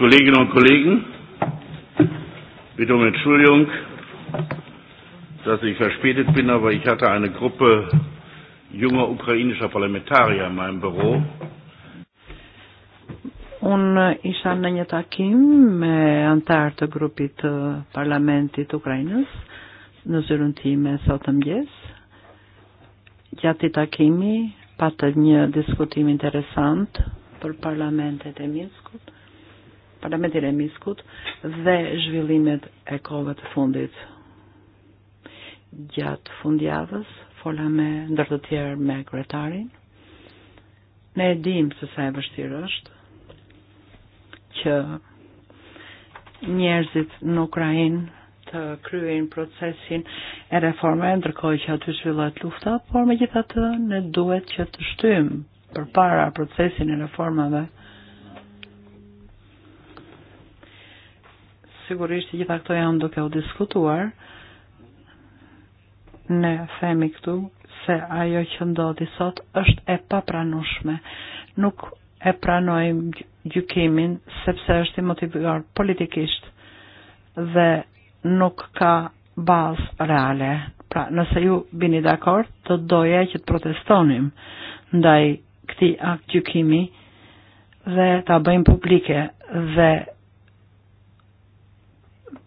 Kolleginnen und Kollegen, bitte um Entschuldigung, dass ich verspätet bin, aber ich hatte eine Gruppe junger ukrainischer Parlamentarier in meinem Büro. Unë eh, isha në një takim me antarë të grupit të eh, parlamentit Ukrajnës në zyrën time sot të mgjes. Gjatë i takimi patët një diskutim interesant për parlamentet e Minskut Parlamentin e Miskut dhe zhvillimet e kohëve të fundit. Gjatë fundjavës fola me ndër të tjerë me kryetarin. Ne e dim se sa e vështirë është që njerëzit në Ukrainë të kryejnë procesin e reforme, ndërkohë që aty zhvillohet lufta, por megjithatë ne duhet që të shtyjmë përpara procesin e reformave sigurisht gjitha këto janë duke u diskutuar. Ne themi këtu se ajo që ndodhi sot është e papranueshme. Nuk e pranojmë gjykimin sepse është i motivuar politikisht dhe nuk ka bazë reale. Pra, nëse ju bini dakord, do doja që të protestonim ndaj këtij akt gjykimi dhe ta bëjmë publike dhe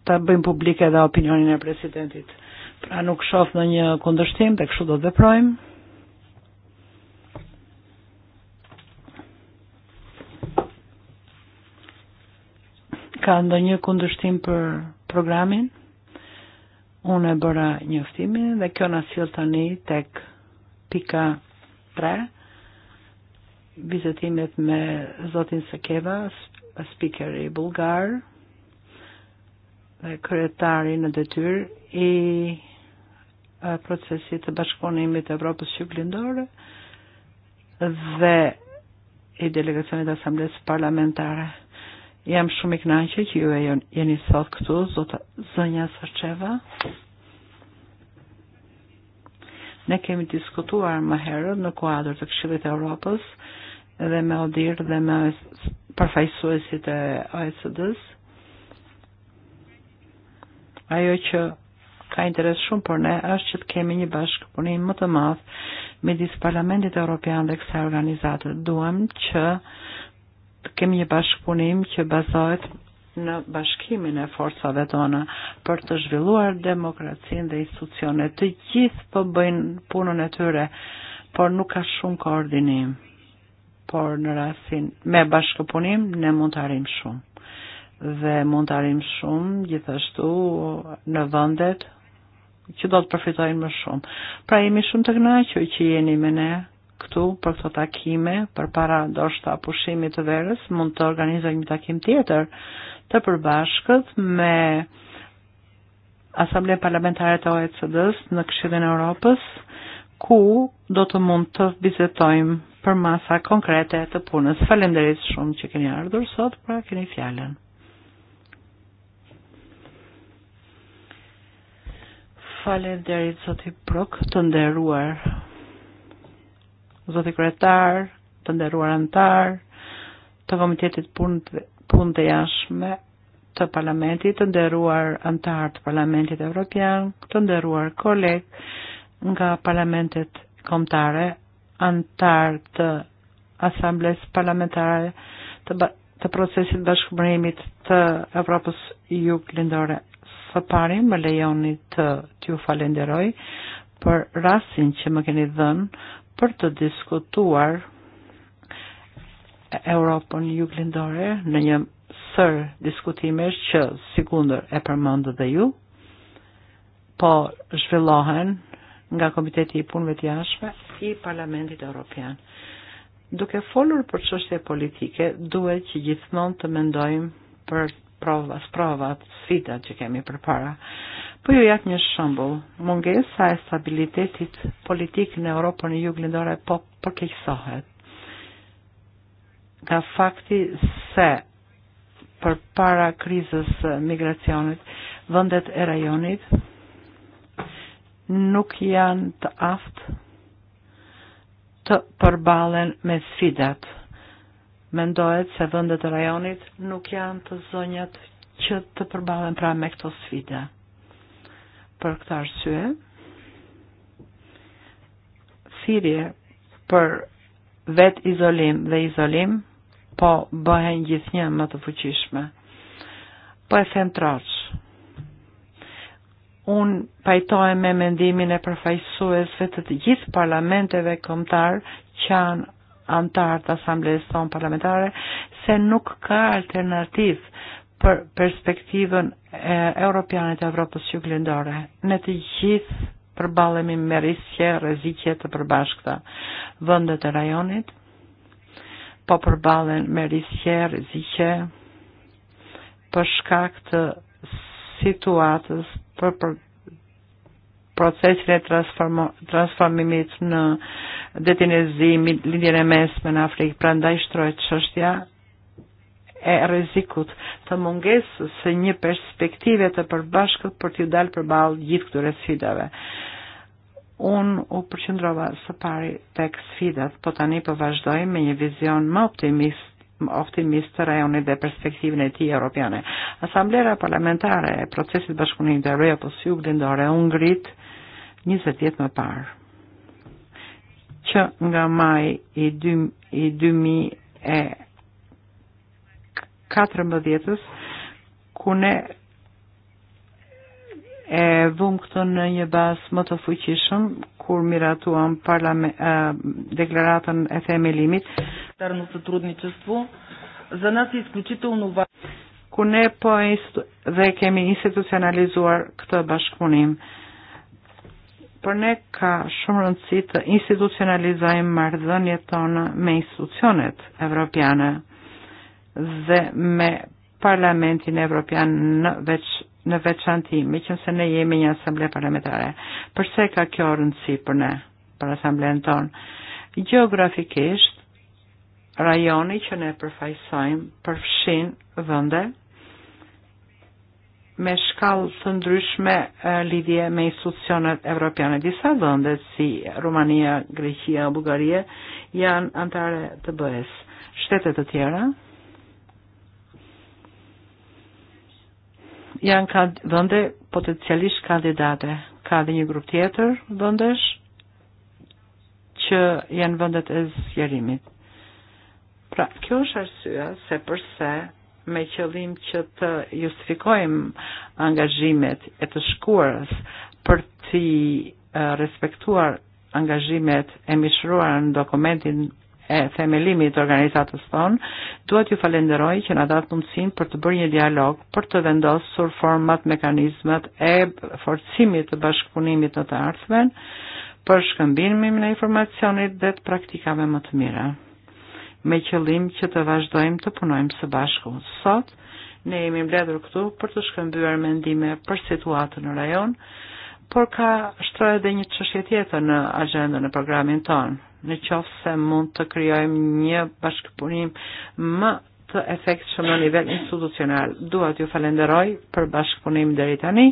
ta bëjmë publike edhe opinionin e presidentit. Pra nuk shof në një kundërshtim, tek kështu do të veprojmë. Ka një kundërshtim për programin? Unë e bëra një njoftimin dhe kjo na sill tani tek pika 3 vizetimet me zotin Sakeva, speaker i Bulgar, kryetari në detyrë i e, procesit të bashkëpunimit të Evropës Qyklindore dhe i delegacionit asamblesë parlamentare. Jam shumë i kënaqur që ju e jeni sot këtu, zota Zënja Sërqeva. Ne kemi diskutuar më herët në kuadrë të Këshillit e Europës dhe me odirë dhe me përfajsuesit e oecd së Ajo që ka interes shumë për ne është që të kemi një bashkëpunim më të madh midis Parlamentit Evropian dhe kësaj organizate. Duam që të kemi një bashkëpunim që bazohet në bashkimin e forcave tona për të zhvilluar demokracinë dhe institucionet. Të gjithë po bëjnë punën e tyre, por nuk ka shumë koordinim. Por në rastin me bashkëpunim ne mund të arrijmë shumë dhe mund të arim shumë gjithashtu në vëndet që do të përfitojnë më shumë. Pra jemi shumë të knaqur që jeni me ne këtu për këto takime, për para ndoshta pushimit të verës, mund të organizojmë një takim tjetër të përbashkët me Asamblejën Parlamentare të OECD-s në Këshillin e Europës, ku do të mund të vizitojmë për masa konkrete të punës. Faleminderit shumë që keni ardhur sot, pra keni fjalën. Faleminderit Zoti Brok, të nderuar Zoti Kretar, të nderuar antar të Komitetit Punë pun të Jashtme të Parlamentit, të nderuar antar të Parlamentit Evropian, të nderuar koleg nga parlamentet komtare, antar të Asambles Parlamentare të, ba të procesit bashkëmërimit të Evropës Jug Lindore Së pari më lejoni uh, të t'ju falenderoj për rasin që më keni dhënë për të diskutuar Europën juglindore në një sër diskutimesh që sikundër e përmëndë dhe ju, po zhvillohen nga Komiteti i Punve të Jashtme i Parlamentit Europian. Duke folur për qështje politike, duhet që gjithmon të mendojmë për prova, sprova, sfida që kemi për para. Po ju jap një shembull, mungesa e stabilitetit politik në Europën e Jug Lindore po përkeqësohet Ka fakti se për para krizës migracionit, vëndet e rajonit nuk janë të aftë të përbalen me sfidat mendohet se vëndet e rajonit nuk janë të zonjat që të përbalen pra me këto sfide. Për këtë arsye, thirje për vet izolim dhe izolim, po bëhen gjithë një më të fuqishme. Po e them troqë, un pajtohem me mendimin e përfaqësuesve të të gjithë parlamenteve kombëtar që janë antar të asamblejës tonë parlamentare se nuk ka alternativ e, për perspektivën e europianit e Evropës qyklindore. Ne të gjithë përbalemi me risje, rezikje të përbashkëta. vëndet e rajonit po përbalen me risje, rezikje, për shkak të situatës për, për procesele transformimit në detin e zimit, lidjen e mesme në Afrikë, prandaj shtrojt çështja e rrezikut të mungesës së një perspektive të përbashkët për t'ju dalë përballë gjithë këtyre sfidave. Un u përqendrova së pari tek sfidat, po tani po vazhdoj me një vizion më optimist optimist të rajonit dhe perspektivën e ti europiane. Asamblera parlamentare e procesit bashkunit dhe të apo si u glendore unë ngrit 20 vjetë më parë që nga maj i i 2014-ës, ku ne e vëmë këtë e në një bas më të fuqishëm, kur miratuam parlame, e, deklaratën e themelimit. në сътрудничество за нас е изключително va Ku ne po e dhe kemi institucionalizuar këtë bashkëpunim për ne ka shumë rëndësi të institucionalizojmë marrëdhëniet tona me institucionet evropiane dhe me Parlamentin Evropian në veç në veçanti, me që se ne jemi një asamble parlamentare. Përse ka kjo rëndësi për ne, për asamblen tonë? Geografikisht, rajoni që ne përfajsojmë përfshin vënde, me shkallë të ndryshme e, lidhje me institucionet evropiane. Disa vënde si Rumania, Greqia, Bulgaria janë antare të bëhes. Shtetet të e tjera janë ka vënde potencialisht kandidate. Ka dhe një grup tjetër vëndesh që janë vëndet e zjerimit. Pra, kjo është arsyeja se përse me qëllim që të eh, justifikojmë angazhimet e të shkuarës për të eh, respektuar angazhimet e mishruar në dokumentin e eh, themelimit të organizatës tonë, duhet ju falenderoj që na datë mundësin për të bërë një dialog, për të vendosur format, mekanizmat e forcimit të bashkëpunimit në të ardhmen, për shkëmbimin në informacionit dhe të praktikave më të mira me qëllim që të vazhdojmë të punojmë së bashku. Sot, ne jemi mbledhur këtu për të shkëmbyer mendime për situatën në rajon, por ka shtroj edhe një çështje tjetër në agjendën e programin tonë. Në qoftë se mund të krijojmë një bashkëpunim më të efekt shumë në nivel institucional. Dua t'ju falenderoj për bashkëpunim deri tani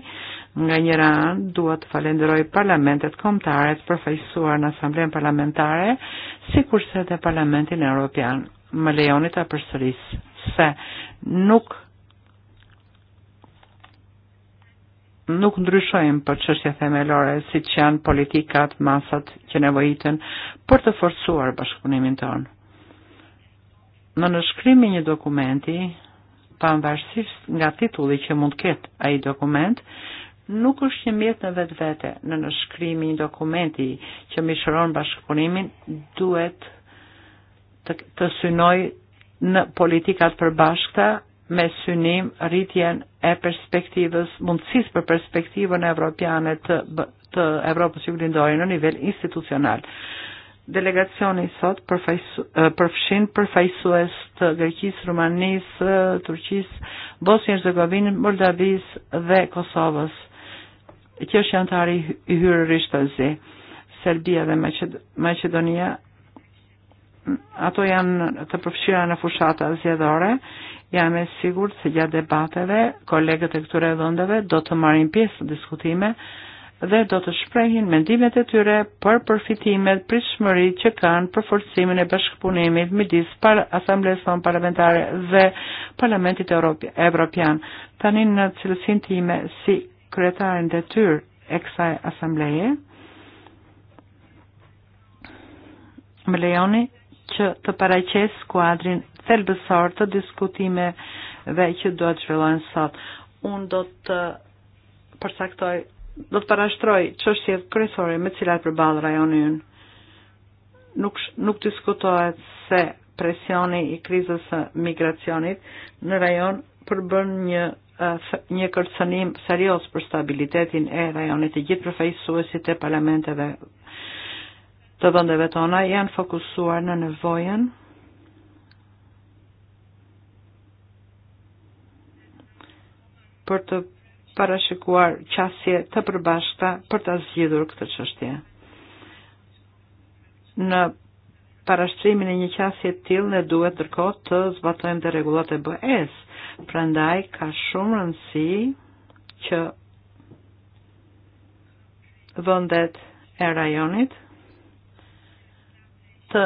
Gainera, duhet falenderoj parlamentet komtare të përfajsuar në Asamblen Parlamentare, si kurse dhe Parlamentin Europian. Më lejoni a përsëris se nuk nuk ndryshojmë për qështje themelore që janë politikat, masat që nevojitën për të forcuar bashkëpunimin tonë. Në nënshkrimin një dokumenti, pavarësisht nga titulli që mund ketë ai dokument, nuk është një mjet në vetë vete në në shkrimi një dokumenti që mishëron bashkëpunimin, duhet të, të synoj në politikat bashkëta me synim rritjen e perspektivës, mundësis për perspektivën evropiane të, të Evropës që glindojë në nivel institucional. Delegacioni sot përfajsu, e, përfshin përfajsues të Greqis, Rumanis, e, Turqis, Bosnjë, Zëgovinë, Moldavis dhe Kosovës që yaşayan tarihi i hyrërisht të zi. Serbia dhe Macedonia ato janë të përfshira në fushata zgjedhore. Jam e sigurt se gja debateve kolegët e këture dhëndeve do të marim pjesë të diskutime dhe do të shprehin mendimet e tyre për përfitimet prishmëri që kanë për forcimin e bashkëpunimit midis par asamblesë parlamentare dhe Parlamentit Europian. Tanin në cilësin time si kryetarin de e kësaj asambleje, më lejoni që të paraqes skuadrin thelbësor të diskutime dhe që do të zhvillojnë sot. Unë do të përsaktoj, do të parashtroj çështjet kryesore me të cilat përball rajoni ynë. Nuk nuk diskutohet se presioni i krizës së migracionit në rajon përbën një një kërcënim serios për stabilitetin e rajonit të gjithë përfaqësuesit e parlamenteve të vendeve tona janë fokusuar në nevojën për të parashikuar qasje të përbashkëta për ta zgjidhur këtë qështje. Në parashtrimin e një qasje të tillë ne duhet ndërkohë të zbatojmë të rregullat e BE-s. Prandaj ka shumë rëndësi që vendet e rajonit të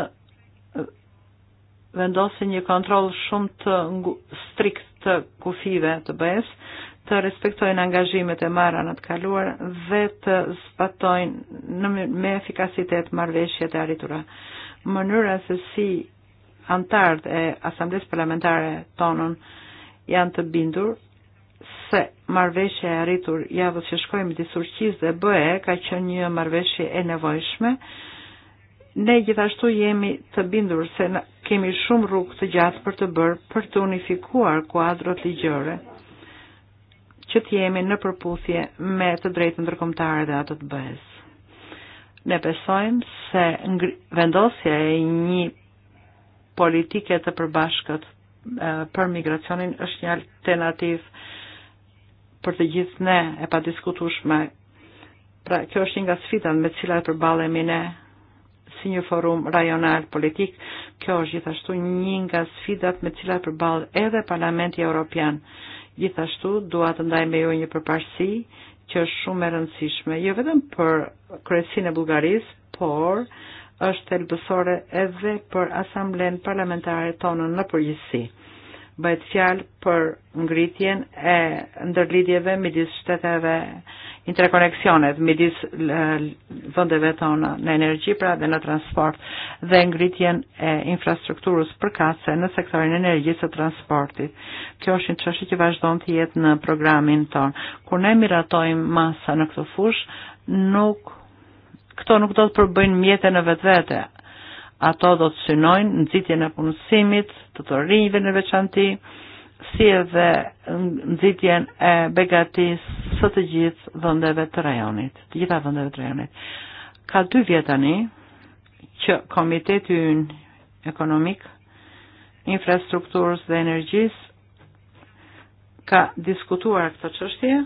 vendosin një kontrol shumë të strikt të kufive të BE-s, të respektojnë angazhimet e marra në të kaluar dhe të zbatojnë në, me efikasitet marveshjet e arritura mënyra se si antarët e asambles Parlamentare tonën janë të bindur se marveshje e rritur javës që shkojmë të surqiz dhe bëhe, ka qenë një marveshje e nevojshme. Ne gjithashtu jemi të bindur se kemi shumë rrugë të gjatë për të bërë për të unifikuar kuadrot ligjore që të jemi në përputhje me të drejtën ndërkombëtare dhe atë të ne besojmë se vendosja e një politike të përbashkët e, për migracionin është një alternativ për të gjithë ne e pa diskutushme. Pra, kjo është nga sfidat me cilat përbalemi ne si një forum rajonal politik. Kjo është gjithashtu një nga sfidat me cilat përball edhe Parlamenti Europian. Gjithashtu duat të ndaj me ju një përparësi që është shumë e rëndësishme, jo vetëm për kryesinë e Bullgarisë, por është elbësore edhe për asamblen parlamentare tonën në përgjithësi. Bëhet fjalë për ngritjen e ndërlidjeve midis shteteve interkoneksionet midis e, vendeve tona në energji pra dhe në transport dhe ngritjen e infrastrukturës përkatëse në sektorin e energjisë së transportit. Kjo është një çështje që vazhdon të jetë në programin ton. Kur ne miratojmë masa në këtë fushë, nuk këto nuk do të përbëjnë mjete në vetvete, Ato do të synojnë nxitjen e punësimit të të rinjve në e veçanti, si edhe nxitjen e begatisë së të gjithë vendeve të rajonit, të gjitha vendeve të rajonit. Ka dy vjet tani që Komiteti Ynë Ekonomik Infrastrukturës dhe Energjisë ka diskutuar këtë çështje.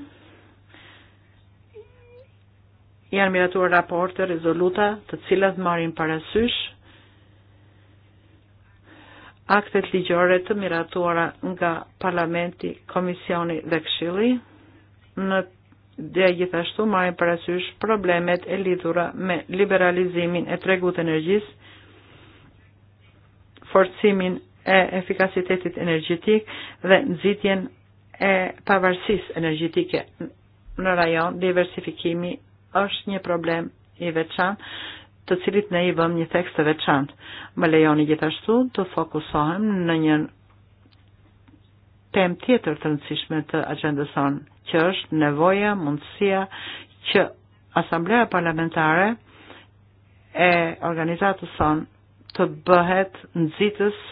Janë miratuar raporte, rezoluta, të cilat marrin parasysh aktet ligjore të miratuara nga Parlamenti, Komisioni dhe këshili, Në dhe gjithashtu marrin e parasysh problemet e lidhura me liberalizimin e tregut energjis, forcimin e efikasitetit energjitik dhe nëzitjen e pavarësisë energjitike në rajon, diversifikimi është një problem i veçantë të cilit ne i bëm një tekst të veçantë. Më lejoni gjithashtu të fokusohem në një tem tjetër të rëndësishme të agjendës sonë, që është nevoja, mundësia që Asamblea Parlamentare e organizatës sonë të bëhet nëzitës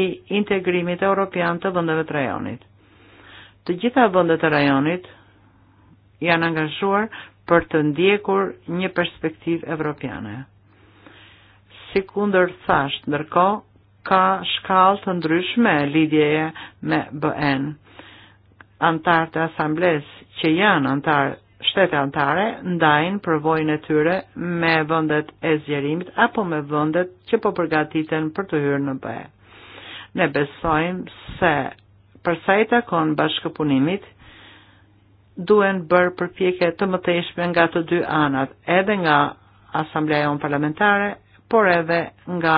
i integrimit Europian të vëndëve të rajonit. Të gjitha vendet të e rajonit janë angazhuar për të ndjekur një perspektiv evropiane si kunder thasht, nërko ka shkall të ndryshme lidjeje me BN. Antarë të asambles që janë antarë shtete antare ndajnë përvojnë e tyre me vëndet e zjerimit apo me vëndet që po përgatiten për të hyrë në BN. Ne besojmë se përsa i takon bashkëpunimit, duen bërë përpjekje të mëtejshme nga të dy anat, edhe nga Asambleja Parlamentare por edhe nga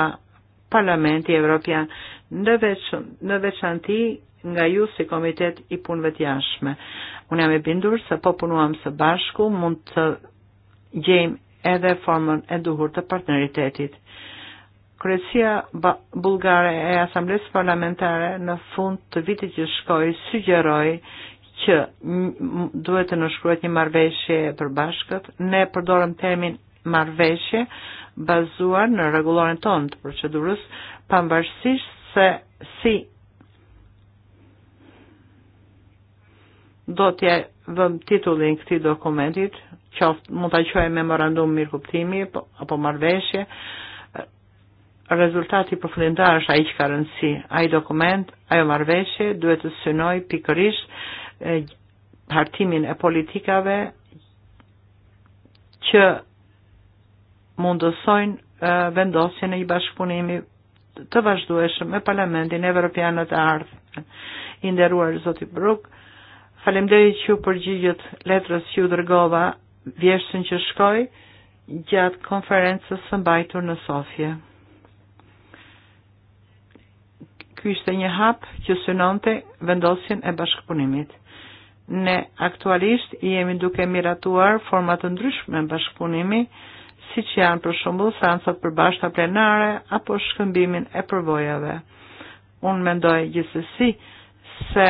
Parlamenti Evropian, në, veç, në veçanti nga ju si Komitet i Punëve të Unë jam e bindur se po punuam së bashku mund të gjejmë edhe formën e duhur të partneritetit. Kresia Bulgare e Asamblesë Parlamentare në fund të vitit që shkoi sugjeroi që duhet të nënshkruhet një marrëveshje për bashkët. Ne përdorëm termin marrëveshje bazuar në reguloren tonë të procedurës, pambarësisht se si do t'ja vëm titullin këti dokumentit, qoftë mund t'a quaj memorandum mirë kuptimi, apo marveshje, rezultati përfundimtar është ai që ka rëndësi. Ai dokument, ajo marrëveshje duhet të synoj pikërisht e, hartimin e politikave që mundësojnë vendosjen e i bashkëpunimi të vazhdueshëm me Parlamentin Evropian të ardhme. I nderuar zoti Bruk, faleminderit që përgjigjët letrës që u dërgova vjeshtën që shkoj gjatë konferencës së mbajtur në Sofje. Ky ishte një hap që synonte vendosjen e bashkëpunimit. Ne aktualisht jemi duke miratuar format të ndryshme bashkëpunimi si që janë për shumbull sansat bashta plenare apo shkëmbimin e përvojave. Unë mendoj gjithësësi se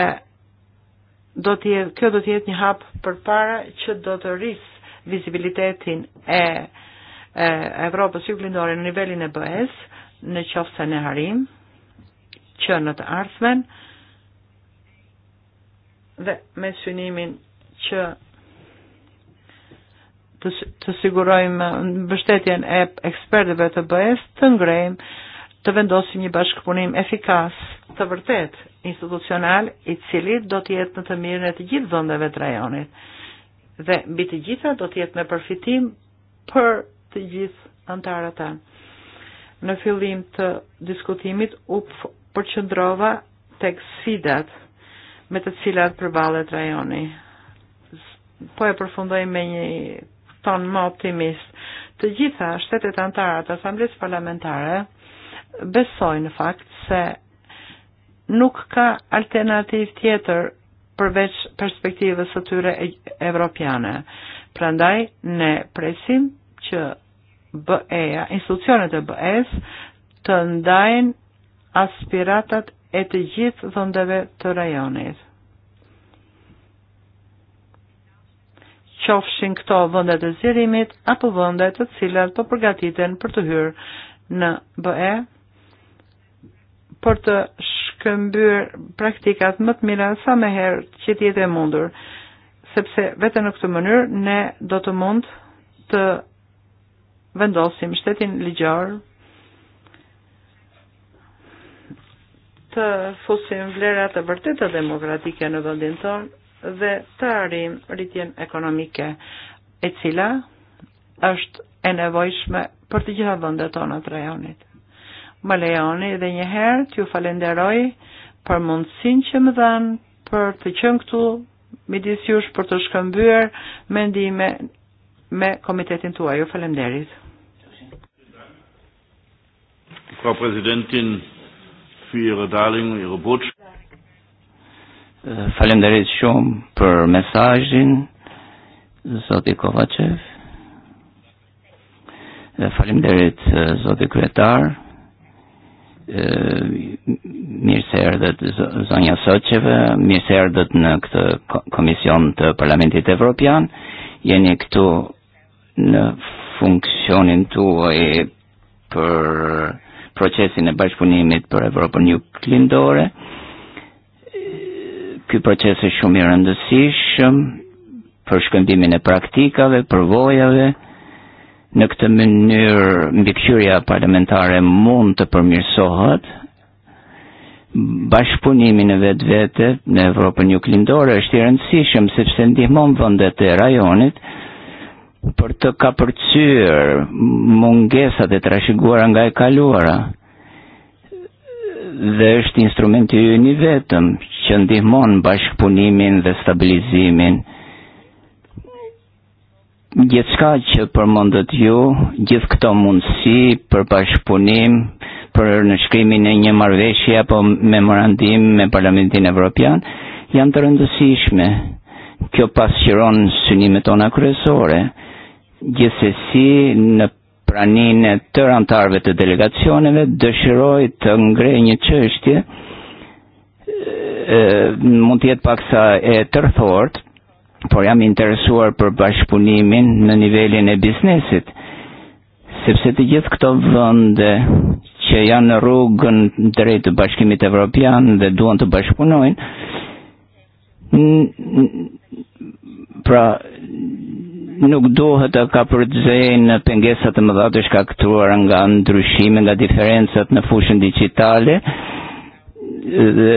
do të kjo do të jetë një hap para që do të rrisë vizibilitetin e, e Evropës juglindore në nivelin e bëhes, në qofë se në harim që në të ardhmen dhe me synimin që të, të sigurojmë mbështetjen e ekspertëve të BE-s, të ngrejmë, të vendosim një bashkëpunim efikas të vërtet institucional, i cili do të jetë në të mirën e të gjithë vendeve të rajonit. Dhe mbi të gjitha do të jetë me përfitim për të gjithë antarët tanë. Në fillim të diskutimit u përqendrova tek sidat me të cilat përballet rajoni po e përfundoj me një ton më optimist. Të gjitha shtetet antara të Asamblisë Parlamentare besojnë në fakt se nuk ka alternativ tjetër përveç perspektivës së tyre e, evropiane. Prandaj ne presim që BE-ja, institucionet e BE-s të ndajnë aspiratat e të gjithë vendeve të rajonit. qofshin këto vëndet e zgjerimit apo vëndet të cilat po përgatiten për të hyrë në BE për të shkëmbyr praktikat më të mira sa me herë që tjetë e mundur, sepse vetë në këtë mënyrë ne do të mund të vendosim shtetin ligjor të fusim vlerat e vërtetë demokratike në vendin tonë dhe të arim rritjen ekonomike, e cila është e nevojshme për të gjitha vëndet tona të rajonit. Më lejoni dhe njëherë t'ju falenderoj për mundësin që më dhanë për të qënë këtu midis jush për të shkëmbyer mendime me komitetin tuaj. Ju falenderit. Frau Präsidentin, für Ihre Darlegung, Ihre Botschaft. Eh, Falemderit shumë për mesazhin zoti Kovaçev. Eh, Falemderit eh, zoti Kretar. Mirë se erdhët zonja Soqeve, mirë se erdhët në këtë komision të Parlamentit Evropian. Jeni këtu në funksionin tuaj për procesin e bashkëpunimit për Evropën Juglindore. Ë Ky proces është shumë i rëndësishëm për shkëmbimin e praktikave, për vojave, Në këtë mënyrë mbikëqyrja parlamentare mund të përmirësohet. Bashkëpunimi në e vetë vete në Evropën Juklindore është i rëndësishëm sepse ndihmon vëndet e rajonit për të kapërcyer mungesat e trashëguara nga e kaluara dhe është instrumenti ju një vetëm që ndihmon bashkëpunimin dhe stabilizimin. Gjithë shka që përmëndët ju, gjithë këto mundësi për bashkëpunim, për në shkrimin e një marveshje apo memorandim me Parlamentin Evropian, janë të rëndësishme. Kjo pasqiron synimet tona kryesore. Gjithsesi në pranin e tërë antarëve të delegacioneve, dëshiroj të ngrej një çështje e, mund tjetë pak sa e tërthort, por jam interesuar për bashkëpunimin në nivelin e biznesit, sepse të gjithë këto vënde që janë në rrugën drejtë të bashkimit evropian dhe duan të bashkëpunojnë, pra nuk duhet të në pengesat të e mëdha të shkaktuar nga ndryshime, nga diferencat në fushën digitale, dhe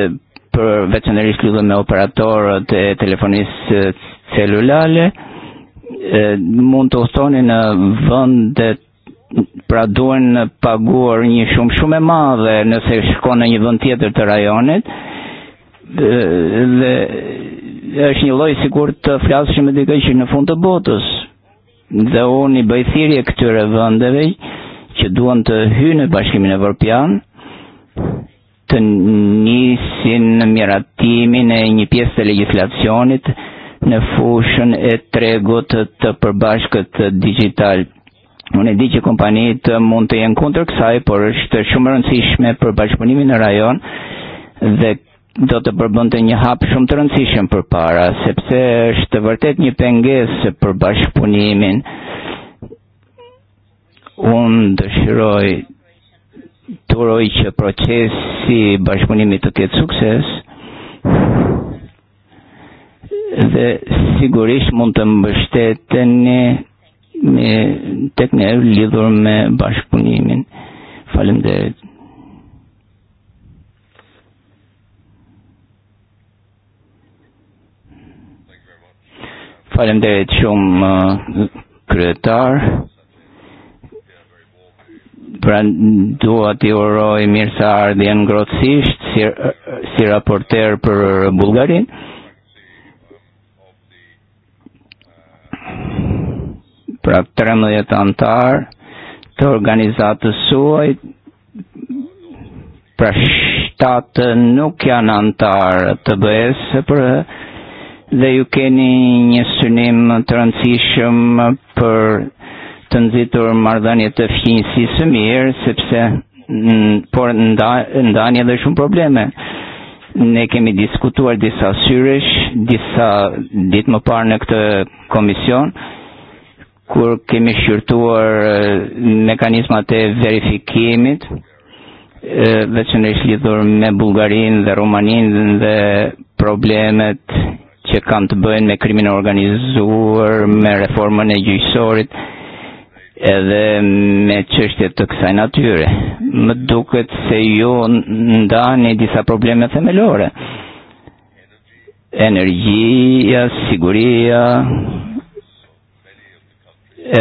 për veçanërisht lidhur me operatorët e telefonisë celulare e, mund të udhtoni në vende pra duhen paguar një shumë shumë e madhe nëse shkon në një vend tjetër të rajonit dhe është një lloj sigurt të flasim me dikë që në fund të botës dhe unë i bëj thirrje këtyre vendeve që duan të hyjnë në Bashkimin e Evropian të nisin në miratimin e një pjesë të legjislacionit në fushën e tregut të përbashkët digital. Unë e di që kompanit mund të jenë kundër kësaj, por është shumë e rëndësishme për bashkëpunimin në rajon dhe do të përbënte një hap shumë të rëndësishëm për para, sepse është vërtet një pengesë për bashkëpunimin. Unë dëshiroj të uroj që procesi bashkëpunimit të ketë sukses dhe sigurisht mund të mbështeteni me tek ne lidhur me bashkëpunimin. Faleminderit. Faleminderit shumë kryetar. Uh, pra dua t'i uroj mirë se ardhjen ngrotësisht si, si uh, raporter për Bullgarin. Pra 13 e antar të organizatës suaj pra shtatë nuk janë antarë të bëhes për Dhe ju keni një synim të rëndësishëm për të nëzitur mardhanje të fqinjësisë së mirë, sepse por nda, ndani edhe shumë probleme. Ne kemi diskutuar disa syresh, disa ditë më parë në këtë komision, kur kemi shqyrtuar e, mekanizmat e verifikimit, dhe që veçanërisht lidhur me Bulgarin dhe Rumaninë dhe problemet që kanë të bëjnë me krimin e organizuar, me reformën e gjyqësorit edhe me çështje të kësaj natyre. Më duket se ju ndani disa probleme themelore. Energjia, siguria,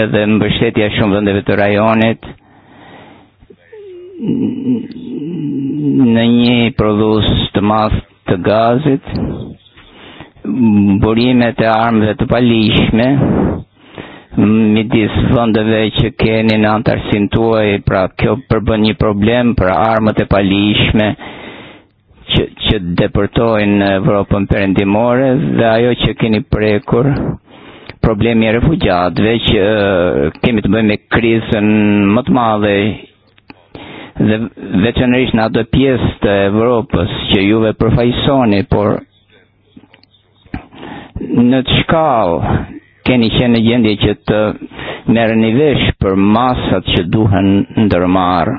edhe mbështetja shumë vendeve të rajonit në një prodhues të madh të gazit burimet e armëve të palishme midis vendeve që keni në antarësin tuaj, pra kjo përbën një problem për armët e palishme që, që depërtojnë Evropën perëndimore dhe ajo që keni prekur problemi e refugjatëve që e, kemi të bëjmë me krizën më të madhe dhe veçanërisht në atë pjesë të Evropës që juve përfaqësoni, por Në të keni qenë në gjendje që të merë një vesh për masat që duhen ndërmarë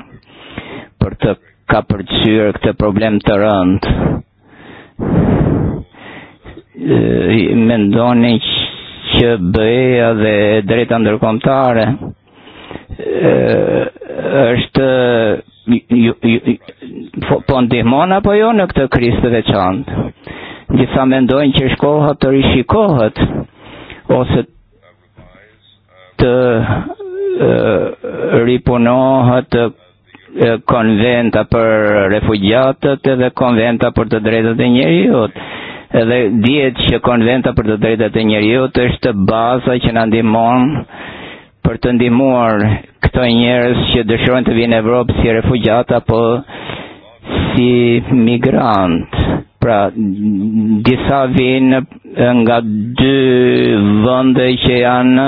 për të ka përqyrë këtë problem të rëndë. E, mendoni që bëja dhe drejta ndërkomtare e, është ju, ju, po ndihmon apo jo në këtë krizë të veçantë? de samendoj qërshkohët, të rishikohet, ose të e, ripunohet e, konventa për refugjatët edhe konventa për të drejtët e njeriut. Edhe djetë që konventa për të drejtët e njeriut është baza që në ndimon për të ndimuar këto njerëz që dëshrojnë të vinë Evropë si refugjata po, si migrant. Pra, disa vinë nga dy vënde që janë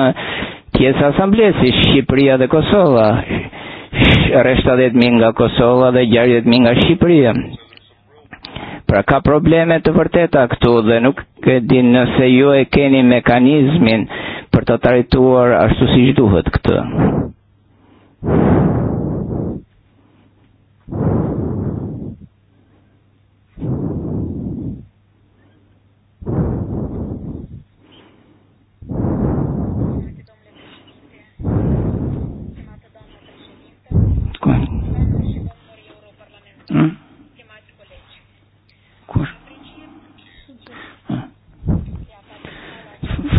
pjesë asamblesi, Shqipëria dhe Kosova. Rreth 70.000 nga Kosova dhe 60.000 nga Shqipëria. Pra ka probleme të vërteta këtu dhe nuk e din nëse ju e keni mekanizmin për të trajtuar ashtu si duhet këtë.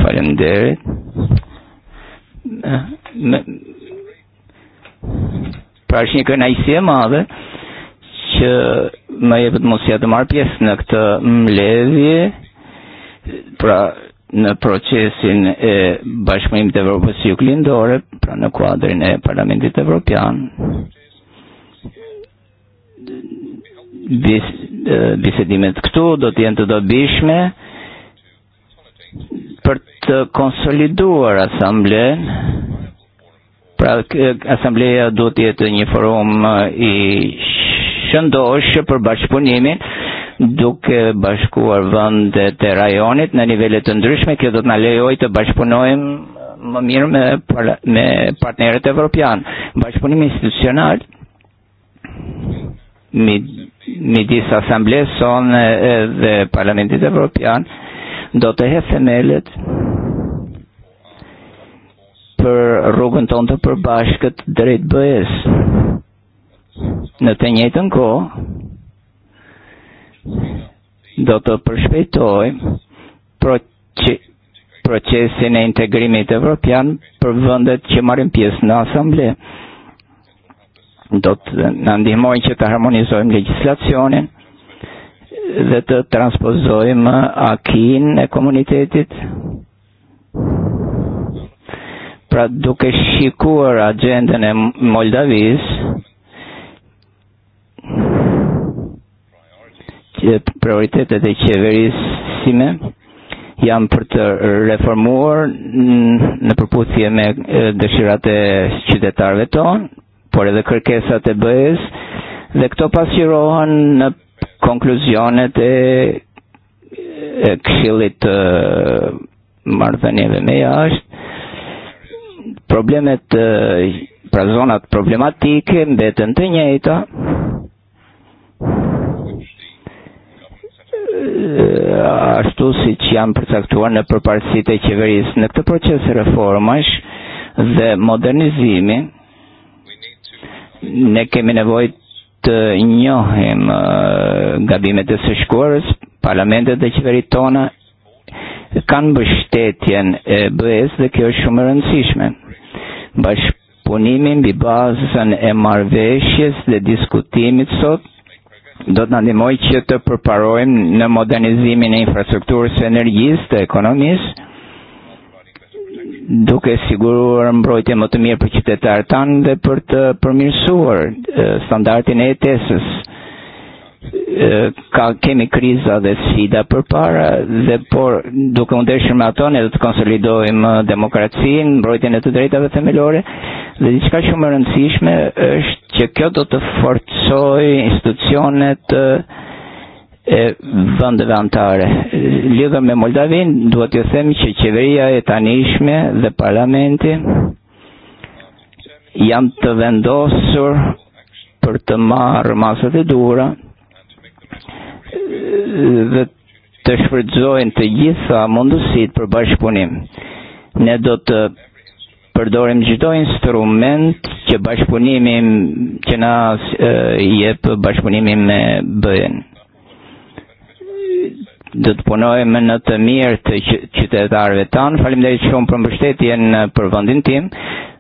Falenderit. Pra që një kënajsi e madhe që më jepët mundësia të marr pjesë në këtë mbledhje, pra në procesin e bashkëpunimit të Evropës Juglindore, pra në kuadrin e Parlamentit Evropian. Bis, e, bisedimet këtu do të jenë të dobishme të eh, konsoliduar asamblën, pra eh, asambleja do të jetë një forum eh, i shëndosh për bashkëpunimin, duke bashkuar vendet e rajonit në nivele të ndryshme, kjo do të na lejojë të bashkëpunojmë më mirë me para, me partnerët evropian. Bashkëpunimi institucional midis asamblesë sonë dhe parlamentit evropian DTF-emelet për per tonë të per drejt BE-s. Në të njëjtën kohë, do të përshpejtoj proce procesin e integrimit evropian për vëndet që marim pjesë në asamble. Do të në ndihmojnë që të harmonizojmë legislacionin, dhe të transpozojmë uh, akin e komunitetit. Uh, pra duke shikuar uh, agendën e um, Moldavis, që prioritetet e qeverisime Jam për të reformuar në përputhje me dëshirat e qytetarëve tonë, por edhe kërkesat e bëjës, dhe këto pasqyrohen në konkluzione të këshillit eh, të eh, marrëdhënieve meja është problemet eh, pra zonat problematike mbeten të njëjta ashtu si që janë përcaktuar në përparësit e qeverisë në këtë proces reformash dhe modernizimi ne kemi nevojë të njohim gabimet e së shkuarës, parlamentet dhe qeverit tona kanë bështetjen e bëhes dhe kjo është shumë rëndësishme. Bashpunimin bi bazën e marveshjes dhe diskutimit sot do të nëndimoj që të përparojmë në modernizimin e infrastrukturës e energjisë, të ekonomisë, duke e siguruar mbrojtje më të mirë për qytetarët e tanë dhe për të përmirësuar e, standardin e jetesës. Ka kemi kriza dhe sfida përpara dhe por duke u ndeshur me ato ne do të konsolidojmë demokracinë, mbrojtjen e të drejtave themelore dhe diçka shumë e rëndësishme është që kjo do të forcojë institucionet uh, vëndeve eh, antare. Eh, Lidhër me Moldavin, duhet të them që qeveria e tanishme dhe parlamenti janë të vendosur për të marrë masat e dura eh, dhe të shfrytëzojnë të gjitha mundësit për bashkëpunim. Ne do të përdorim çdo instrument që bashkëpunimi që na jep bashkëpunimi me BE-n do të punojmë në të mirë të qytetarëve tanë. Faleminderit shumë për mbështetjen e, për vendin tim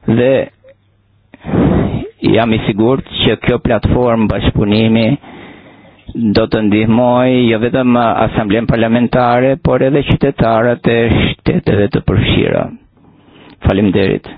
dhe jam i sigurt që kjo platformë bashkëpunimi do të ndihmoj jo vetëm asamblen parlamentare, por edhe qytetarët e shteteve të përfshira. Faleminderit.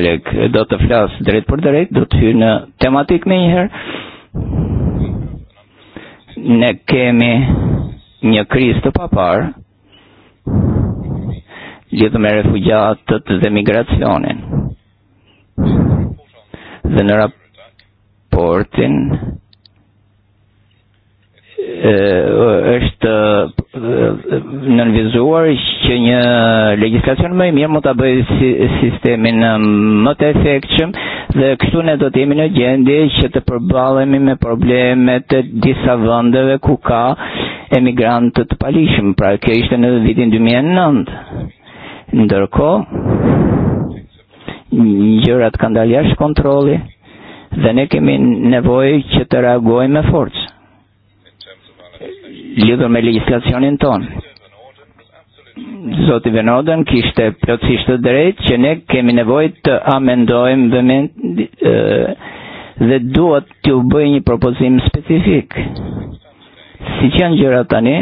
kolleg. Do të flas drejt për drejt, do të hy uh, në tematik me njëherë. Ne kemi një krizë të paparë lidhë me refugjatët dhe migracionin. Dhe në raportin është nënvizuar që një legislacion më i mirë mund ta bëjë si, sistemin më të efektshëm dhe kështu ne do të jemi në gjendje që të përballemi me problemet të disa vendeve ku ka emigrantë të palishëm. Pra kjo ishte në vitin 2009. E Ndërkohë gjërat kanë dalë jashtë kontrolli dhe ne kemi nevojë që të reagojmë me forcë ljudom i legislacionintån. Så till nåden kiste plötsligt stod rejtjenek, kemine vojt, amen doim, vemen, e, dhe duhet t'ju bëj një propozim specifik. Si që janë gjëra tani,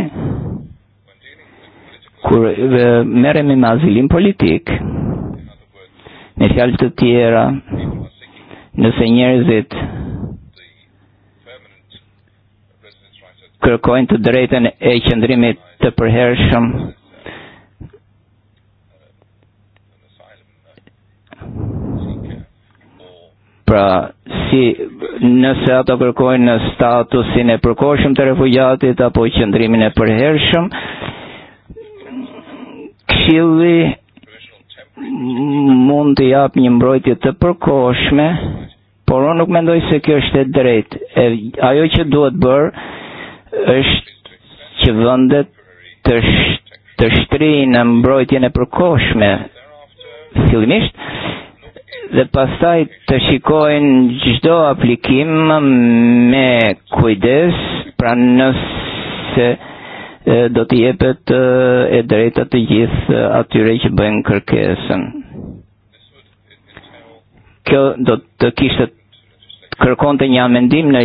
kur e, merremi me azilin politik, në fjalë të e tjera, nëse njerëzit kërkojnë të drejten e qëndrimit të përhershëm pra si nëse ato kërkojnë në statusin e përkoshëm të refugjatit apo qëndrimin e përhershëm këshilli mund të jap një mbrojtje të përkoshme, por unë nuk mendoj se kjo është e drejtë e ajo që duhet bërë është që vendet të sh, të shtri në mbrojtjen e përkoshme fillimisht dhe pastaj të shikojnë çdo aplikim me kujdes, pra nëse e, do të jepet e, e drejta të gjithë atyre që bëjnë kërkesën. Kjo do të kishtë kërkon të një amendim në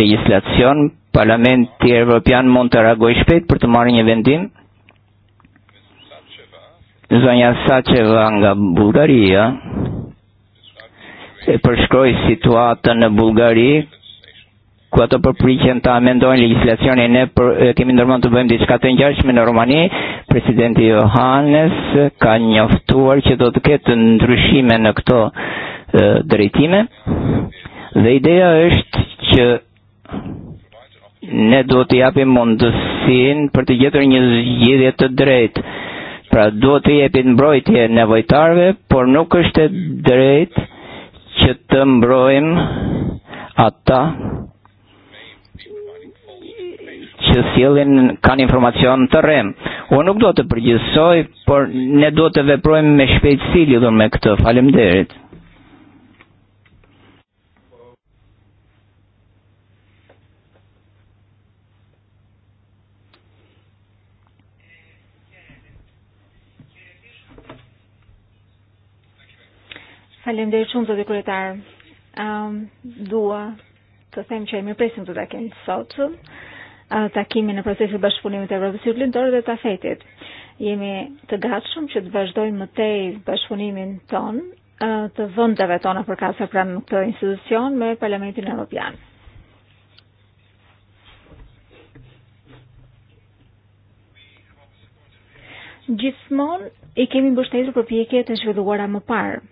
legislacion Parlamenti Evropian mund të reagoj shpejt për të marrë një vendim. Zonja Sacheva nga Bulgaria e përshkroj situatën në Bulgari, ku ato përpriqen të amendojnë legislacionin e për, e kemi ndërmën të bëjmë diçka të ngjashme në Romani presidenti Johannes ka njoftuar që do të ketë ndryshime në këto e, uh, drejtime dhe ideja është që ne duhet të japim mundësin për të gjetur një zgjidhje të drejt. Pra duhet të jepin mbrojtje nevojtarve, por nuk është e drejt që të mbrojmë ata që sjellin kanë informacion të rrem. Unë nuk do të përgjithsoj, por ne duhet të veprojmë me shpejtësi lidhur me këtë. Faleminderit. Falem Faleminderit shumë zotë kryetar. Um, dua të them që e mirë presim të takim sot uh, takimin në procesit e bashkëpunimit të Evropës së Lindor dhe të Afetit. Jemi të gatshëm që të vazhdojmë më tej bashkëpunimin ton uh, të vëndave tona për përkatëse pranë këtë institucion me Parlamentin Europian. Gjithmonë i kemi mbështetur përpjekjet e zhvilluara më parë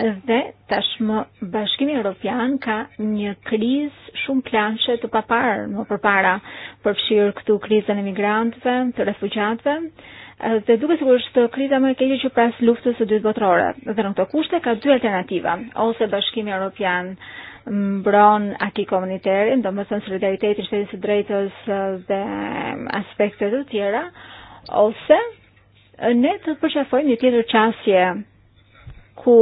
Dhe tashmë Bashkimi Evropian ka një krizë shumë plançe të paparë më no, përpara, përfshirë këtu krizën e migrantëve, të refugjatëve, dhe duke sigur është kriza më e keqe që pas luftës së dytë botërore. Dhe në këto kushte ka dy alternativa, ose Bashkimi Evropian mbron aki më thënë solidaritetin, shtetin së drejtës dhe aspekte të tjera, ose ne të përqafojmë një tjetër qasje ku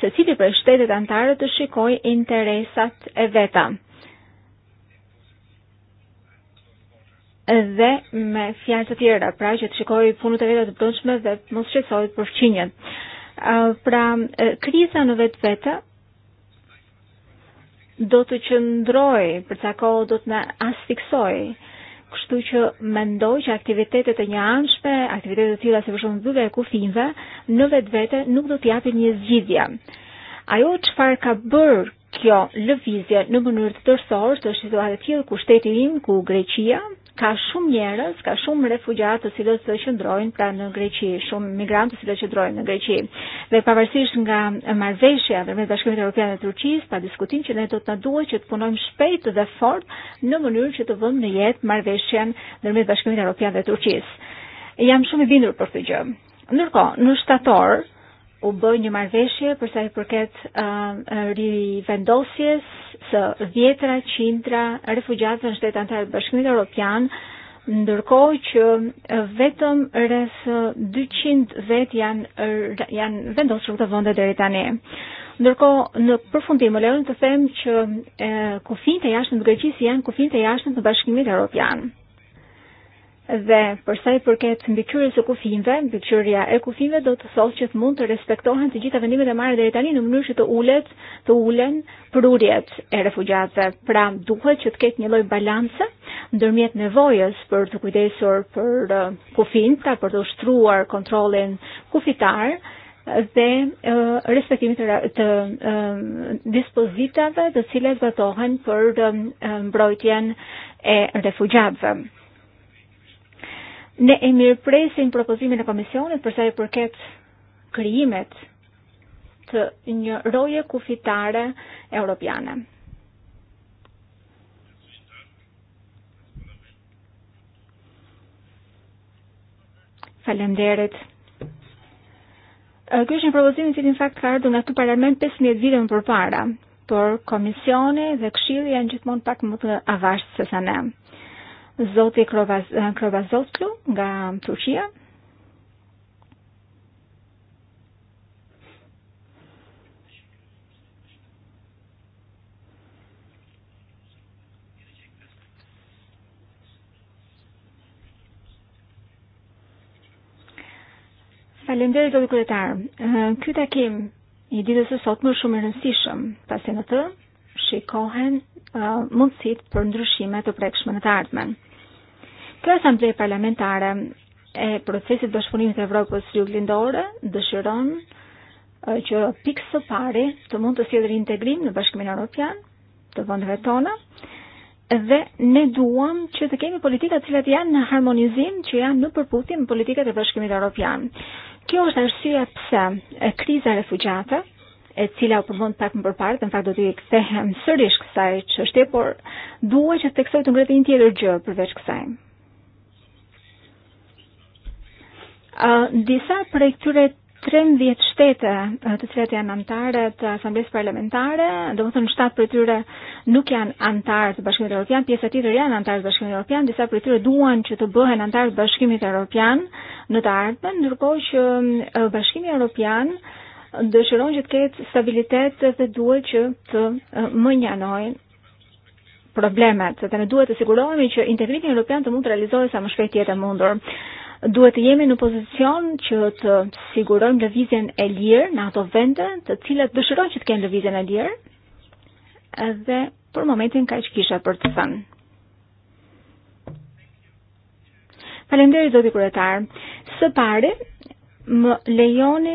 se cili për shtetet antare të shikoj interesat e veta. Dhe me fjalë të tjera, pra që të shikoj punët e veta të brendshme dhe mos shqetësohet për fqinjen. Pra, e, kriza në vetë vete do të qëndroj, për të kohë do të në asfiksoj Kështu që mendoj që aktivitetet e një anshme, aktivitetet e tila se për shembull mbyllja e kufinve, në vetë vete nuk do t'japin një zgjidhja. Ajo çfarë ka bërë kjo lëvizje në mënyrë të tërësore është situata e tillë ku shteti ku Greqia, ka shumë njerëz, ka shumë refugjatë të cilët të qëndrojnë pra në Greqi, shumë migrantë të cilët qëndrojnë në Greqi. Dhe pavarësisht nga marrëveshja me Bashkimin Evropian e Turqisë, pa diskutim që ne do të na duhet që të punojmë shpejt dhe fort në mënyrë që të vëmë në jetë marrëveshjen ndërmjet Bashkimit Evropian dhe Turqisë. Jam shumë i bindur për këtë gjë. Ndërkohë, në shtator u bë një marveshje përsa i përket uh, uh, rivendosjes së vjetra qindra refugjatëve në shtetë të bashkimit Europian, ndërkohë që uh, vetëm rreth 200 uh, vet janë janë vendosur këto vende deri tani. Ndërkohë në përfundim më lejoni të them që kufijtë jashtë jashtëm Greqisë janë kufijtë jashtë jashtëm të Bashkimit Evropian. Dhe përsa i përket mbikëqyrjes së kufijve, mbikëqyrja e kufive do të thotë që mund të respektohen të gjitha vendimet e marrë deri tani në mënyrë që të ulet, të ulen prurjet e refugjatëve. Pra, duhet që të ketë një lloj balance ndërmjet nevojës për të kujdesur për uh, kufin, pra për të ushtruar kontrollin kufitar dhe uh, respektimit të, të uh, dispozitave të cilat zbatohen për um, uh, mbrojtjen e refugjatëve. Ne e mirë presin propozimin e Komisionit përsa i përket kryimet të një roje kufitare europiane. Falemderit. Ky është një propozim i cili në fakt ka ardhur nga ky parlament 15 vite më parë, por komisioni dhe këshilli janë gjithmonë pak më të avarësit se sa ne. Zoti Krovazotlu nga Turqia. Faleminderit do kryetar. Ky takim i ditës së sotme shumë i e rëndësishëm, pasi në të shikohen uh, mundësit për ndryshime të prekshme në të ardhmen. Kjo asambleje parlamentare e procesit bashkëpunimit të Evropës juglindore dëshiron uh, që pikës së pari të mund të sjellë integrim në Bashkimin Evropian të vendeve tona dhe ne duam që të kemi politika të cilat janë në harmonizim, që janë në përputhje me politikat e Bashkimit Evropian. Kjo është arsyeja pse e kriza e refugjatëve e cila u përmend pak më parë, në fakt do t'i kthehem sërish kësaj çështje, por dua që theksoj të ngrihet një tjetër gjë përveç kësaj. Uh, disa prej këtyre 13 shtete të cilat janë anëtare të Asamblesë Parlamentare, do thënë 7 prej tyre nuk janë antarë të Bashkimit Evropian, pjesa tjetër janë antarë të Bashkimit Evropian, disa prej tyre duan që të bëhen antarë të Bashkimit Evropian në të ardhmen, ndërkohë që e, Bashkimi Evropian uh, dëshirojnë që të ketë stabilitet dhe duhet që të e, më njanojnë problemet, dhe ne duhet të sigurohemi që integrimi evropian të mund të realizohet sa më shpejt jetë e mundur. Duhet të jemi në pozicion që të sigurojmë lëvizjen e lirë në ato vende të cilat dëshirojnë që të kenë lëvizjen e lirë. Edhe për momentin ka që kisha për të thënë. Falemderi, zoti kuretar. Së pare, më lejoni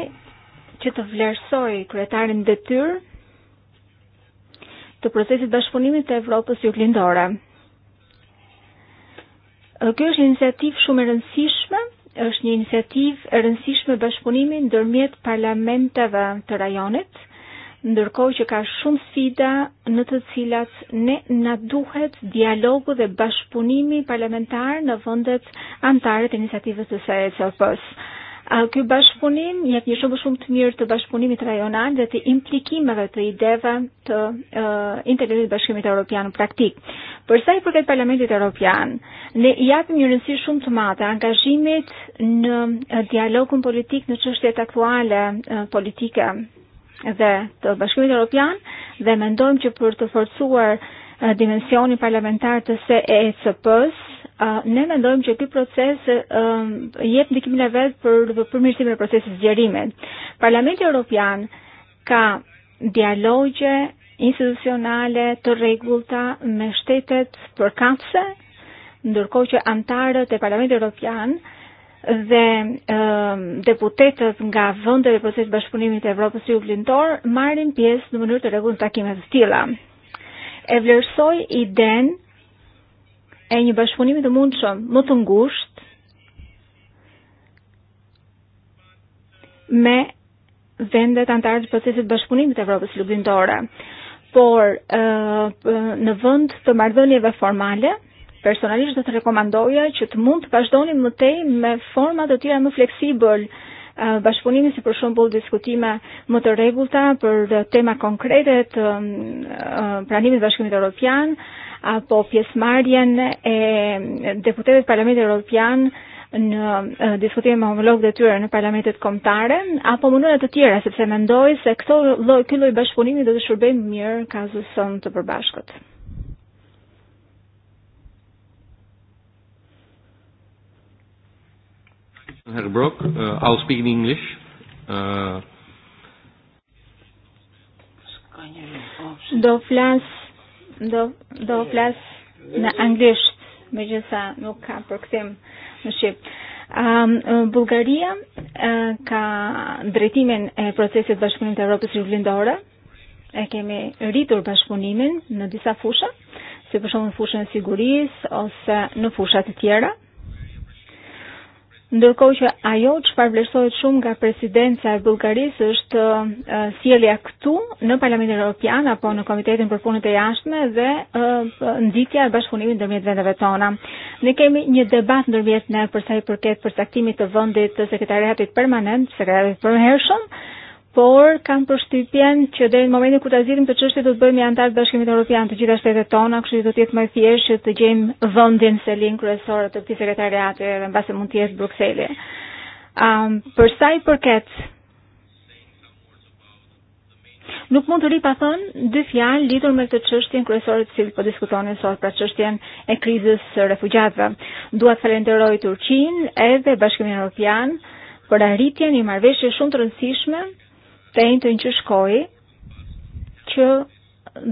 që të vlerësoj kryetarin tyrë të procesit bashkëpunimit të Evropës Juglindore. Kjo është një iniciativë shumë e rëndësishme, është një iniciativ e rëndësishme bashkëpunimi dërmjet parlamenteve të rajonit, ndërkohë që ka shumë sfida në të cilat ne na duhet dialogu dhe bashkëpunimi parlamentar në vendet anëtare të iniciativës së scp e ky bashkëpunim jep një shembull shumë të mirë të bashkëpunimit rajonal dhe të implikimeve të ideve të uh, integrimit të Bashkimit Evropian në praktik. Për sa i përket Parlamentit Evropian, ne i japim një rëndësi shumë të madhe angazhimit në e, dialogun politik në çështjet aktuale uh, politike dhe të Bashkimit Evropian dhe mendojmë që për të forcuar uh, dimensionin parlamentar të CECP-s ne mendojmë që ky proces um, jep ndikimin e vet për përmirësimin e procesit zgjerimit. Parlamenti Evropian ka dialogje institucionale të rregullta me shtetet përkatëse, ndërkohë që antarët e Parlamentit Evropian dhe um, deputetët nga vendet e procesit bashkëpunimit të Evropës Jugëndor marrin pjesë në mënyrë të rregullt takimeve të tilla. E vlerësoj iden e një bashkëpunimi të mundshëm më të ngushtë me vendet antarë të procesit bashkëpunimit e Evropës Lugimtore. Por në vënd të mardhënjeve formale, personalisht dhe të rekomandoja që të mund të pashdoni më tej me format të tjera më fleksibël e, bashkëpunimi si për bëllë diskutime më të regullta për tema konkrete të e, pranimit bashkëpunimit e Evropian, po pjesëmarrjen e deputetëve të Parlamentit Evropian në diskutime me homologët e tyre në parlamentet kombëtare apo mënyra të tjera sepse mendoj se këto lloj ky lloj bashkëpunimi do të shërbejë mirë kazëson të përbashkët. Herr Brock, uh, I'll speak in English. Uh... Do flas да, да влез на английски među sa nuka në Shqipë. Um, Bulgaria uh, ka drejtimin e uh, procesit bashkëpunim të Europës rrëvlindore, e kemi rritur bashkëpunimin në disa fusha si përshomë në fushën e sigurisë ose në fushat të tjera Ndërkohë që ajo që vlerësohet shumë nga presidenca e Bullgarisë është e, sjellja këtu në Parlamentin Evropian apo në Komitetin për Punët e Jashtme dhe e, nditja e bashkëpunimit ndërmjet vendeve tona. Ne kemi një debat ndërmjet ne për sa i përket përcaktimit të vendit të sekretariatit permanent, sekretariatit përhershëm, por kam përshtypjen që deri në momentin kur ta zgjidhim të çështjet do të bëhemi antar të Bashkimit Evropian të gjitha shtetet tona, kështu që do të jetë më thjesht që të gjejmë vendin se linë kryesore të këtij sekretariati dhe mbase mund të jetë Brukseli. Um, për sa i përket Nuk mund të ri pa thënë dy fjalë lidhur me këtë çështje kryesore të cilën po diskutonin sot, për çështjen e krizës së uh, refugjatëve. Dua të falenderoj Turqinë edhe Bashkimin Evropian për arritjen e marrëveshje shumë të rëndësishme te njëjtën që shkoj, që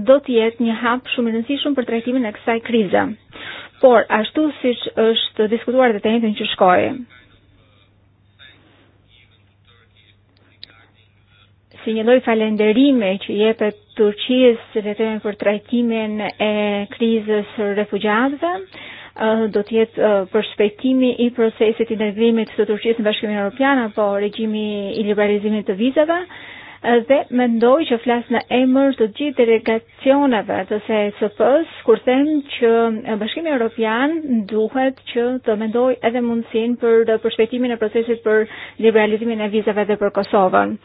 do të jetë një hap shumë i rëndësishëm për trajtimin e kësaj krize. Por ashtu siç është diskutuar dhe të njëjtën që shkoi, si një lloj falenderimi që jepet Turqisë vetëm për trajtimin e krizës refugjatëve, Eh, do të jetë eh, për shpejtimi i procesit i integrimit të Turqisë në Bashkimin Evropian apo regjimi i liberalizimit të vizave eh, dhe mendoj që flas në emër të gjithë delegacioneve të SCP-s kur them që Bashkimi Evropian duhet që të mendoj edhe mundësinë për përshpejtimin e procesit për liberalizimin e vizave dhe për Kosovën.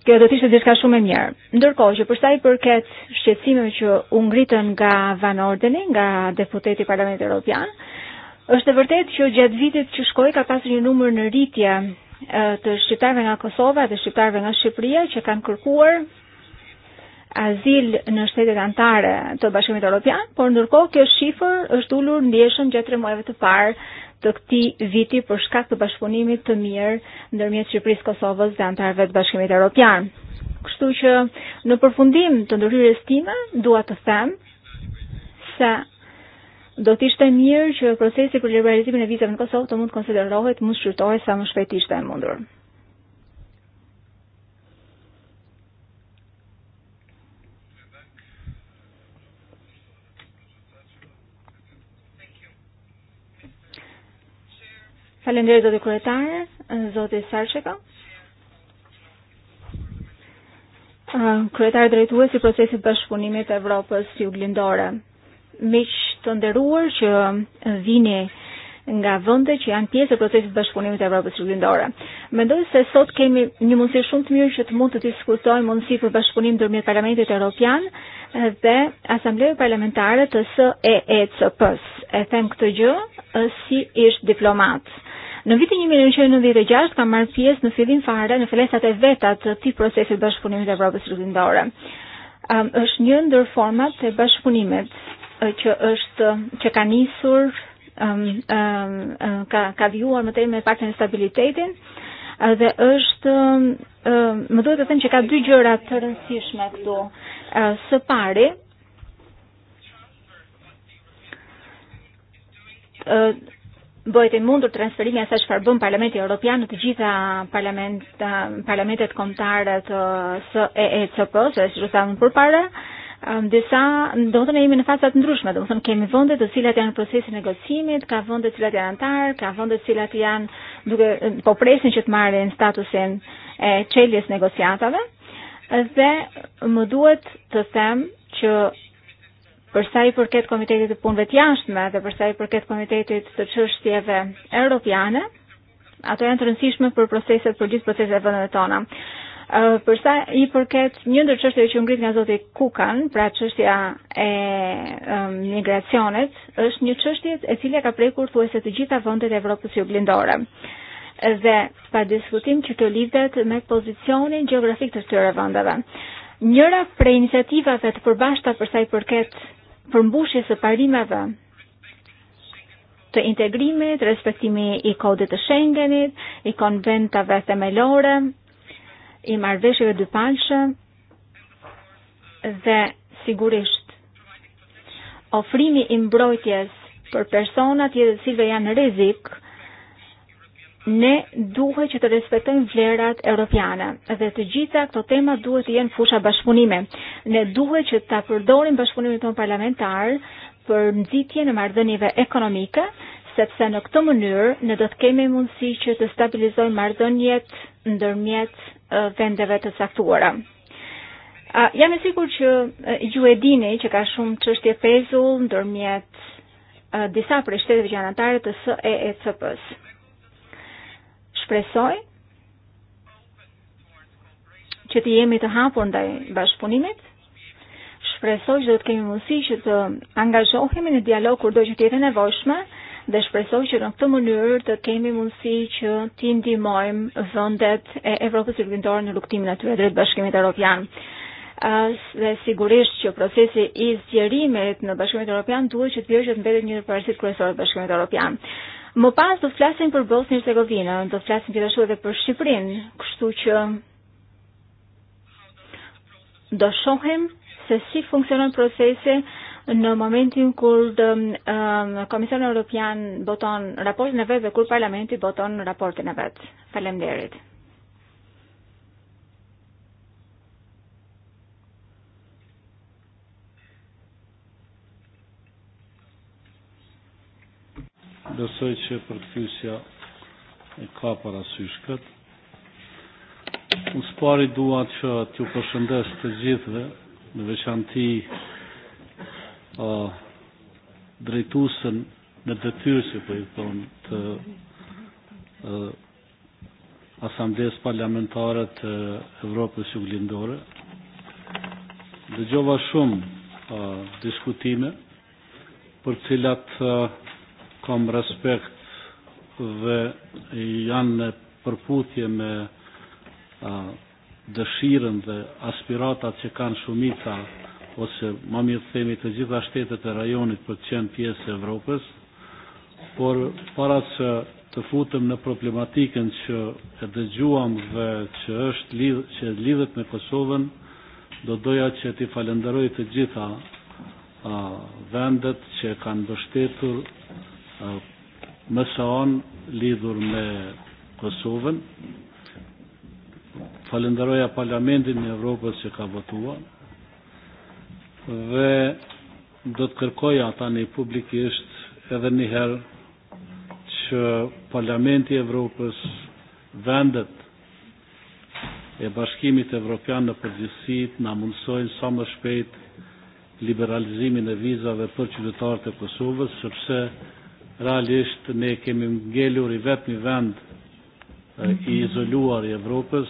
Kjo do të ishte diçka shumë e mirë. Ndërkohë që për sa i përket shqetësimeve që u ngritën nga Van Ordeni, nga deputeti i Parlamentit Evropian, është e vërtetë që gjatë vitit që shkoi ka pasur një numër në rritje e, të shqiptarëve nga Kosova dhe shqiptarëve nga Shqipëria që kanë kërkuar azil në shtetet anëtare të Bashkimit Evropian, por ndërkohë kjo shifër është ulur ndjeshëm gjatë tre muajve të parë të këti viti për shkak të bashkëpunimit të mirë ndërmjet Shqipërisë, Kosovës dhe antarëve të Bashkimit Evropian. Kështu që në përfundim të ndërhyrjes time dua të them se do të ishte mirë që procesi për liberalizimin e vizave në Kosovë të mund të konsiderohet mund shqyrtohet sa më shpejt ishte e mundur. Falenderit zoti kryetare, zoti Sarçeka. Kryetare drejtues i procesit bashkëpunimit të e Evropës Juglindore. Miq të nderuar që vini nga vende që janë pjesë e procesit bashkëpunimit të Evropës Perëndimore. Mendoj se sot kemi një mundësi shumë të mirë që të mund të diskutojmë mundësi për bashkëpunim ndërmjet Parlamentit Evropian dhe Asamblejë Parlamentare të SEECP-s. E them këtë gjë e, si ish diplomat. Në vitin 1996 kam marrë pjesë në fillim fare në flesat e veta të këtij procesi bashkëpunimit të Evropës Perëndimore. Um, është një ndër format të e bashkëpunimit e, që është që ka nisur ka ka vjuar më tej me paktën e stabilitetin dhe është më duhet të them që ka dy gjëra të rëndësishme këtu. Së pari, bëhet e mundur transferimi asaj çfarë bën Parlamenti Evropian në të gjitha parlament parlamentet kombëtare të SEECP-s, siç u thamë përpara, ë disa do të jemi në faza të ndryshme, do të thonë kemi vende të cilat janë në proces negocimit, ka vende të cilat janë antar, ka vende të cilat janë duke po presin që të marrin statusin e çeljes negociatave dhe më duhet të them që për sa i përket Komitetit të Punëve të Jashtme dhe për sa i përket Komitetit të Çështjeve Europiane, ato janë të rëndësishme për proceset për gjithë proceset e vendeve tona për sa i përket një ndër çështjeve që ngrit nga zoti Kukan, pra çështja e, e migracionit, është një çështje e cila ka prekur thuajse të gjitha vendet e Evropës juglindore dhe pa diskutim që të lidhet me pozicionin gjeografik të këtyre vendeve. Njëra prej iniciativave të përbashkëta për sa i përket përmbushjes së parimeve të integrimit, respektimi i kodit të Schengenit, i konventave themelore, ima vešega dopanša dhe sigurisht ofrimi i mbrojtjes për persona e cilëve janë rrezik, ne duhet që të respektojmë vlerat europiane dhe të gjitha këto tema duhet të jenë fusha bashkëpunime. Ne duhet që të përdorim bashkëpunimin tonë parlamentar për nxitjen e marrëdhënieve ekonomike sepse në këtë mënyrë ne do të kemi mundësi që të stabilizojmë marrëdhëniet ndërmjet e, vendeve të caktuara. A, Jam e sigur që e, ju e dini që ka shumë çështje pezull ndërmjet e, disa prej shteteve gjanatare të SEECP-s. Shpresoj që të jemi të hapur ndaj bashkëpunimit. Shpresoj që do të kemi mundësi që të angazhohemi në dialog kur do që të jetë e nevojshme Dhe shpresoj që në këtë mënyrë të kemi mundësi që të ndihmojmë vendet e Evropës Perëndimore në luftimin atyre drejt Bashkimit Evropian dhe uh, sigurisht që procesi i zgjerimit në Bashkimin Evropian duhet që të vijë që të mbetet një parësi kryesore të Bashkimit Evropian. Më pas do të flasim për Bosnjë Hercegovinë, do të flasim gjithashtu edhe për Shqipërinë, kështu që do shohim se si funksionon procesi Në momentin kur um, Komisioni uh, Europian boton raportin e vet dhe kur Parlamenti boton raportin e vet. Faleminderit. Besoj që e për të përkthyesja e ka parasysh këtë. Në spari duat që t'ju përshëndes të gjithve, në veçanti uh, drejtuesën në detyrë po i thonë të uh, asambles parlamentare të Evropës Juglindore. Dëgjova shumë uh, diskutime për cilat uh, kam respekt dhe janë në përputhje me uh, dëshirën dhe aspiratat që kanë shumica uh, ose ma mirë themi të gjitha shtetet e rajonit për të qenë pjesë e Evropës, por para që të futëm në problematikën që e dëgjuam dhe që është lidh, që lidhet me Kosovën, do doja që t'i falenderoj të gjitha a, vendet që kanë bështetur a, më saon lidhur me Kosovën. Falenderoja Parlamentin e Evropës që ka votuar dhe do të kërkoja tani publikisht edhe njëherë që Parlamenti Evropës, vendet e bashkimit evropian në përgjithësit na mundsojnë sa më shpejt liberalizimin e vizave për qytetarët e Kosovës, sepse realisht ne kemi ngelur i vetmi vend e, i izoluar i Evropës,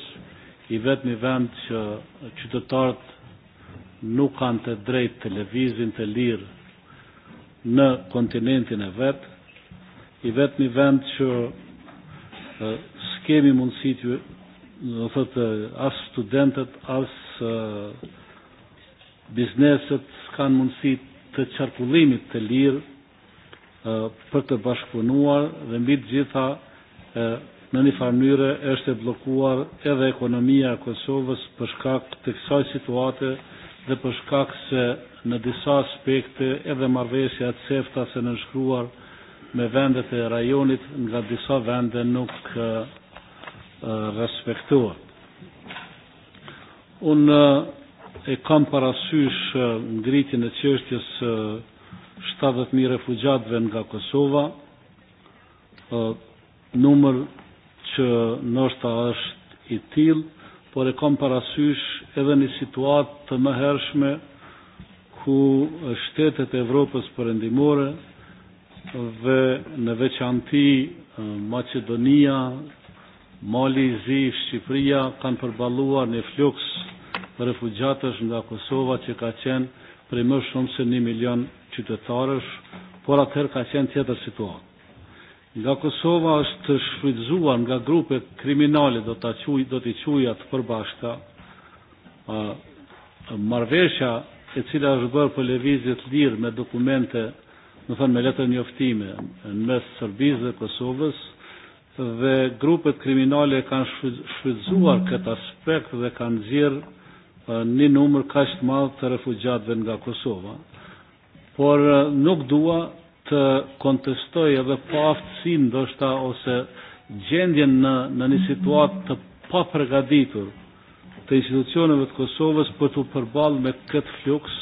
i vetmi vend që qytetarët nuk kanë të drejtë televizin të lirë në kontinentin e vetë, i vetë një vend që e, s'kemi mundësi të në thëtë as studentët, as e, bizneset s'kanë mundësi të qarkullimit të lirë e, për të bashkëpunuar dhe mbi të gjitha në një farë është e blokuar edhe ekonomia e Kosovës për shkak të kësaj situate dhe për shkak se në disa aspekte edhe marrëveshja e CEFTA se nënshkruar me vendet e rajonit nga disa vende nuk uh, e, e, respektohet. Unë e, e kam parasysh ngritjen e qështjes 70.000 refugjatëve nga Kosova, numër që nështë është i tilë, por e kam parasysh edhe një situatë të më hershme ku shtetet e Evropës përëndimore dhe në veçanti e, Macedonia, Mali Zi, Shqipria kanë përbaluar një fluks refugjatës nga Kosova që ka qenë prej më shumë se një milion qytetarësh, por atëherë ka qenë tjetër situatë. Nga Kosova është shfrytëzuar nga grupe kriminale do ta quj, do t'i quaja të përbashkëta. a, marvesha e cila është bërë për levizit lirë me dokumente, në thënë me letër njoftime në mes Sërbiz dhe Kosovës dhe grupet kriminale kanë shfrytëzuar këtë aspekt dhe kanë zirë një numër kashtë madhë të refugjatëve nga Kosova. Por nuk dua të kontestoj edhe pa aftësi ndoshta ose gjendjen në në një situatë të papregadhitur të institucioneve të Kosovës për të përballë me këtë fluks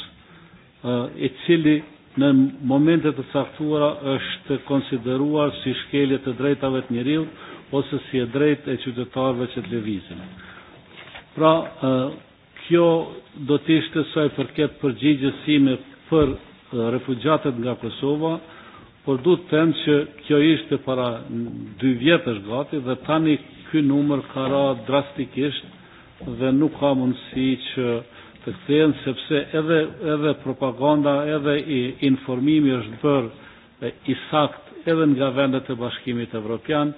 e cili në momente të caktuara është konsideruar si shkelje të drejtave të njeriu ose si e drejtë e qytetarëve që të lëvizin. Pra, e, kjo do të ishte sa i përket përgjigjësime për e, refugjatët nga Kosova, por du të them që kjo ishte para dy vjetës gati dhe tani ky numër ka ra drastikisht dhe nuk ka mundësi që të kthehen sepse edhe edhe propaganda edhe i informimi është bërë e, i sakt edhe nga vendet e Bashkimit Evropian,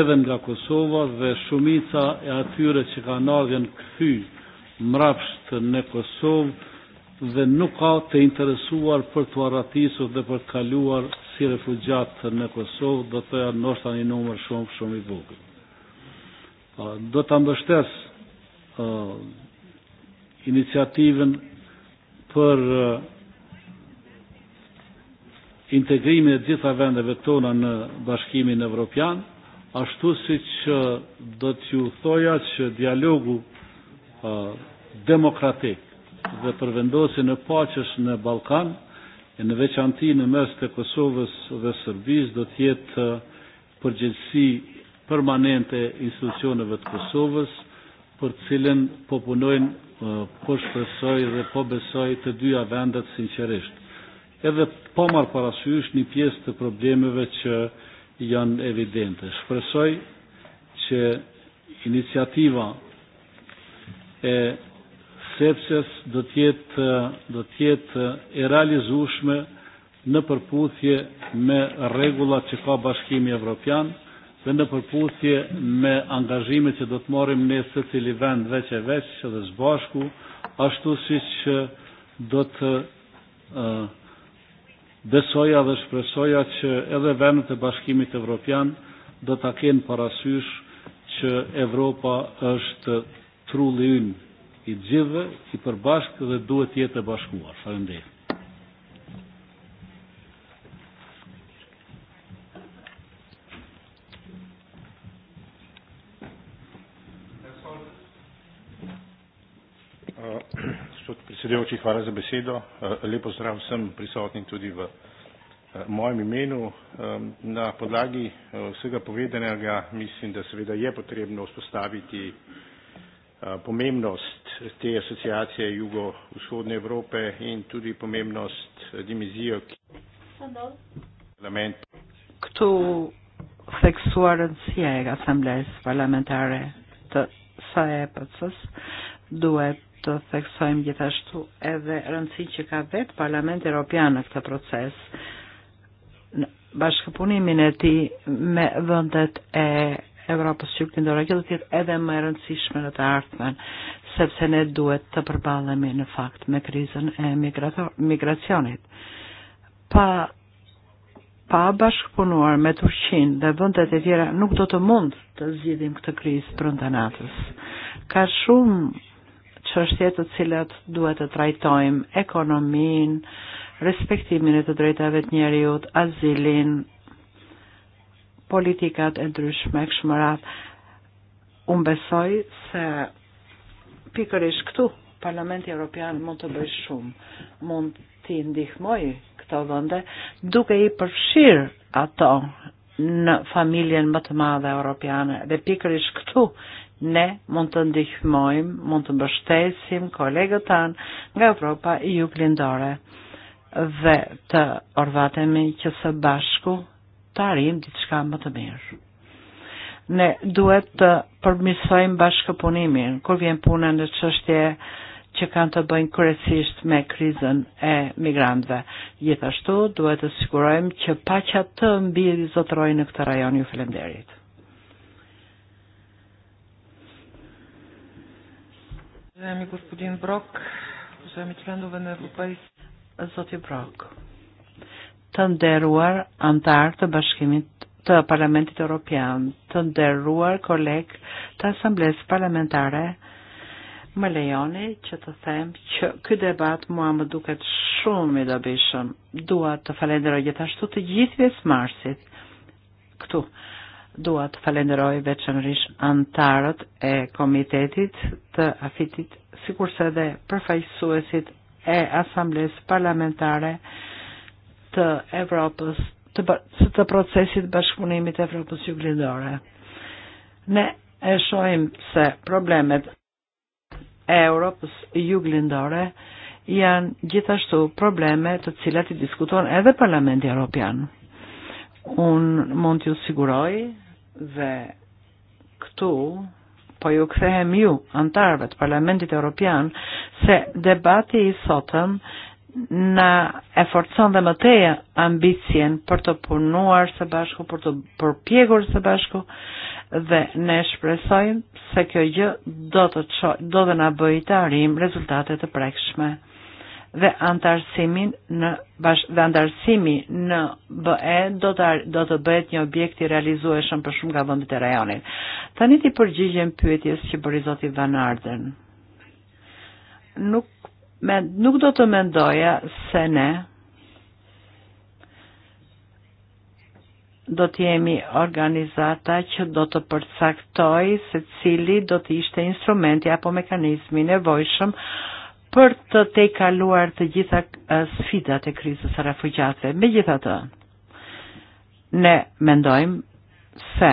edhe nga Kosova dhe shumica e atyre që ka ardhur këthy mrapsht në Kosovë dhe nuk ka të interesuar për të arratisur dhe për të kaluar si refugjat në Kosovë do të janë nështë një numër shumë shumë i vogël. Do të mbështes uh, iniciativën për uh, integrimin e gjitha vendeve tona në bashkimin evropian, ashtu si që do t'ju thoja që dialogu uh, demokratik dhe përvendosin e paqës në Balkanë e në veçanti në mes të Kosovës dhe Sërbis do tjetë uh, përgjithsi permanente institucioneve të Kosovës për cilën po punojnë, uh, po shpresoj dhe po besoj të dyja vendet sinqerisht. Edhe po marë parasysh një pjesë të problemeve që janë evidente. Shpresoj që iniciativa e sepses do tjetë, do tjetë e realizushme në përputhje me regullat që ka Bashkimi Evropian dhe në përputhje me angazhime që do të marrim ne cili vend veç e veç dhe zbashku, ashtu si që do të e, besoja dhe shpresoja që edhe vendet e Bashkimit Evropian do të kenë parasysh që Evropa është trulli ynë i të i përbashk dhe duhet të jetë e bashkuar. Faleminderit. Predsedujoči, hvala za besedo. Lepo zdrav vsem prisotnim tudi v mojem imenu. Na podlagi vsega povedanega mislim, da seveda je potrebno vzpostaviti Eh, pomembnost te asociacije jugovzhodne Evrope in tudi pomembnost eh, dimenzijo, ki parlament. Këtu theksuar rëndësia e Asamblesë Parlamentare të SAEPC-s duhet të theksojmë gjithashtu edhe rëndësinë që ka vetë Parlamenti Evropian në këtë proces në bashkëpunimin e tij me vendet e Evropas juklindore agjellëtjet edhe më e rëndësishme në të ardhmen, sepse ne duhet të përballemi në fakt me krizën e eh, migracionit. Pa pa bashkëpunuar me Turqinë dhe vendet e tjera nuk do të mund të zgjidhim këtë krizë brenda natës. Ka shumë çështje të cilat duhet të trajtojmë, ekonomin, respektimin e të drejtave të njeriut, azilin, politikat e ndryshme këshmërat. Unë besoj se pikërish këtu Parlamenti Europian mund të bëjë shumë, mund të ndihmoj këto vënde, duke i përfshirë ato në familjen më të madhe europiane. Dhe pikërish këtu ne mund të ndihmojmë, mund të mbështesim kolegët tanë nga Europa i juglindore dhe të orvatemi që së bashku tarim diçka më të mirë. Ne duhet të përmirësojmë bashkëpunimin kur vjen puna në çështje që kanë të bëjnë kërësisht me krizën e migrantëve. Gjithashtu duhet të sigurojmë që pa paqja të mbirë zotërojnë në këtë rajon. Ju felenderit. falenderit. Уважаеми господин Брок, уважаеми членове на Европейския Зоти Brok të nderuar antar të bashkimit të Parlamentit Europian, të nderuar koleg të asambles Parlamentare, më lejoni që të them që ky debat mua më duket shumë i dobishëm. Dua të falenderoj gjithashtu të gjithë pjesëmarrësit këtu. Dua të falenderoj veçanërisht antarët e komitetit të afitit, sikurse edhe përfaqësuesit e Asamblesë Parlamentare të Evropës, të, së të procesit bashkëpunimit Evropës juglidore. Ne e shohim se problemet e Europës juglindore janë gjithashtu probleme të cilat i diskuton edhe Parlamenti Europian. Unë mund t'ju siguroj dhe këtu po ju kthehem ju antarëve të Parlamentit Europian se debati i sotëm na e dhe më teja ambicien për të punuar së bashku, për të përpjegur së bashku dhe ne shpresojmë se kjo gjë do të qo, do dhe na bëjë të arim rezultate të prekshme dhe antarësimin në bash, dhe antarësimi në BE do të do të bëhet një objekt i realizueshëm për shumë nga vendet e rajonit. Tani ti përgjigjem pyetjes që bëri zoti Van Arden. Nuk Men, nuk do të mendoja se ne do të jemi organizata që do të përcaktoj se cili do të ishte instrumenti apo mekanizmi nevojshëm për të te kaluar të gjitha e, sfidat e krizës së refugjatëve. të, ne mendojmë se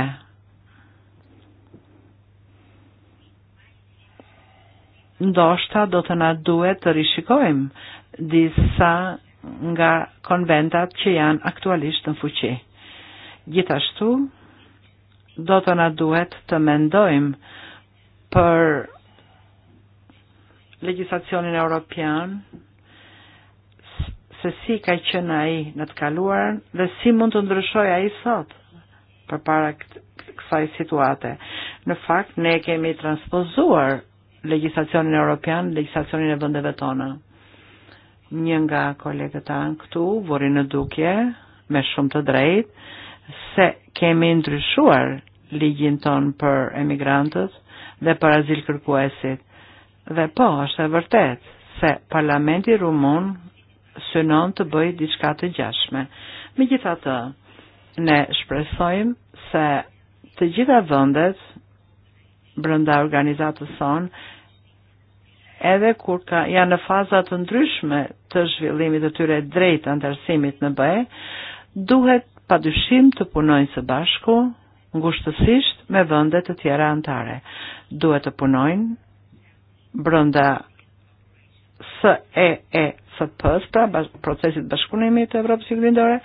ndoshta do të na duhet të rishikojmë disa nga konventat që janë aktualisht në fuqi. Gjithashtu, do të na duhet të mendojmë për legjislacionin europian, se si ka qenë ai në të kaluarën dhe si mund të ndryshojë ai sot përpara kësaj situate. Në fakt ne kemi transpozuar legislacionin europian, legislacionin e vendeve tona. Një nga kolegët tanë këtu vori në dukje me shumë të drejtë se kemi ndryshuar ligjin ton për emigrantët dhe për azil kërkuesit. Dhe po, është e vërtet se parlamenti rumun synon të bëjë diçka të gjashme. Me gjitha të, ne shpresojmë se të gjitha vëndet brenda organizatës sonë, edhe kur ka, janë në fazat të ndryshme të zhvillimit të tyre drejt antarësimit në BE, duhet pa dyshim të punojnë së bashku, ngushtësisht me vëndet të tjera antare. Duhet të punojnë brënda SEEFP-s, pra procesit bashkunimit të Evropës Juglindore,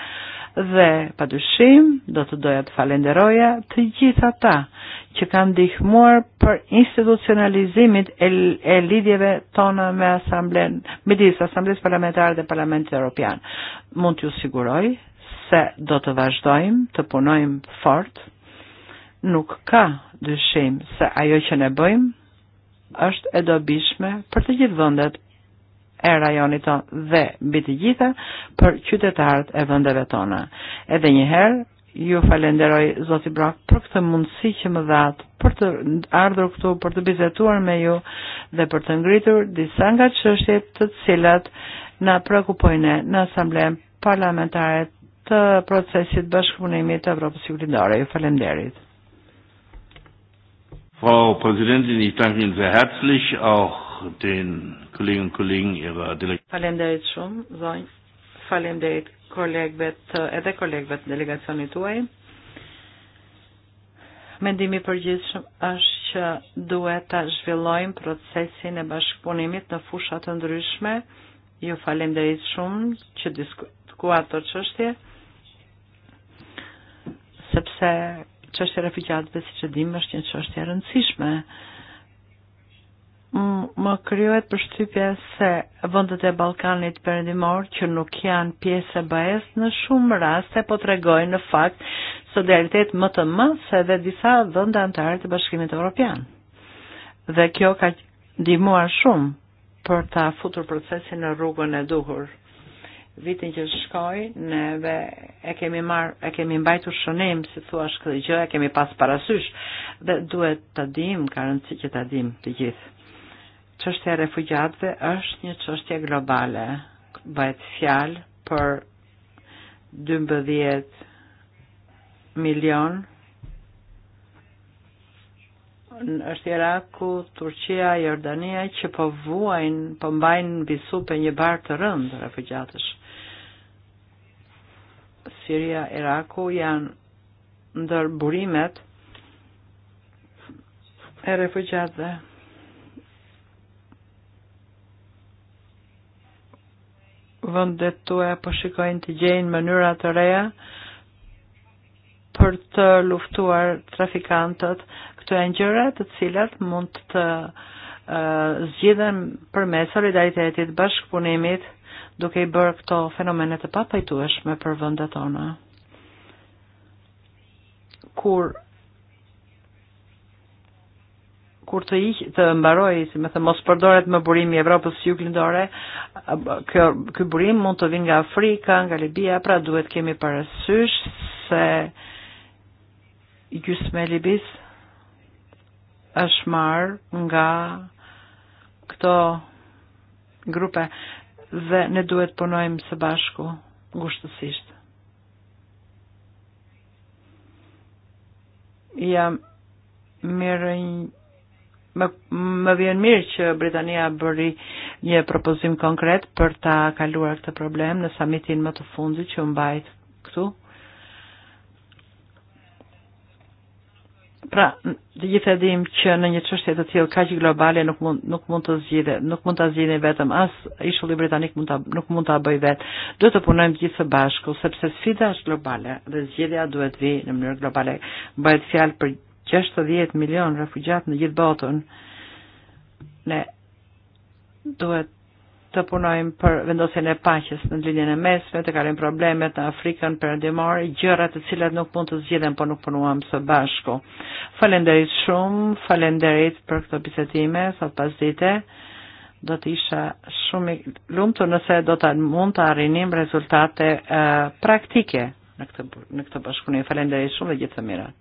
Dhe padyshim do të doja të falenderoja të gjitha ta që kanë dihmuar për institucionalizimit e, e lidhjeve tonë me asamblen, me disë asamblesë parlamentare dhe Parlamentit europian. Mund t'ju siguroj se do të vazhdojmë të punojmë fort. Nuk ka dyshim se ajo që ne bëjmë është e dobishme për të gjithë vëndet e rajonit ton dhe mbi gjitha për qytetarët e vendeve tona. Edhe një herë ju falenderoj zoti Brak për këtë mundësi që më dhat për të ardhur këtu për të bizetuar me ju dhe për të ngritur disa nga çështjet të cilat na prekupojnë në asamblen parlamentare të procesit bashkëpunimit të Evropës Juglindore. Ju falenderit. Frau Präsidentin, ich danke Ihnen sehr herzlich auch den Kolleginnen und Kollegen ihrer Delegation. Falemderit shumë, zonjë. Falemderit kolegvet eh, edhe kolegvet Delegation delegacionit tuaj. Mendimi përgjithshëm është që duhet të zhvillojmë procesin e bashkëpunimit në fushat të ndryshme. Ju falem dhe i shumë që diskutuat të qështje, sepse qështje e refugjatëve siç e dimë është një qështje e rëndësishme. Mm, më kryet për shtypja se vëndet e Balkanit përndimor që nuk janë pjesë e bëhes në shumë raste po të regojnë në fakt solidaritet më të më se dhe disa vënde antarë të bashkimit Evropian. Dhe kjo ka dimuar shumë për ta futur procesin në rrugën e duhur. Vitin që shkoj, neve e kemi marr, e kemi mbajtur shënim, si thua shkëdhë gjë, e kemi pas parasysh, dhe duhet të dim, ka rëndësi që të dim të gjithë Çështja e refugjatëve është një çështje globale. Bëhet fjalë për 12 milion në është Iraku, Turqia, Jordania që po vuajnë, po mbajnë bisu për një barë të rëndë refugjatësh. Siria, Iraku janë ndër burimet e refugjatëve. vendet tuaja po shikojnë të gjenë mënyra të reja për të luftuar trafikantët. Këto e njëra të cilat mund të uh, zgjidhen me solidaritetit, bashkëpunimit, duke i bërë këto fenomenet të papajtueshme për vëndet tona. Kur kur të hiq të mbaroj, si më thënë, mos përdoret më burimi i Evropës juglindore, kjo ky burim mund të vinë nga Afrika, nga Libia, pra duhet kemi parasysh se gjysmë e Libis është marë nga këto grupe dhe ne duhet punojmë së bashku ngushtësisht. Ja, mirë një Më, më vjen mirë që Britania bëri një propozim konkret për ta kaluar këtë problem në samitin më të fundit që mbajt këtu. Pra, të gjithë e dim që në një çështje të tillë kaq globale nuk mund nuk mund të zgjidhet, nuk mund ta zgjidhni vetëm as ishulli britanik mund ta nuk mund ta bëj vetë. Duhet të punojmë gjithë së bashku sepse sfida është globale dhe zgjedhja duhet vi në mënyrë globale. Bëhet fjalë për 60 milion refugjat në gjithë botën. Ne duhet të punojmë për vendosjen e paqes në linjën e mesme, të kalojmë problemet në Afrikën perëndimore, gjëra të cilat nuk mund të zgjidhen po nuk punuam së bashku. Falenderit shumë, falenderit për këtë bisedime sot pasdite. Do të isha shumë lumtur nëse do të mund të arrinim rezultate uh, praktike në këtë në këtë bashkëpunim. Falenderit shumë dhe gjithë të mirat.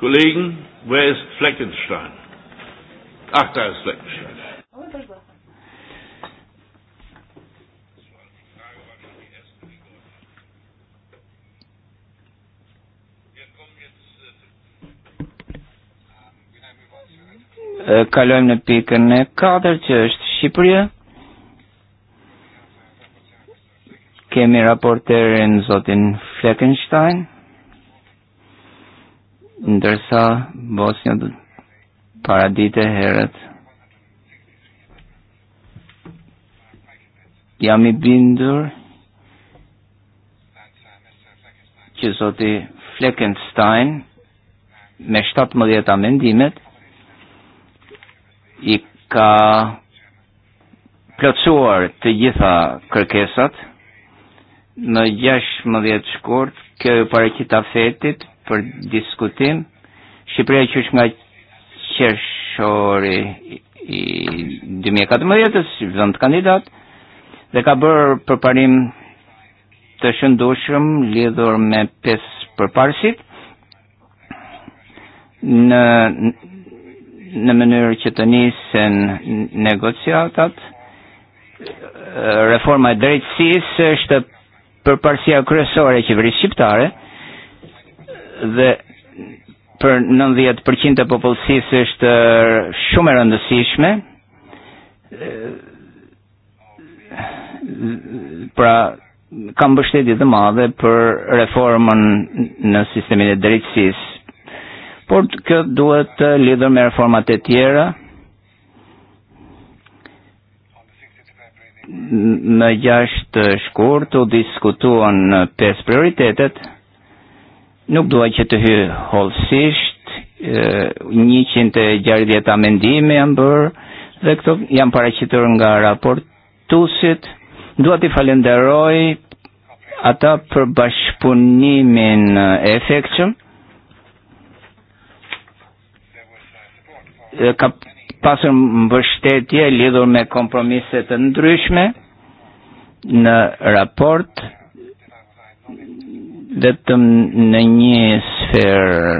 Kollegen, wer ist Fleckenstein? Ach, da ist Fleckenstein. Äh, Kalojmë në pikën e 4 që është Shqipëria. Kemi raporterin zotin Fleckenstein ndërsa Bosnja paradite herët jam i bindur që zoti Fleckenstein me 17 amendimet i ka plëcuar të gjitha kërkesat në 16 shkurt kjo e pare qita fetit për diskutim Shqipëria që është nga qershori i 2014-ës e vend kandidat dhe ka bërë përparim të shëndoshëm lidhur me pesë përparësit në në mënyrë që të nisen negociatat reforma e drejtësisë është përparësia kryesore e qeverisë shqiptare dhe për 90% të popullsisë është shumë e rëndësishme. Pra ka mbështetje të madhe për reformën në sistemin e drejtësisë. Por kjo duhet të lidhur me reformat e tjera. Në gjashtë shkurt u diskutuan pesë prioritetet Nuk dua që të hy holsisht, qënë e, të gjarë djeta mendime janë bërë, dhe këto janë paracitur nga raportusit. Dua të falenderoj ata për bashkëpunimin e efektshëm. E, ka pasur mbështetje lidhur me kompromiset të ndryshme në raport vetëm um, në një sferë,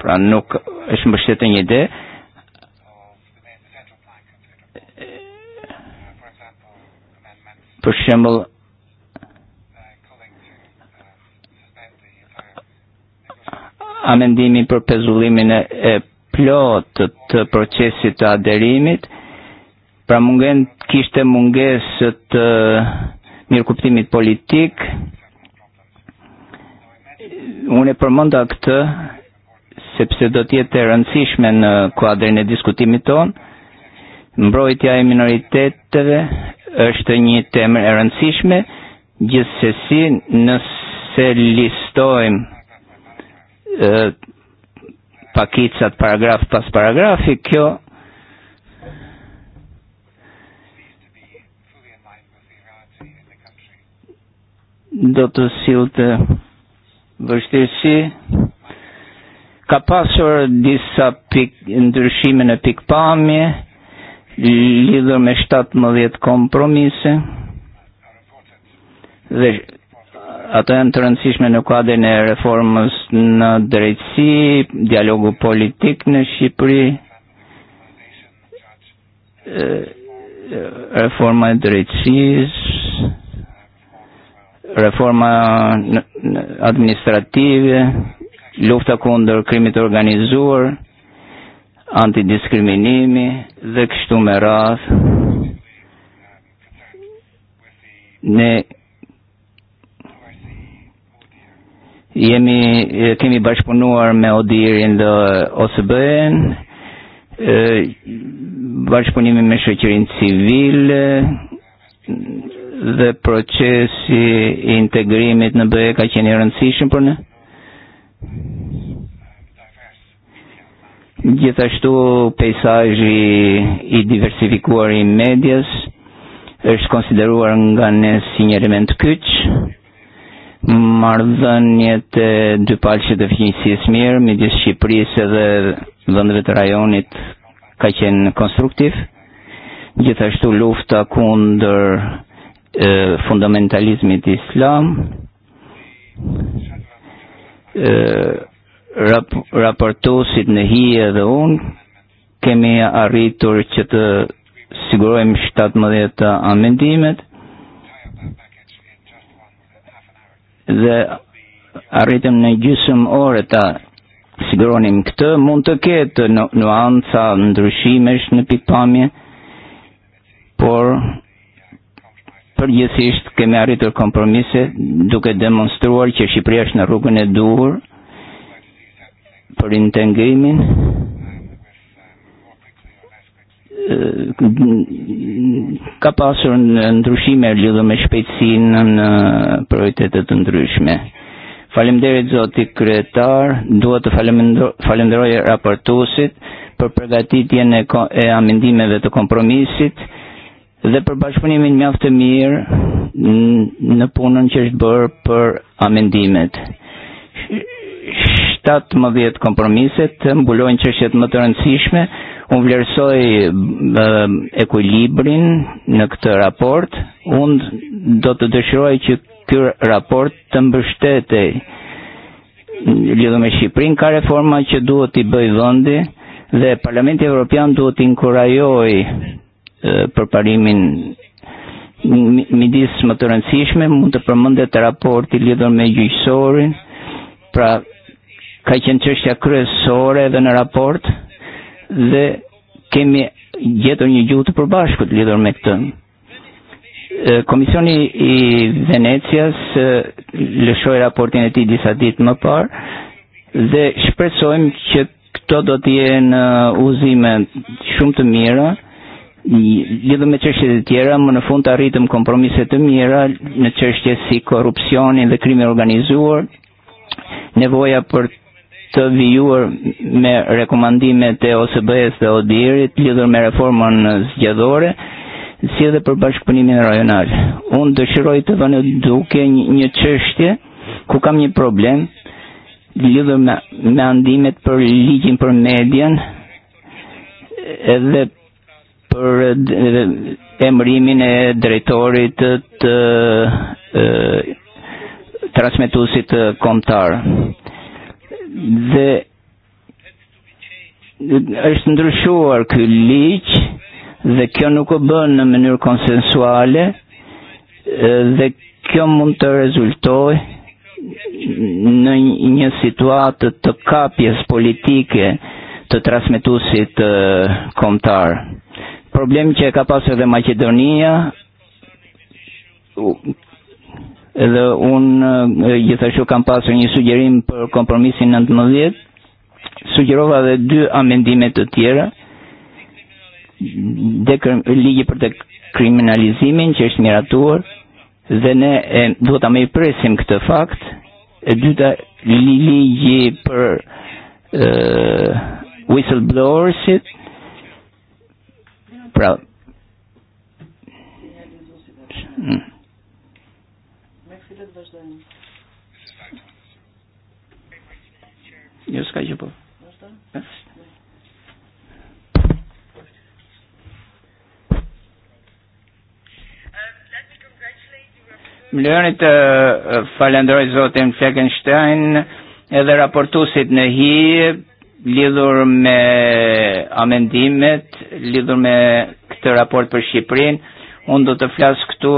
pra nuk është mbështetë një ide, për shembull a mendimi për pezullimin e eh, plot të procesit të aderimit, pra mungen kishte mungesë të mirëkuptimit politik, unë e përmënda këtë sepse do tjetë e rëndësishme në kuadrin e diskutimit tonë. Mbrojtja e minoriteteve është një temër e rëndësishme, gjithsesi nëse listojmë e, pakicat paragraf pas paragrafi, kjo do të sillte vështirësi ka pasur disa pik, ndryshime në pikpamje, lidhur me 17 kompromise, dhe ato janë të rëndësishme në kuadrin e reformës në drejtësi, dialogu politik në Shqipëri, e, e, reforma e drejtësisë, reforma administrative, lufta kundër krimit organizuar, antidiskriminimi dhe kështu me radh. Ne jemi kemi bashkëpunuar me Odirin dhe OSB-n, e, bashkëpunimi me shoqërinë civile, dhe procesi i integrimit në BE ka qenë i rëndësishëm për ne. Gjithashtu peisazhi i diversifikuar i medias është konsideruar nga ne si një element kyç. Marrëdhëniet e dypalqit e fëmijësisë mirë midis Shqipërisë dhe vendeve të rajonit ka qenë konstruktiv. Gjithashtu lufta kundër äh, uh, fundamentalizmit islam, äh, rap raportosit në hije dhe unë, kemi arritur që të sigurojmë 17 amendimet dhe arritëm në gjysëm orë ta siguronim këtë, mund të ketë nuanca ndryshimesh në pikpamje, por Përgjithsisht kemi arritur kompromise duke demonstruar që Shqipëria është në rrugën e duhur për integrimin ka pasur ndryshime e lidhur me shpejtësinë në prioritete të ndryshme. Faleminderit zoti kryetar, dua të falenderoj raportuesit për përgatitjen e, e amendimeve të kompromisit Dhe për bashkëpunimin mjaft të mirë në punën që është bërë për amendimet. 17 kompromise të mbulojnë çështjet më të rëndësishme. Unë vlerësoj e, ekuilibrin në këtë raport. Unë do të dëshiroj që ky raport të mbështetej lidhur me Shqipërinë ka reforma që duhet i bëj vendi dhe Parlamenti Evropian duhet të inkurajojë Eh, përparimin midis më të rëndësishme mund të përmendet raporti lidhur me gjyqësorin, pra ka qenë çështja kryesore edhe në raport dhe kemi gjetur një gjuhë të përbashkët lidhur me këtë. Eh, Komisioni i Venecias eh, lëshoi raportin e tij disa ditë më parë dhe shpresojmë që këto do të jenë uzime shumë të mira lidhur me çështjet e tjera, më në fund të arritëm kompromise të mira në çështje si korupcionin dhe krimi organizuar, nevoja për të vijuar me rekomandimet e OSBE-s dhe ODIR-it lidhur me reformën zgjedhore, si edhe për bashkëpunimin rajonal. Unë dëshiroj të vënë duke një çështje ku kam një problem lidhur me, me andimet për ligjin për median edhe për eh, emrimin e drejtorit të eh, transmetuesit eh, kombëtar. Dhe është ndryshuar ky ligj dhe kjo nuk u bën në mënyrë konsensuale dhe kjo mund të rezultoj në një situatë të kapjes politike të transmetuesit kombëtar problemi që e ka pasur dhe Maqedonia edhe unë e, gjithashtu kam pasur një sugjerim për kompromisin 19 sugjerova edhe dy amendime të tjera ligji për të kriminalizimin që është miratuar dhe ne e, duhet ta merr presim këtë fakt e dyta ligji për e, whistleblowersit Prav. Hmm. Jūs ką žiūrėjau? Mlënit e eh, falenderoj zotin Fleckenstein edhe raportusit në hi lidhur me amendimet, lidhur me këtë raport për Shqiprin. unë do të flasë këtu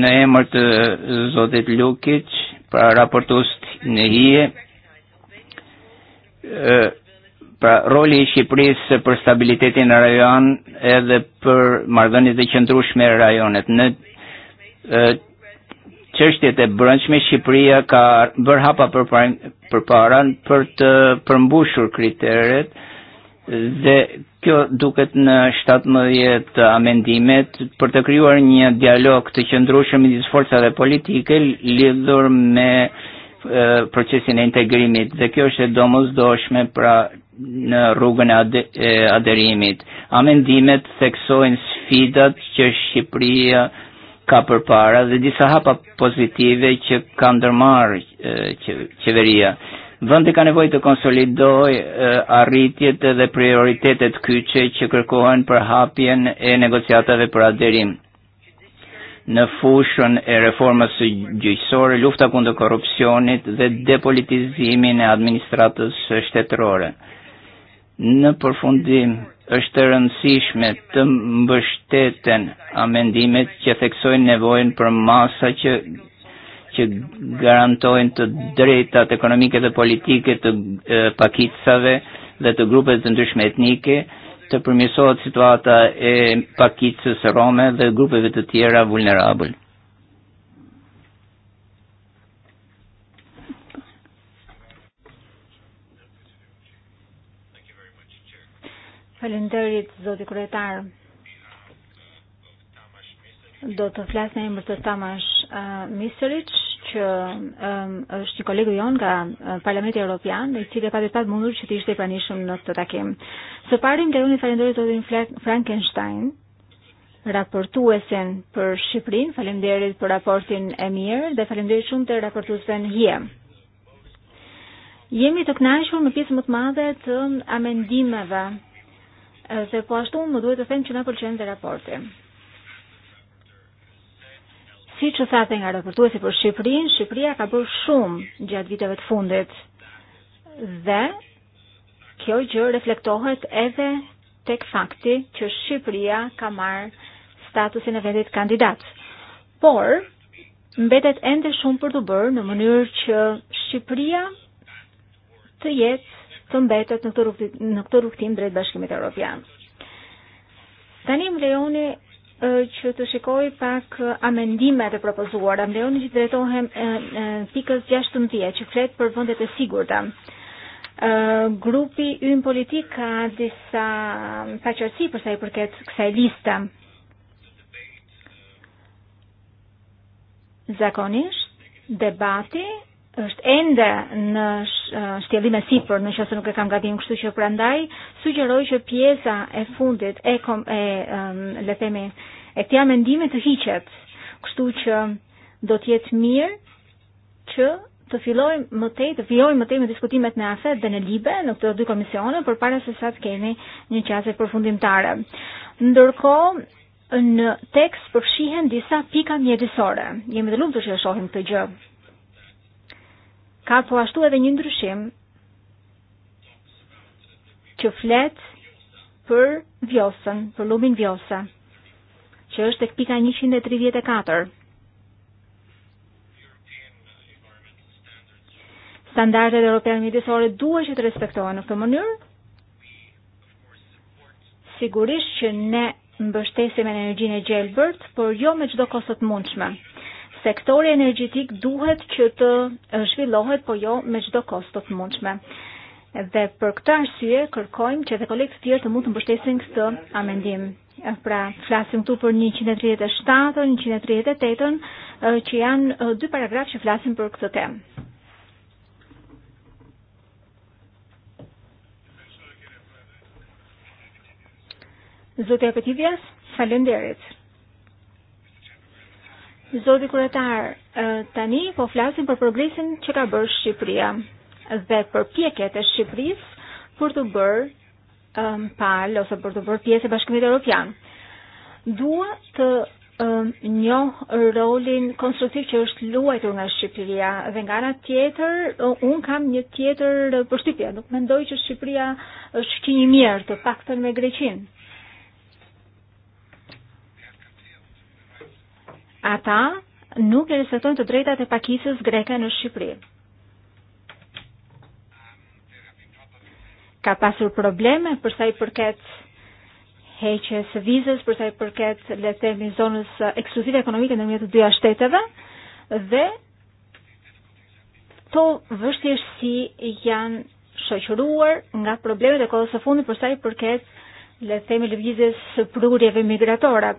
në emër të Zotit Lukic, pra raportust në hije, e, pra roli i Shqipërisë për stabilitetin në rajon edhe për mardhënit e qëndrueshme e rajonet. Në qështjet e, e brëndshme, Shqipëria ka bërë hapa për përpara për të përmbushur kriteret dhe kjo duket në 17 amendimet për të krijuar një dialog të qëndrueshëm midis forcave politike lidhur me e, procesin e integrimit dhe kjo është e domosdoshme pra në rrugën e, e aderimit. Amendimet theksojnë sfidat që Shqipëria ka përpara dhe disa hapa pozitive që e ka ndërmarrë qeveria. Eh, Vendi ka nevojë të konsolidojë eh, arritjet dhe prioritetet kyçe që kërkohen për hapjen e negociatave për aderim. Në fushën e reformës së gjyqësore, lufta kundër korrupsionit dhe depolitizimin e administratës shtetërore. Në përfundim është e rëndësishme të mbështeten a mendimet që theksojnë nevojnë për masa që që garantojnë të drejtat ekonomike dhe politike të e, pakicave dhe të grupeve të ndryshme etnike, të përmirësohet situata e pakicës rome dhe grupeve të tjera vulnerabël. Falënderit zoti kryetar. Do të flas në emër të Tamash uh, Misric, që um, është një kolegu jon nga uh, Parlamenti Evropian, i cili ka e vetë mundur që të ishte i pranishëm në këtë takim. Së pari më dëroni falënderit zotin Frankenstein, raportuesen për Shqipërinë, faleminderit për raportin e mirë dhe faleminderit shumë të raportuesen në Jemi të kënaqur në pjesë më të madhe të amendimeve Eh, se po ashtu më duhet të them që na pëlqen dhe raporti. Si që thate nga raportuesi për Shqiprin, Shqipria ka bërë shumë gjatë viteve të fundit dhe kjo gjë reflektohet edhe tek fakti që Shqipria ka marë statusin e vendit kandidat. Por, mbetet ende shumë për të bërë në mënyrë që Shqipria të jetë των бедствият, на которых, на которых тем бедствием это Европеан. lejoni që të shikoj pak amendimet e propozuara. Lejoni që drejtohem pikës 16 që flet për vendet e sigurta. Grupi ynë politik ka disa paqërsi përsa i përket kësaj lista. Zakonisht debati është ende në shtjellime sipër, në qëse nuk e kam gabim kështu që prandaj sugjeroj që pjesa e fundit e kom, e um, le themi e këtij mendime të hiqet. Kështu që do të jetë mirë që të fillojmë më tej, të fillojmë më tej me diskutimet në AFET dhe në LIBE, në këto dy komisione, përpara se sa të kemi një qasje përfundimtare. Ndërkohë, në tekst përfshihen disa pika mjedisore. Jemi të lumtur që e shohim këtë gjë ka po ashtu edhe një ndryshim që flet për vjosën, për lumin vjosa, që është tek pika 134. E e Standardet e Europian mjedisore duhe që të respektohen në këtë mënyrë. Sigurisht që ne mbështesim e në energjin e gjelbërt, por jo me qdo kosto mundshme sektori energjetik duhet që të e, zhvillohet, po jo me çdo kost të mundshme. Dhe për këtë arsye kërkojmë që edhe kolegët të tjerë të mund të mbështesin këtë amendim. E, pra, flasim këtu për 137, 138, e, që janë dy paragraf që flasim për këtë temë. Zotja Petivjas, falenderit. Zoti kryetar, e, tani po flasim për progresin që ka bërë Shqipëria dhe për pjeket e Shqipëris për të bërë um, pal ose për të bërë pjesë e Bashkimit Europian. Dua të um, njoh rolin konstruktiv që është luajtur nga Shqipëria dhe nga nga tjetër unë kam një tjetër përshtypje, nuk mendoj që Shqipëria është që një mirë të paktën me Greqinë ata nuk e respektojnë të drejtat e pakisës greke në Shqipëri. Ka pasur probleme përsa i përket heqjes së vizës, përsa i përket le të zonës ekskluzive ekonomike ndërmjet të dyja shteteve dhe to si janë shoqëruar nga problemet e kohës së fundit përsa i përket le themi lëvizjes së prurjeve migratore.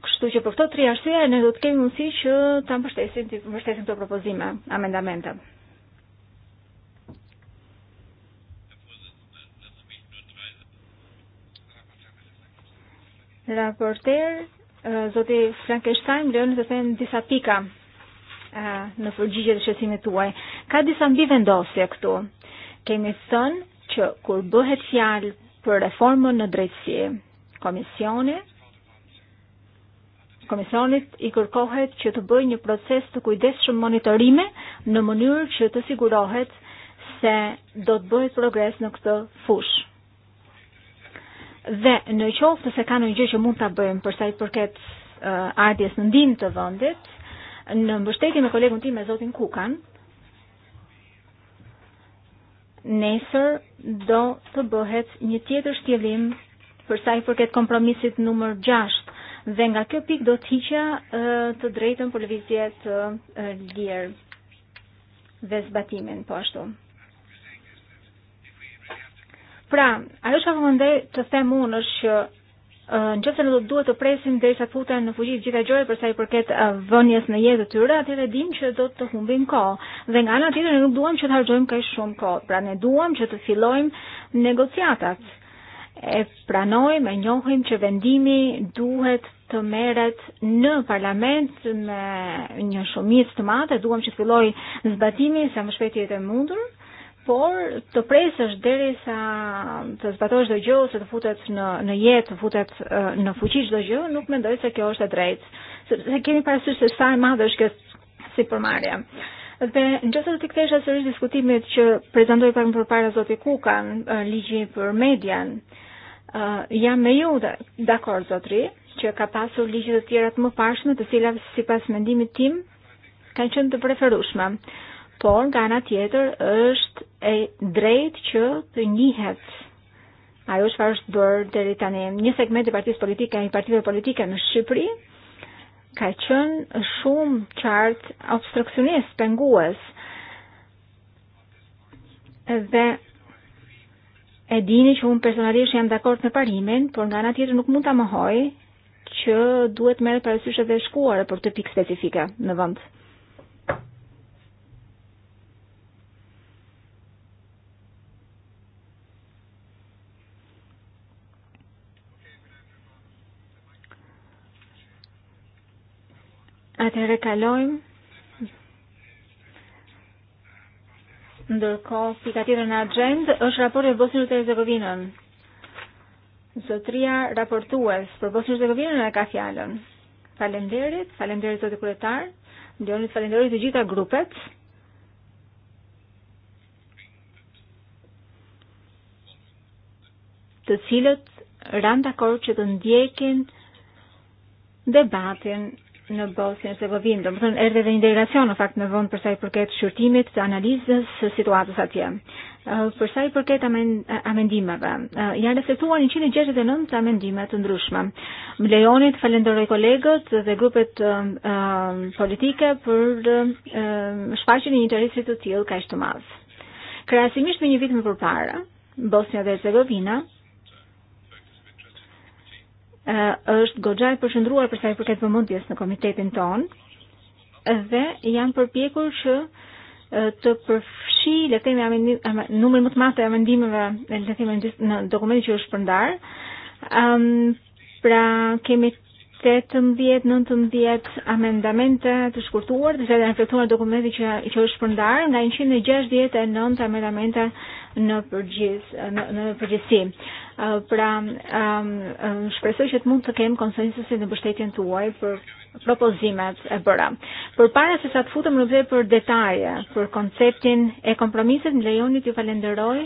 Kështu që për këto tri arsye ne do të kemi mundësi që ta mbështesim të mbështesim këto propozime, amendamente. Raporter, uh, zoti Frankenstein, lënë të them disa pika uh, në përgjigje të shqesimit tuaj. Ka disa mbi vendosje këtu. Kemi thënë që kur bëhet fjalë për reformën në drejtësi, komisioni komisionit i kërkohet që të bëjë një proces të kujdesshëm monitorime në mënyrë që të sigurohet se do të bëhet progres në këtë fushë. Dhe në qoftë se ka ndonjë gjë që mund ta bëjmë për sa i përket uh, ardhjes në ndim të vendit, në mbështetje me kolegun tim me zotin Kukan, nesër do të bëhet një tjetër shtjelim për sa i përket kompromisit numër 6 Dhe nga kjo pik do të hiqja e, të drejtën për lëvizje të e, lirë dhe zbatimin po ashtu. Pra, ajo që ka mendoj të them unë është që në qëfë se në do të duhet të presim dhe sa të futen në fuqit gjitha gjore përsa i përket e, vënjes në jetë të tyre, atëre dim që do të humbim ko. Dhe nga nga tjetër në nuk duham që të hargjojmë kaj shumë ko. pra ne duham që të filojmë negociatat e pranoj me njohim që vendimi duhet të meret në parlament me një shumit të madhe, duham që të filloj zbatimi sa më shpejt jetë e mundur, por të është deri sa të zbatosh dhe gjë se të futet në në jetë, të futet e, në fuqish dhe gjë, nuk mendoj se kjo është e drejtë, se kemi parasysh se sa e madhe është kësë si përmarja. Dhe në gjësë të kthesha sërish diskutimit që prezantoi pak më përpara zoti Kukan, e, ligji për median, Uh, jam me ju dakor zotri që ka pasur ligjet e tjera të pashme të cilat sipas mendimit tim kanë qenë të preferueshme. Por nga ana tjetër është e drejtë që të njihet ajo çfarë është bërë deri tani. Një segment i partisë politike, i partive politike në Shqipëri ka qenë shumë qartë obstruksionist, pengues. Dhe E dini që unë personalisht jam dakord me parimin, por nga ana tjetër nuk mund ta mohoj që duhet merret parasysh edhe shkuara për këtë pikë specifike në vend. Atëherë kalojmë tjetër në agent është raporti Bosnjës dhe Hercegovinën. Zotria raportues për Bosnjën dhe Hercegovinën e ka fjalën. Faleminderit, faleminderit zotë kryetar, ndjonit faleminderit të gjitha grupet. të cilët ran dakord që të ndjekin debatin në Bosnjën e Hercegovinë, domethënë erdhi dhe integracion në fakt në vend për sa i përket shqyrtimit të analizës së situatës atje. Për sa i përket amendimeve, janë reflektuar 169 e e amendime të ndryshme. Më lejoni të falenderoj kolegët dhe grupet politike për shfaqjen e interesit të tillë kaq të madh. Krahasimisht me një vit më parë, Bosnia dhe Hercegovina E, është goxha e përshëndruar për sa i përket vëmendjes në komitetin ton dhe janë përpjekur që e, të përfshi le të themi numrin më të madh të amendimeve le të themi në dokumentin që është përndar. Ëm um, pra kemi 18, 19 amendamente të shkurtuar, të cilat janë reflektuar në dokumentin që që është përndar nga 169 e amendamente në përgjithë në, në përgjithësi. Pra, um, um, shpresoj që të mund të kem konsensusin në mbështetjen tuaj për propozimet e bëra. Por para se sa të futëm në vepër për detaje, për konceptin e kompromiset, në lejonit ju falenderoj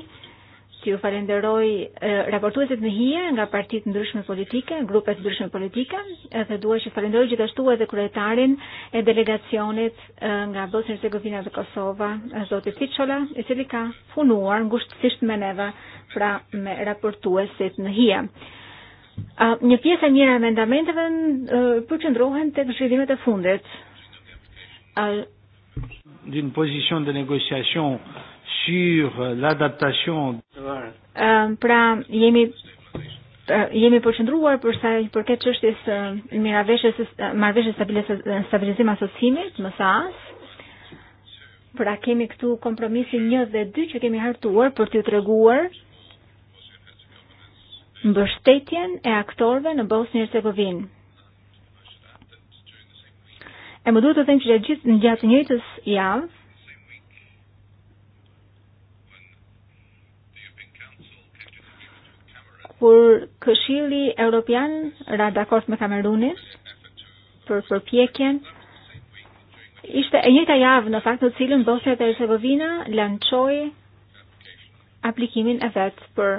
që Ju falenderoj e, raportuesit në hije nga partitë ndryshme politike, grupe të ndryshme politike, edhe dua që falenderoj gjithashtu edhe kryetarin e delegacionit e, nga Bosnia Hercegovina dhe Kosova, e, zoti Fiçola, i cili ka punuar ngushtësisht me neve, pra me raportuesit në hije. Një pjesë e mirë e amendamenteve përqendrohen tek zhvillimet e fundit. D'une pozicion de negociacion, sur l'adaptation. Ehm, pra jemi e, jemi përqendruar për sa i përket çështjes së e, mirëveshjes e, marrëveshjes stabile stabilizim asocimit, MSAS. Pra kemi këtu kompromisin 1 dhe 2 që kemi hartuar për t'ju treguar mbështetjen e aktorëve në Bosnjë Hercegovinë. E më duhet të them që gjithë në gjatë njëjtës javë kur Këshilli Evropian ra dakord me Kamerunin për përpjekjen ishte e njëjta javë në fakt në cilën Bosnia dhe Hercegovina lançoi aplikimin e vet për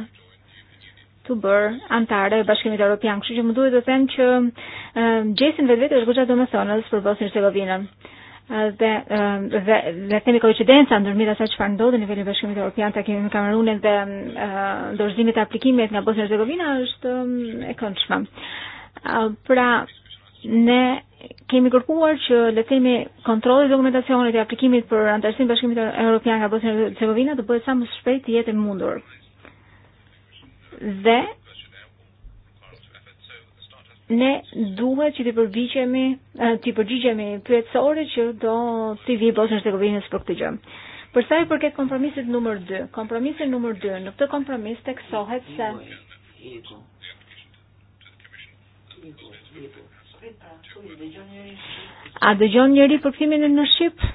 të bërë antare e Bashkimit Europian. Kështë që më duhet të them që gjesin vetë vetë është goxha domethënës për Bosnjë Hercegovinën dhe le um, të themi koincidenca ndërmjet asaj çfarë ndodhi në nivelin e bashkimit evropian tek në Kamerunin dhe uh, dorëzimit të aplikimit nga Bosnia Hercegovina është um, e këndshme. Uh, pra ne kemi kërkuar që le të themi kontrolli i dokumentacionit e aplikimit për antarësinë e bashkimit evropian nga Bosnia Hercegovina të bëhet sa më shpejt të jetë e mundur. Dhe ne duhet që të përgjigjemi, eh, të përgjigjemi pyetësore që do t'i vi Bosnjë e Hercegovinës për këtë gjë. Për sa i përket kompromisit numër 2, kompromisi numër 2, në këtë kompromis teksohet se A dëgjon njëri për kthimin në Shqip?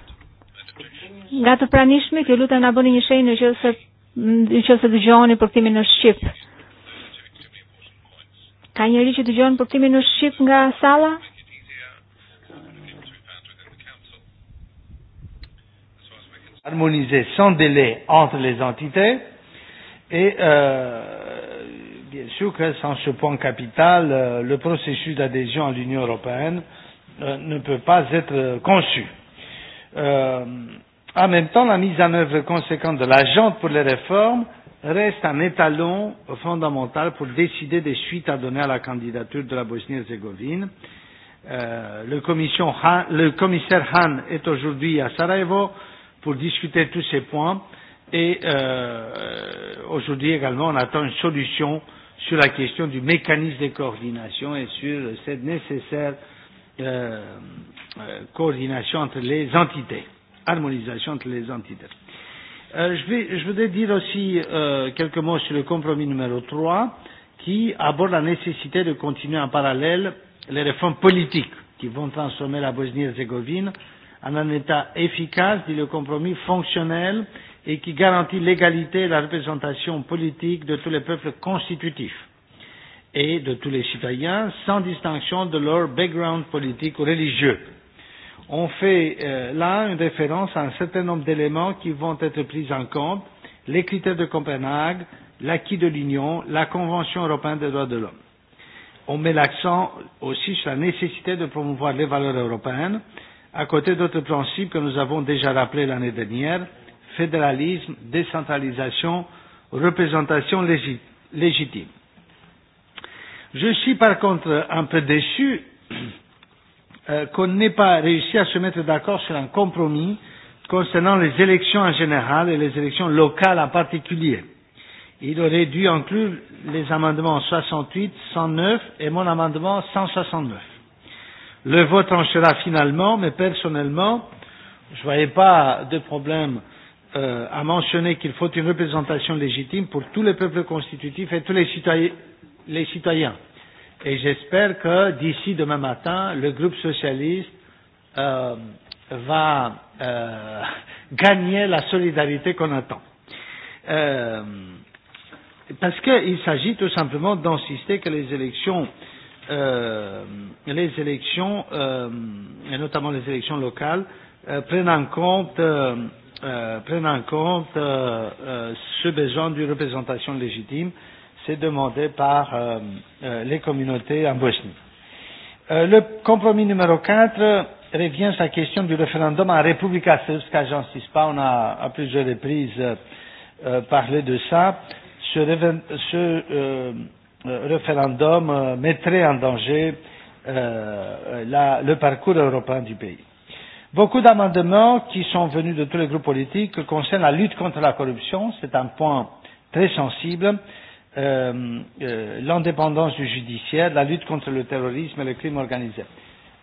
Nga të pranishmi, ju lutem na bëni një shenjë nëse nëse dëgjoni për kthimin në Shqip. Ka njëri që dëgjon për këtimin në Shqip nga sala? Harmoniser sans délai entre les entités et euh, bien sûr que sans ce point capital, euh, le processus d'adhésion à l'Union européenne euh, ne peut pas être conçu. Euh, en même temps, la mise en œuvre conséquente de l'agent pour les réformes reste un étalon fondamental pour décider des suites à donner à la candidature de la Bosnie-Herzégovine. Euh, le, le commissaire Hahn est aujourd'hui à Sarajevo pour discuter tous ces points et euh, euh, aujourd'hui également on attend une solution sur la question du mécanisme de coordination et sur cette nécessaire euh, euh coordination entre les entités, harmonisation entre les entités. Euh, je, vais, je voudrais dire aussi euh, quelques mots sur le compromis numéro 3 qui aborde la nécessité de continuer en parallèle les réformes politiques qui vont transformer la Bosnie-Herzégovine en un État efficace, dit le compromis, fonctionnel et qui garantit l'égalité et la représentation politique de tous les peuples constitutifs et de tous les citoyens sans distinction de leur background politique ou religieux. Euh, on fait euh, là une référence à un certain nombre d'éléments qui vont être pris en compte, les critères de Copenhague, l'acquis de l'Union, la Convention européenne des droits de l'homme. On met l'accent aussi sur la nécessité de promouvoir les valeurs européennes, à côté d'autres principes que nous avons déjà rappelés l'année dernière, fédéralisme, décentralisation, représentation légitime. Je suis par contre un peu déçu Euh, qu'on n'ait pas réussi à se mettre d'accord sur un compromis concernant les élections en général et les élections locales en particulier. Il aurait dû inclure les amendements 68, 109 et mon amendement 169. Le vote en sera finalement, mais personnellement, je ne voyais pas de problème euh, à mentionner qu'il faut une représentation légitime pour tous les peuples constitutifs et tous les, citoyens, les citoyens et j'espère que d'ici demain matin, le groupe socialiste euh, va euh, gagner la solidarité qu'on attend. Euh, parce qu'il s'agit tout simplement d'insister que les élections, euh, les élections, euh, et notamment les élections locales, euh, prennent en compte, euh, euh, prennent en compte euh, euh, ce besoin d'une représentation légitime euh, c'est demandé par euh, euh, les communautés en Bosnie. Euh, le compromis numéro 4 revient sur la question du référendum en République serbska. J'insiste pas, on a à plusieurs reprises euh, euh parlé de ça. Ce, ce euh, euh, référendum euh, mettrait en danger euh, la, le parcours européen du pays. Beaucoup d'amendements qui sont venus de tous les groupes politiques concernent la lutte contre la corruption. C'est un point très sensible. Euh, Euh, euh, l'indépendance du judiciaire, la lutte contre le terrorisme et le crime organisé.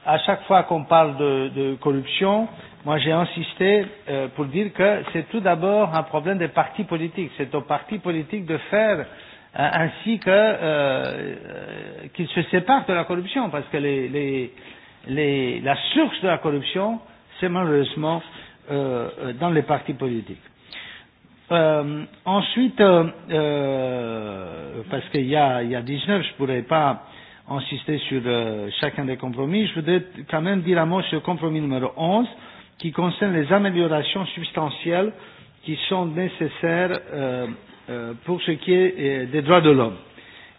À chaque fois qu'on parle de, de corruption, moi j'ai insisté euh, pour dire que c'est tout d'abord un problème des partis politiques. C'est aux partis politiques de faire euh, ainsi que euh, euh qu'ils se séparent de la corruption, parce que les, les, les, la source de la corruption, c'est malheureusement euh, euh dans les partis politiques. Euh, ensuite, euh, euh, parce qu'il y a, y a 19, je ne pourrais pas insister sur euh, chacun des compromis, je voudrais quand même dire un mot sur le compromis numéro 11 qui concerne les améliorations substantielles qui sont nécessaires euh, euh, pour ce qui est euh, des droits de l'homme.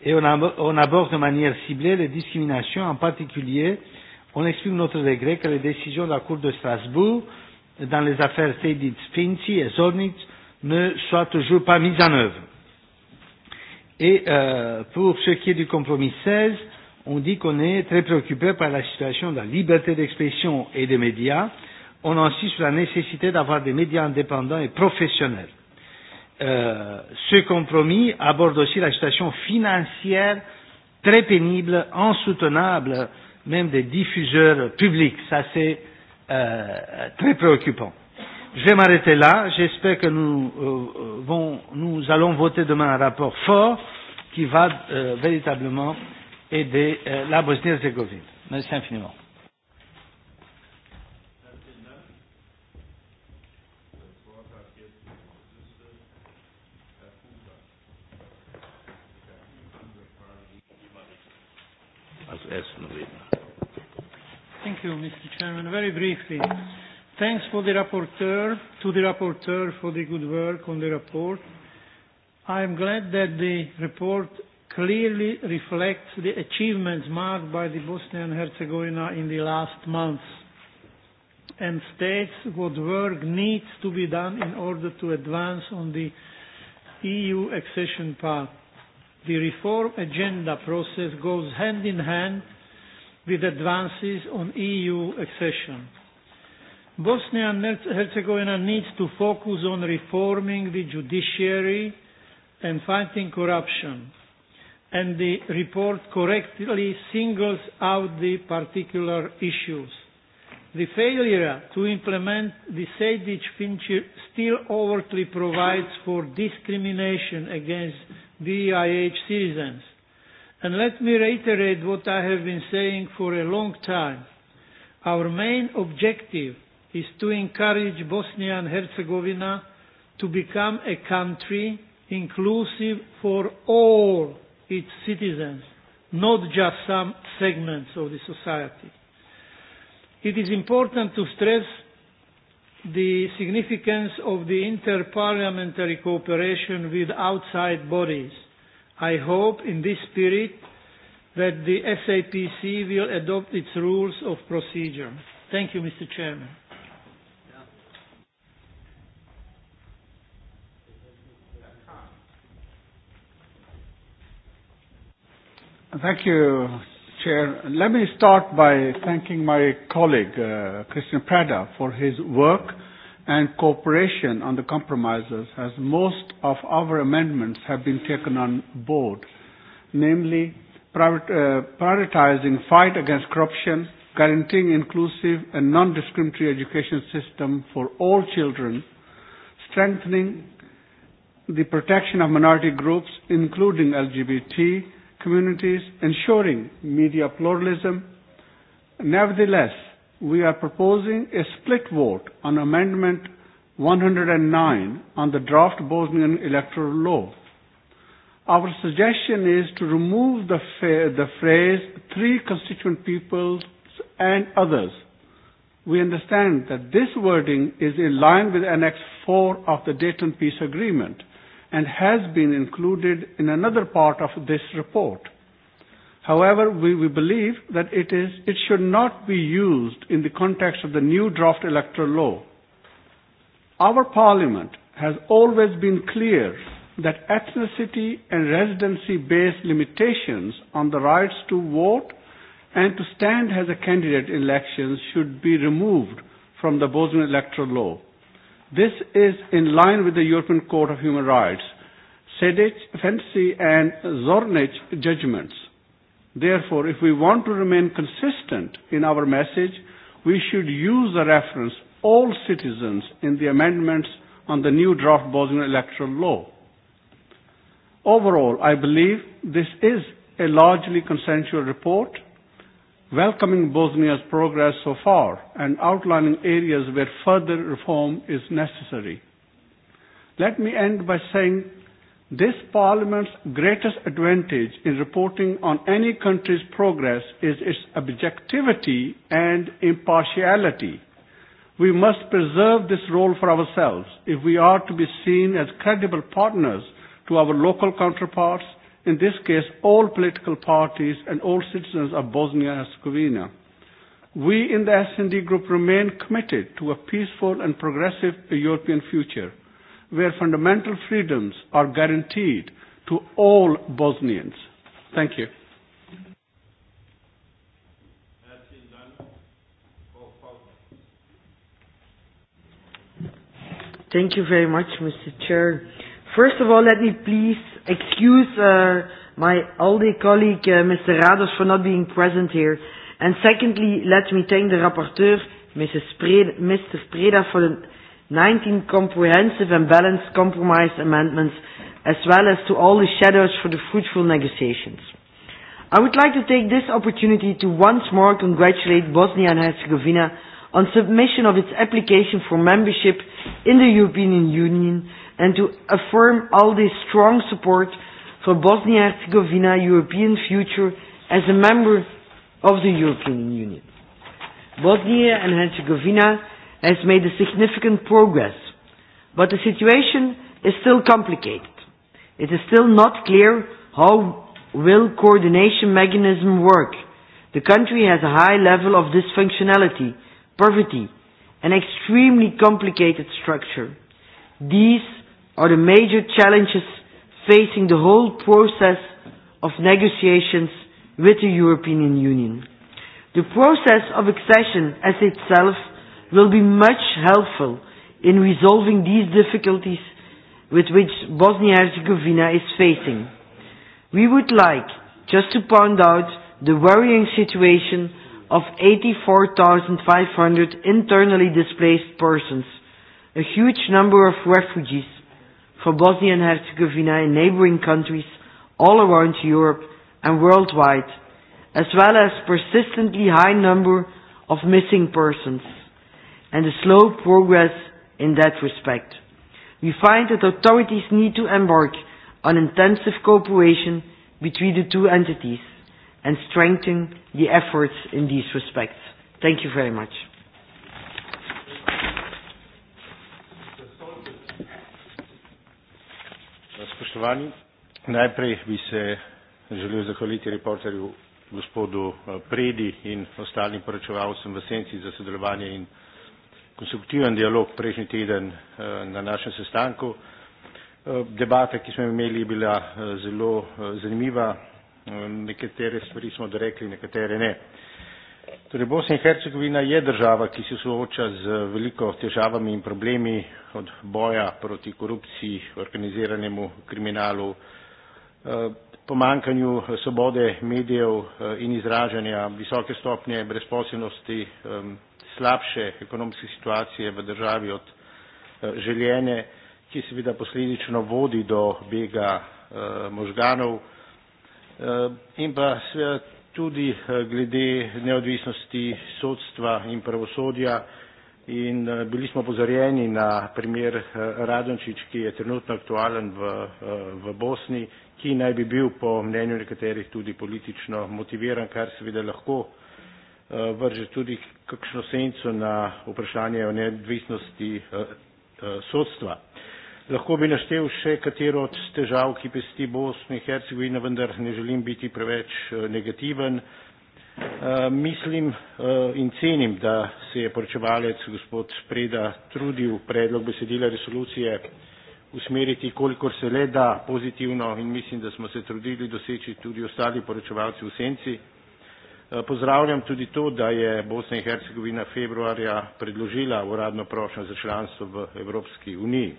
Et on, ab on aborde de manière ciblée les discriminations, en particulier, on exprime notre regret que les décisions de la Cour de Strasbourg dans les affaires Tedit Spinci et Zornitz ne soit toujours pas mise en œuvre. Et euh, pour ce qui est du compromis 16, on dit qu'on est très préoccupé par la situation de la liberté d'expression et des médias. On insiste sur la nécessité d'avoir des médias indépendants et professionnels. Euh, ce compromis aborde aussi la situation financière très pénible, insoutenable, même des diffuseurs publics. Ça, c'est euh, très préoccupant. Je vais m'arrêter là. J'espère que nous, euh, vont, nous allons voter demain un rapport fort qui va euh, véritablement aider euh, la Bosnie-Herzégovine. Merci infiniment. Thank you, Mr. Chairman. Very briefly. Thanks for the rapporteur, to the rapporteur for the good work on the report. I am glad that the report clearly reflects the achievements marked by the Bosnia and Herzegovina in the last months and states what work needs to be done in order to advance on the EU accession path. The reform agenda process goes hand in hand with advances on EU accession. Bosnia and Herzegovina needs to focus on reforming the judiciary and fighting corruption. And the report correctly singles out the particular issues. The failure to implement the Sejdic Fincher still overtly provides for discrimination against DIH e citizens. And let me reiterate what I have been saying for a long time. Our main objective is to encourage Bosnia and Herzegovina to become a country inclusive for all its citizens, not just some segments of the society. It is important to stress the significance of the interparliamentary cooperation with outside bodies. I hope in this spirit that the SAPC will adopt its rules of procedure. Thank you, Mr. Chairman. Thank you, Chair. Let me start by thanking my colleague, uh, Christian Prada, for his work and cooperation on the compromises, as most of our amendments have been taken on board, namely uh, prioritizing fight against corruption, guaranteeing inclusive and non-discriminatory education system for all children, strengthening the protection of minority groups, including LGBT, communities, ensuring media pluralism. Nevertheless, we are proposing a split vote on Amendment 109 on the draft Bosnian electoral law. Our suggestion is to remove the, the phrase three constituent peoples and others. We understand that this wording is in line with Annex 4 of the Dayton Peace Agreement and has been included in another part of this report. However, we, we believe that it, is, it should not be used in the context of the new draft electoral law. Our parliament has always been clear that ethnicity and residency based limitations on the rights to vote and to stand as a candidate in elections should be removed from the Bosnian electoral law. This is in line with the European Court of Human Rights, Sedic, Fancy and Zornic judgments. Therefore, if we want to remain consistent in our message, we should use the reference all citizens in the amendments on the new draft Bosnian electoral law. Overall, I believe this is a largely consensual report welcoming Bosnia's progress so far and outlining areas where further reform is necessary. Let me end by saying this Parliament's greatest advantage in reporting on any country's progress is its objectivity and impartiality. We must preserve this role for ourselves if we are to be seen as credible partners to our local counterparts in this case, all political parties and all citizens of Bosnia and Herzegovina. We in the S&D group remain committed to a peaceful and progressive European future where fundamental freedoms are guaranteed to all Bosnians. Thank you. Thank you very much, Mr. Chair. First of all, let me please excuse uh, my aldi colleague, uh, Mr. Rados, for not being present here. And secondly, let me thank the rapporteur, Mrs. Preda, Mr. Preda, for the 19 comprehensive and balanced compromise amendments, as well as to all the shadows for the fruitful negotiations. I would like to take this opportunity to once more congratulate Bosnia and Herzegovina on submission of its application for membership in the European Union and to affirm all this strong support for Bosnia-Herzegovina's European future as a member of the European Union. Bosnia and Herzegovina has made a significant progress, but the situation is still complicated. It is still not clear how will coordination mechanism work. The country has a high level of dysfunctionality, poverty, an extremely complicated structure. These are the major challenges facing the whole process of negotiations with the European Union. The process of accession as itself will be much helpful in resolving these difficulties with which Bosnia-Herzegovina is facing. We would like just to point out the worrying situation of 84,500 internally displaced persons, a huge number of refugees, for Bosnia and Herzegovina in neighboring countries all around Europe and worldwide, as well as persistently high number of missing persons and the slow progress in that respect. We find that authorities need to embark on intensive cooperation between the two entities and strengthen the efforts in these respects. Thank you very much. Spoštovani, najprej bi se želel zahvaliti reporterju gospodu eh, Predi in ostalim poročevalcem v senci za sodelovanje in konstruktiven dialog prejšnji teden eh, na našem sestanku. Eh, debata, ki smo jo imeli, je bila zelo zanimiva. Nekatere stvari smo dorekli, nekatere ne. Torej, Bosna in Hercegovina je država, ki se sooča z veliko težavami in problemi od boja proti korupciji, organiziranemu kriminalu, eh, pomankanju svobode medijev eh, in izražanja, visoke stopnje brezposobnosti, eh, slabše ekonomske situacije v državi od željene, ki seveda posledično vodi do bega možganov in pa seveda tudi eh, glede neodvisnosti sodstva in pravosodja in eh, bili smo pozorjeni na primer eh, Radončić, ki je trenutno aktualen v, v Bosni, ki naj bi bil po mnenju nekaterih tudi politično motiviran, kar seveda lahko vrže tudi kakšno senco na vprašanje o neodvisnosti sodstva. Lahko bi naštel še katero od težav, ki pesti Bosno in Hercegovino, vendar ne želim biti preveč eh, negativen. Eh, mislim eh, in cenim, da se je poročevalec gospod Preda trudil predlog besedila resolucije usmeriti, kolikor se le da, pozitivno in mislim, da smo se trudili doseči tudi ostali poročevalci v senci. pozdravljam tudi to, da je Bosna in Hercegovina februarja predložila uradno prošnjo za članstvo v Evropski uniji.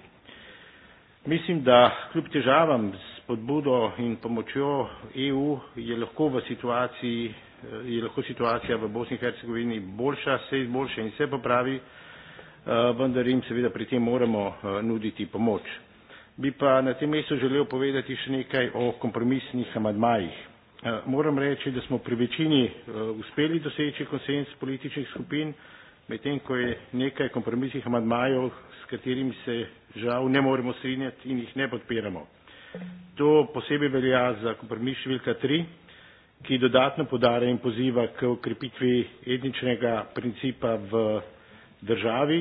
Mislim, da kljub težavam s podbudo in pomočjo EU je lahko v situaciji, eh, je lahko situacija v Bosni in Hercegovini boljša, se izboljša in se popravi, eh, vendar jim seveda pri tem moramo eh, nuditi pomoč. Bi pa na tem mestu želel povedati še nekaj o kompromisnih amadmajih. Moram reči, da smo pri večini uspeli doseči konsens političnih skupin, medtem ko je nekaj kompromisnih amadmajev, s katerimi se žal ne moremo strinjati in jih ne podpiramo. To posebej velja za kompromis številka 3, ki dodatno podara in poziva k ukrepitvi etničnega principa v državi.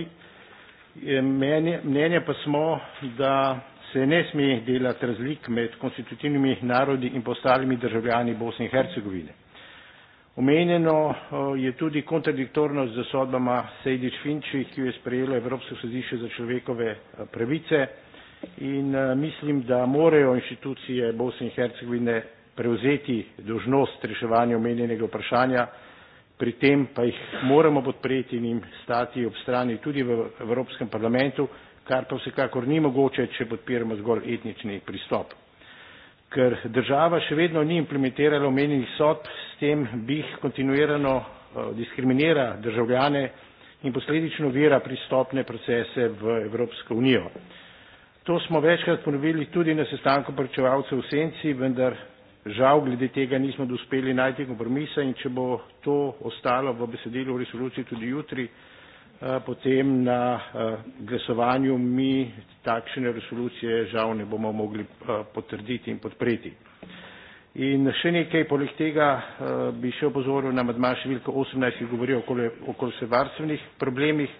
Mnenja pa smo, da se ne sme delati razlik med konstitutivnimi narodi in postalimi državljani Bosne in Hercegovine. Omenjeno eh, je tudi kontradiktorno z sodbama Sejdič Finči, ki jo je sprejelo Evropsko sodišče za človekove eh, pravice in eh, mislim, da morajo inštitucije Bosne in Hercegovine prevzeti dožnost reševanja omenjenega vprašanja, pri tem pa jih moramo podpreti in jim stati ob strani tudi v Evropskem parlamentu, kar pa vsekakor ni mogoče, če podpiramo zgolj etnični pristop. Ker država še vedno ni implementirala omenjenih sodb, s tem bi jih kontinuirano eh, diskriminira državljane in posledično vira pristopne procese v Evropsko unijo. To smo večkrat ponovili tudi na sestanku poročevalcev v senci, vendar žal glede tega nismo uspeli najti kompromisa in če bo to ostalo v besedilu resolucije tudi jutri, Eh, potem na eh, glasovanju mi takšne resolucije žal ne bomo mogli eh, potrditi in podpreti. In še nekaj, poleg tega bi še opozoril na madma številko 18, ki govori o okoljevarstvenih problemih.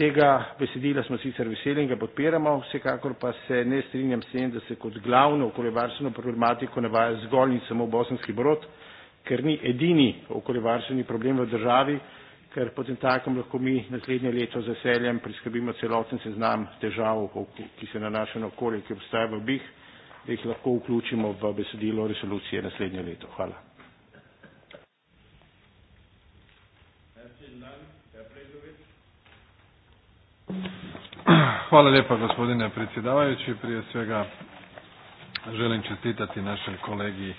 Tega besedila smo sicer veseli in ga podpiramo, vsekakor pa se ne strinjam s tem, da se kot glavno okoljevarstveno problematiko navaja zgolj in samo bosanski brod, ker ni edini okoljevarstveni problem v državi, ker potem takem lahko mi naslednje leto z veseljem priskrbimo celoten seznam težav, ki se nanaša na okolje, ki obstaja v BIH, da jih lahko vključimo v besedilo resolucije naslednje leto. Hvala. Hvala lijepa gospodine predsjedavajući. Prije svega želim čestitati našem kolegi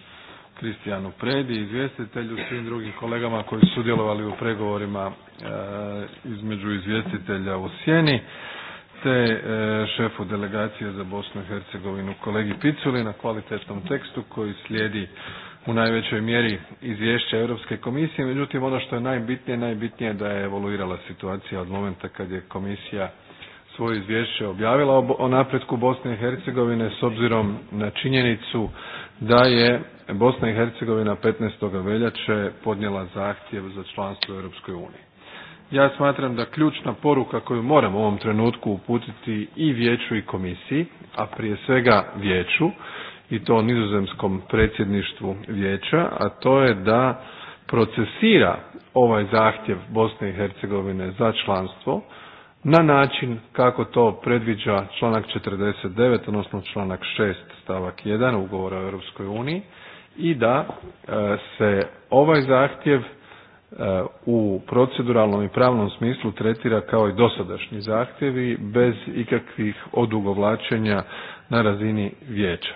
Kristijanu Predi, izvjestitelju, svim drugim kolegama koji su sudjelovali u pregovorima e, između izvjestitelja u Sjeni, te e, šefu delegacije za Bosnu i Hercegovinu kolegi Piculi na kvalitetnom tekstu koji slijedi u najvećoj mjeri izvješća Europske komisije. Međutim, ono što je najbitnije, najbitnije je da je evoluirala situacija od momenta kad je komisija svoje izvješće objavila o napretku Bosne i Hercegovine s obzirom na činjenicu da je Bosna i Hercegovina 15. veljače podnijela zahtjev za članstvo u Europskoj uniji. Ja smatram da ključna poruka koju moram u ovom trenutku uputiti i vijeću i komisiji, a prije svega vijeću i to nizozemskom predsjedništvu vijeća, a to je da procesira ovaj zahtjev Bosne i Hercegovine za članstvo na način kako to predviđa članak 49, odnosno članak 6 stavak 1 ugovora o Europskoj uniji, i da e, se ovaj zahtjev e, u proceduralnom i pravnom smislu tretira kao i dosadašnji zahtjevi bez ikakvih odugovlačenja na razini vijeća.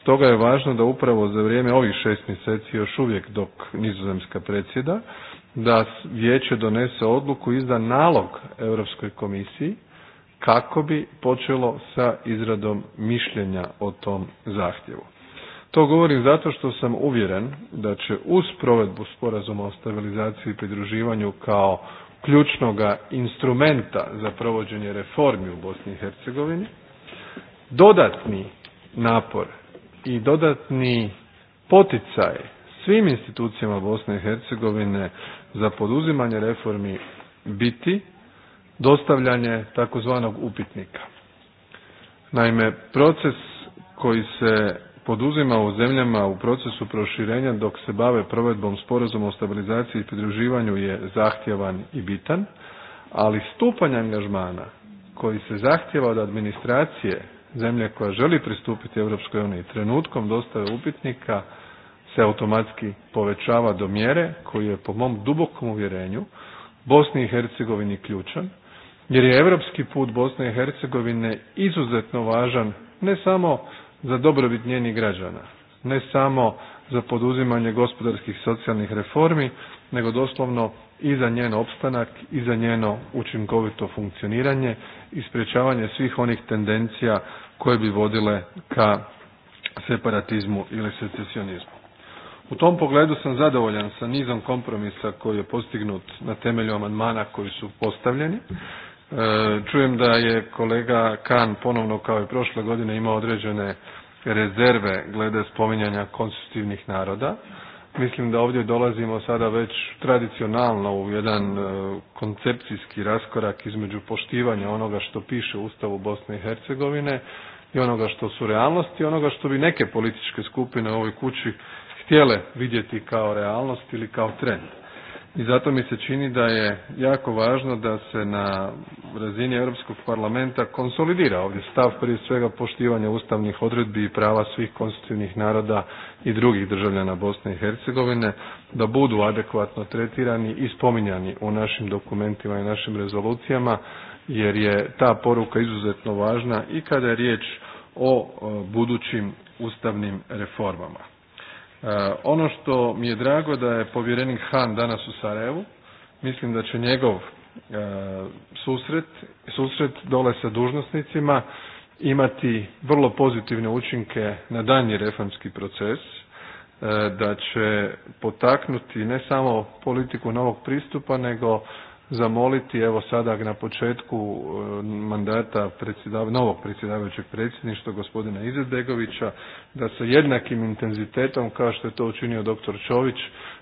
Stoga je važno da upravo za vrijeme ovih šest mjeseci još uvijek dok Nizozemska predsjeda da vijeće donese odluku i izda nalog Europskoj komisiji kako bi počelo sa izradom mišljenja o tom zahtjevu. To govorim zato što sam uvjeren da će uz provedbu sporazuma o stabilizaciji i pridruživanju kao ključnoga instrumenta za provođenje reformi u Bosni i Hercegovini dodatni napor i dodatni poticaj svim institucijama Bosne i Hercegovine za poduzimanje reformi biti dostavljanje takozvanog upitnika. Naime, proces koji se poduzima u zemljama u procesu proširenja dok se bave provedbom sporazuma o stabilizaciji i pridruživanju je zahtjevan i bitan, ali stupanj angažmana koji se zahtjeva od administracije zemlje koja želi pristupiti Europskoj uniji trenutkom dostave upitnika se automatski povećava do mjere koji je po mom dubokom uvjerenju Bosni i Hercegovini ključan, jer je europski put Bosne i Hercegovine izuzetno važan ne samo za dobrobit njenih građana, ne samo za poduzimanje gospodarskih socijalnih reformi, nego doslovno i za njen opstanak i za njeno učinkovito funkcioniranje i sprečavanje svih onih tendencija koje bi vodile ka separatizmu ili secesionizmu. U tom pogledu sam zadovoljan sa nizom kompromisa koji je postignut na temelju amandmana koji su postavljeni E, čujem da je kolega Kan ponovno kao i prošle godine imao određene rezerve glede spominjanja konstitutivnih naroda. Mislim da ovdje dolazimo sada već tradicionalno u jedan e, koncepcijski raskorak između poštivanja onoga što piše Ustavu Bosne i Hercegovine i onoga što su realnosti onoga što bi neke političke skupine u ovoj kući htjele vidjeti kao realnost ili kao trend i zato mi se čini da je jako važno da se na razini Europskog parlamenta konsolidira ovdje stav prije svega poštivanja ustavnih odredbi i prava svih konstitutivnih naroda i drugih državljana Bosne i Hercegovine da budu adekvatno tretirani i spominjani u našim dokumentima i našim rezolucijama jer je ta poruka izuzetno važna i kada je riječ o budućim ustavnim reformama. Eh, ono što mi je drago da je povjerenik Han danas u Sarajevu, mislim da će njegov eh, susret, susret dole sa dužnosnicima imati vrlo pozitivne učinke na danji reformski proces, eh, da će potaknuti ne samo politiku novog pristupa, nego zamoliti evo sada na početku e, mandata predsjedav, novog predsjedavajućeg predsjedništva gospodina Izetbegovića da sa jednakim intenzitetom kao što je to učinio doktor Čović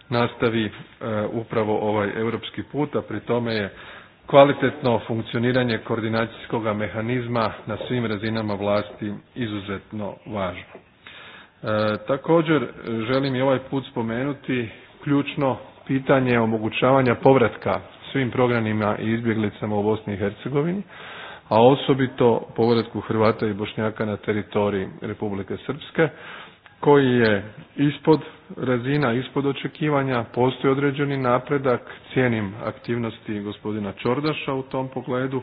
nastavi e, upravo ovaj europski put, a pri tome je kvalitetno funkcioniranje koordinacijskog mehanizma na svim razinama vlasti izuzetno važno. E, također želim i ovaj put spomenuti ključno pitanje omogućavanja povratka svim programima i izbjeglicama u Bosni i Hercegovini, a osobito povratku Hrvata i Bošnjaka na teritoriji Republike Srpske, koji je ispod razina, ispod očekivanja, postoji određeni napredak, cijenim aktivnosti gospodina Čordaša u tom pogledu,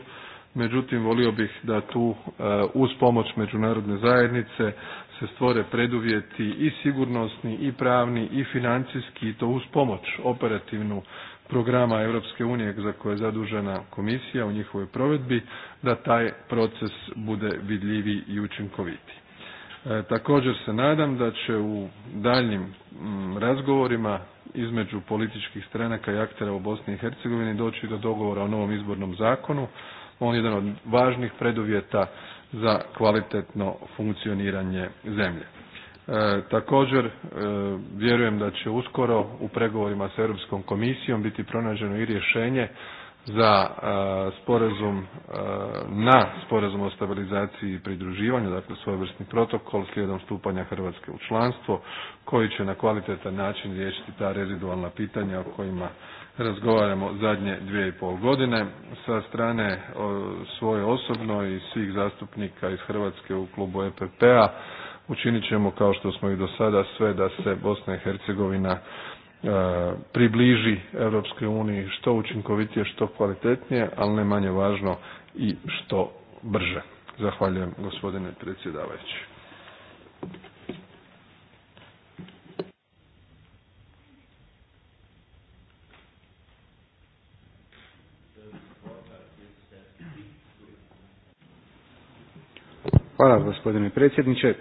međutim volio bih da tu e, uz pomoć međunarodne zajednice se stvore preduvjeti i sigurnosni i pravni i financijski i to uz pomoć operativnu programa Europske unije za koje je zadužena komisija u njihovoj provedbi, da taj proces bude vidljiviji i učinkoviti. E, također se nadam da će u daljnjim m, mm, razgovorima između političkih stranaka i aktera u Bosni i Hercegovini doći do dogovora o novom izbornom zakonu. On je jedan od važnih preduvjeta za kvalitetno funkcioniranje zemlje. E, također e, vjerujem da će uskoro u pregovorima s Europskom komisijom biti pronađeno i rješenje za e, sporazum na sporazum o stabilizaciji i pridruživanju, dakle svojevrsni protokol slijedom stupanja Hrvatske u članstvo koji će na kvalitetan način riješiti ta rezidualna pitanja o kojima razgovaramo zadnje dvije i pol godine. Sa strane svoje osobno i svih zastupnika iz Hrvatske u klubu EPP-a Učinit ćemo kao što smo i do sada sve da se Bosna i Hercegovina e, približi Europskoj uniji što učinkovitije, što kvalitetnije, ali ne manje važno i što brže. Zahvaljujem gospodine predsjedavajući. Hvala gospodine predsjedniče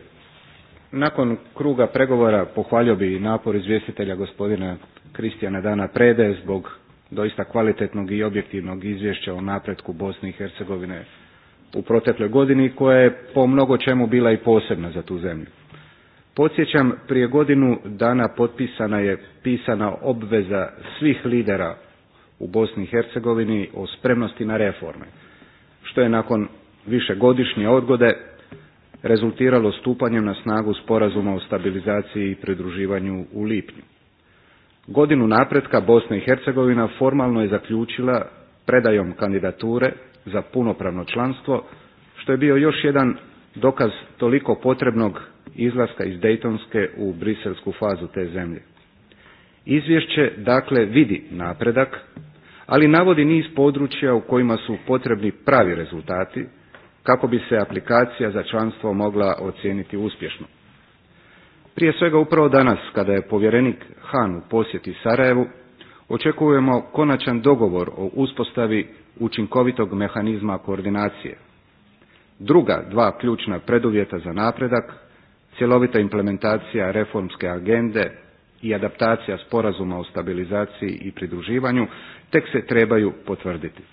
nakon kruga pregovora pohvalio bi napor izvjestitelja gospodina Kristijana Dana Prede zbog doista kvalitetnog i objektivnog izvješća o napretku Bosne i Hercegovine u protekloj godini koja je po mnogo čemu bila i posebna za tu zemlju. Podsjećam, prije godinu dana potpisana je pisana obveza svih lidera u Bosni i Hercegovini o spremnosti na reforme, što je nakon višegodišnje odgode rezultiralo stupanjem na snagu sporazuma o stabilizaciji i pridruživanju u lipnju. Godinu napretka Bosna i Hercegovina formalno je zaključila predajom kandidature za punopravno članstvo, što je bio još jedan dokaz toliko potrebnog izlaska iz Dejtonske u briselsku fazu te zemlje. Izvješće dakle vidi napredak, ali navodi niz područja u kojima su potrebni pravi rezultati, kako bi se aplikacija za članstvo mogla ocijeniti uspješno. Prije svega upravo danas, kada je povjerenik Han u posjeti Sarajevu, očekujemo konačan dogovor o uspostavi učinkovitog mehanizma koordinacije. Druga dva ključna preduvjeta za napredak, cjelovita implementacija reformske agende i adaptacija sporazuma o stabilizaciji i pridruživanju, tek se trebaju potvrditi.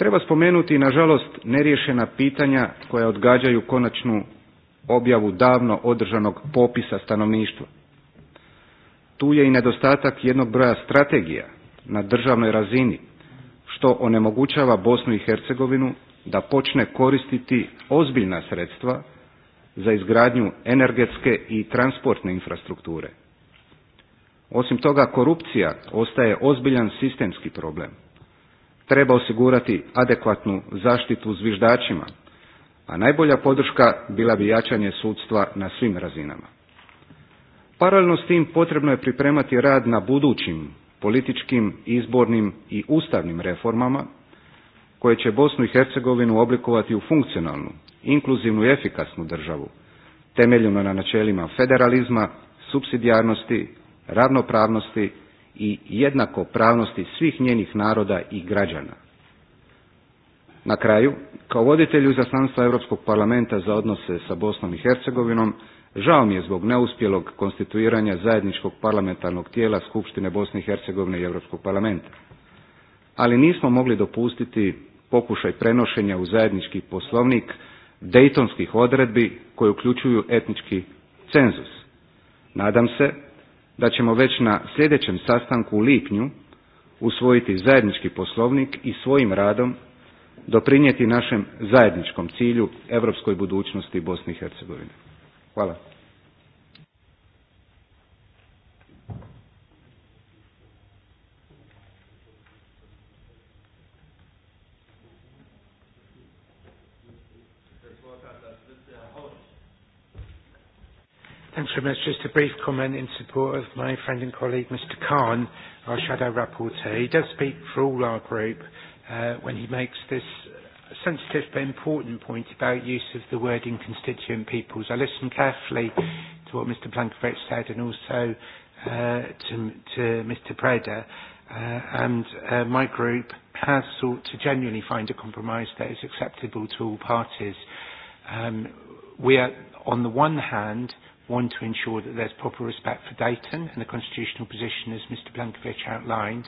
Treba spomenuti nažalost neriješena pitanja koja odgađaju konačnu objavu davno održanog popisa stanovništva. Tu je i nedostatak jednog broja strategija na državnoj razini što onemogućava Bosnu i Hercegovinu da počne koristiti ozbiljna sredstva za izgradnju energetske i transportne infrastrukture. Osim toga korupcija ostaje ozbiljan sistemski problem treba osigurati adekvatnu zaštitu zviždačima, a najbolja podrška bila bi jačanje sudstva na svim razinama. Paralelno s tim potrebno je pripremati rad na budućim političkim, izbornim i ustavnim reformama koje će Bosnu i Hercegovinu oblikovati u funkcionalnu, inkluzivnu i efikasnu državu, temeljeno na načelima federalizma, subsidijarnosti, ravnopravnosti, i jednakopravnosti svih njenih naroda i građana. Na kraju, kao voditelju izaslanstva Europskog parlamenta za odnose sa Bosnom i Hercegovinom, žao mi je zbog neuspjelog konstituiranja zajedničkog parlamentarnog tijela Skupštine Bosne i Hercegovine i Europskog parlamenta. Ali nismo mogli dopustiti pokušaj prenošenja u zajednički poslovnik dejtonskih odredbi koje uključuju etnički cenzus. Nadam se da ćemo već na sljedećem sastanku u lipnju usvojiti zajednički poslovnik i svojim radom doprinijeti našem zajedničkom cilju europskoj budućnosti Bosne i Hercegovine. Hvala. Thanks very much. Just a brief comment in support of my friend and colleague, Mr. Khan, our shadow rapporteur. He does speak for all our group uh, when he makes this sensitive but important point about use of the wording constituent peoples. I listened carefully to what Mr. Blankovic said and also uh, to, to Mr. Preda. Uh, and uh, my group has sought to genuinely find a compromise that is acceptable to all parties. Um, we are, on the one hand, One, to ensure that there's proper respect for Dayton and the constitutional position as Mr Blankovic outlined.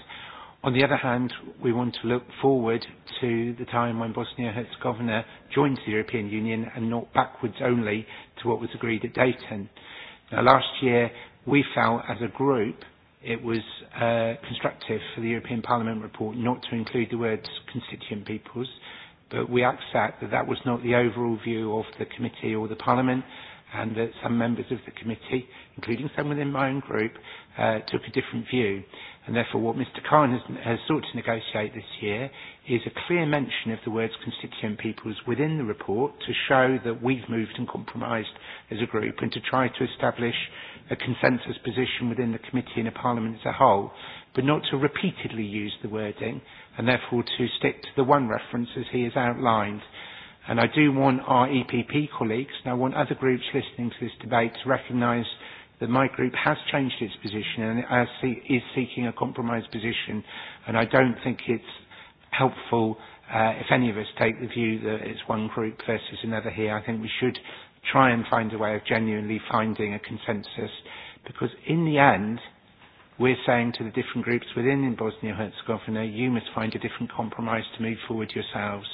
On the other hand, we want to look forward to the time when Bosnia-Herzegovina joins the European Union and not backwards only to what was agreed at Dayton. Now, last year, we felt as a group it was uh, constructive for the European Parliament report not to include the words constituent peoples, but we accept that that was not the overall view of the committee or the Parliament, and that some members of the committee, including some within my own group, uh, took a different view. And therefore what Mr Khan has, has sought to negotiate this year is a clear mention of the words constituent peoples within the report to show that we've moved and compromised as a group and to try to establish a consensus position within the committee and the parliament as a whole, but not to repeatedly use the wording and therefore to stick to the one reference as he has outlined And I do want our EPP colleagues, and I want other groups listening to this debate to recognise that my group has changed its position and is seeking a compromise position. And I don't think it's helpful uh, if any of us take the view that it's one group versus another here. I think we should try and find a way of genuinely finding a consensus because in the end, we're saying to the different groups within in Bosnia-Herzegovina, you must find a different compromise to move forward yourselves.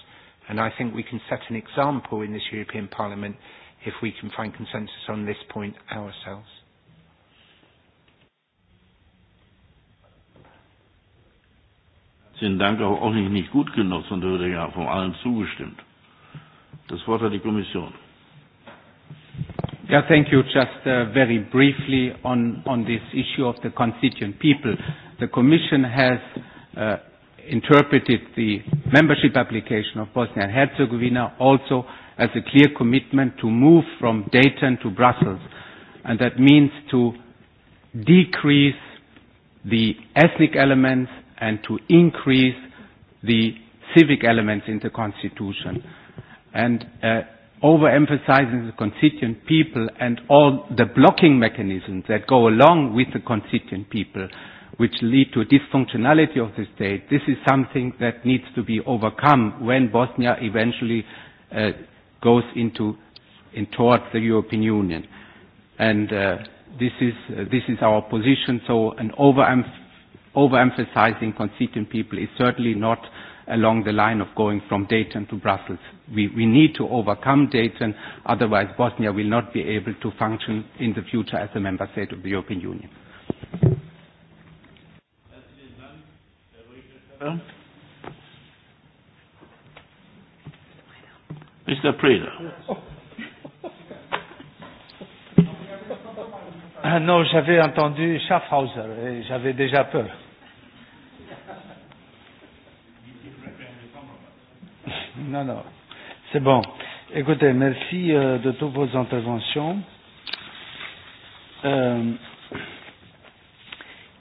And I think we can set an example in this European Parliament if we can find consensus on this point ourselves. Vielen Dank, aber auch nicht, nicht gut genug, sondern würde er ja von allem zugestimmt. Das Wort hat die Kommission. Yeah, thank you. Just uh, very briefly on, on this issue of the constituent people. The Commission has uh, interpreted the membership application of Bosnia and Herzegovina also as a clear commitment to move from Dayton to Brussels. And that means to decrease the ethnic elements and to increase the civic elements in the constitution. And uh, overemphasizing the constituent people and all the blocking mechanisms that go along with the constituent people uh, which lead to a dysfunctionality of the state, this is something that needs to be overcome when Bosnia eventually uh, goes into in towards the European Union. And uh, this is uh, this is our position. So an overemph overemphasizing conceited people is certainly not along the line of going from Dayton to Brussels. We, we need to overcome Dayton, otherwise Bosnia will not be able to function in the future as a member state of the European Union. Mr. Preda. Ah non, j'avais entendu Schaffhauser et j'avais déjà peur. Non, non, c'est bon. Écoutez, merci euh, de toutes vos interventions. Euh,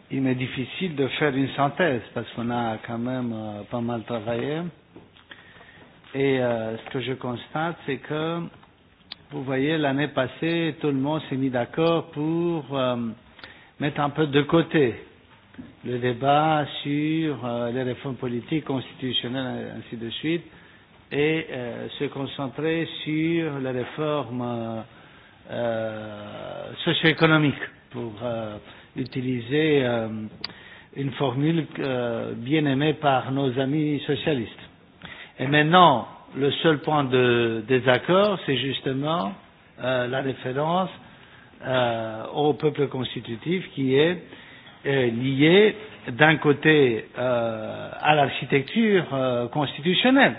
il m'est difficile de faire une synthèse parce qu'on a quand même euh, pas mal travaillé. Et euh, ce que je constate, c'est que, vous voyez, l'année passée, tout le monde s'est mis d'accord pour euh, mettre un peu de côté le débat sur euh, les réformes politiques, constitutionnelles, ainsi de suite, et euh, se concentrer sur les réformes euh, euh socio-économiques pour euh, utiliser euh, une formule euh, bien aimée par nos amis socialistes. Et maintenant, le seul point de désaccord, c'est justement euh, la référence euh, au peuple constitutif qui est euh, lié d'un côté euh, à l'architecture euh, constitutionnelle,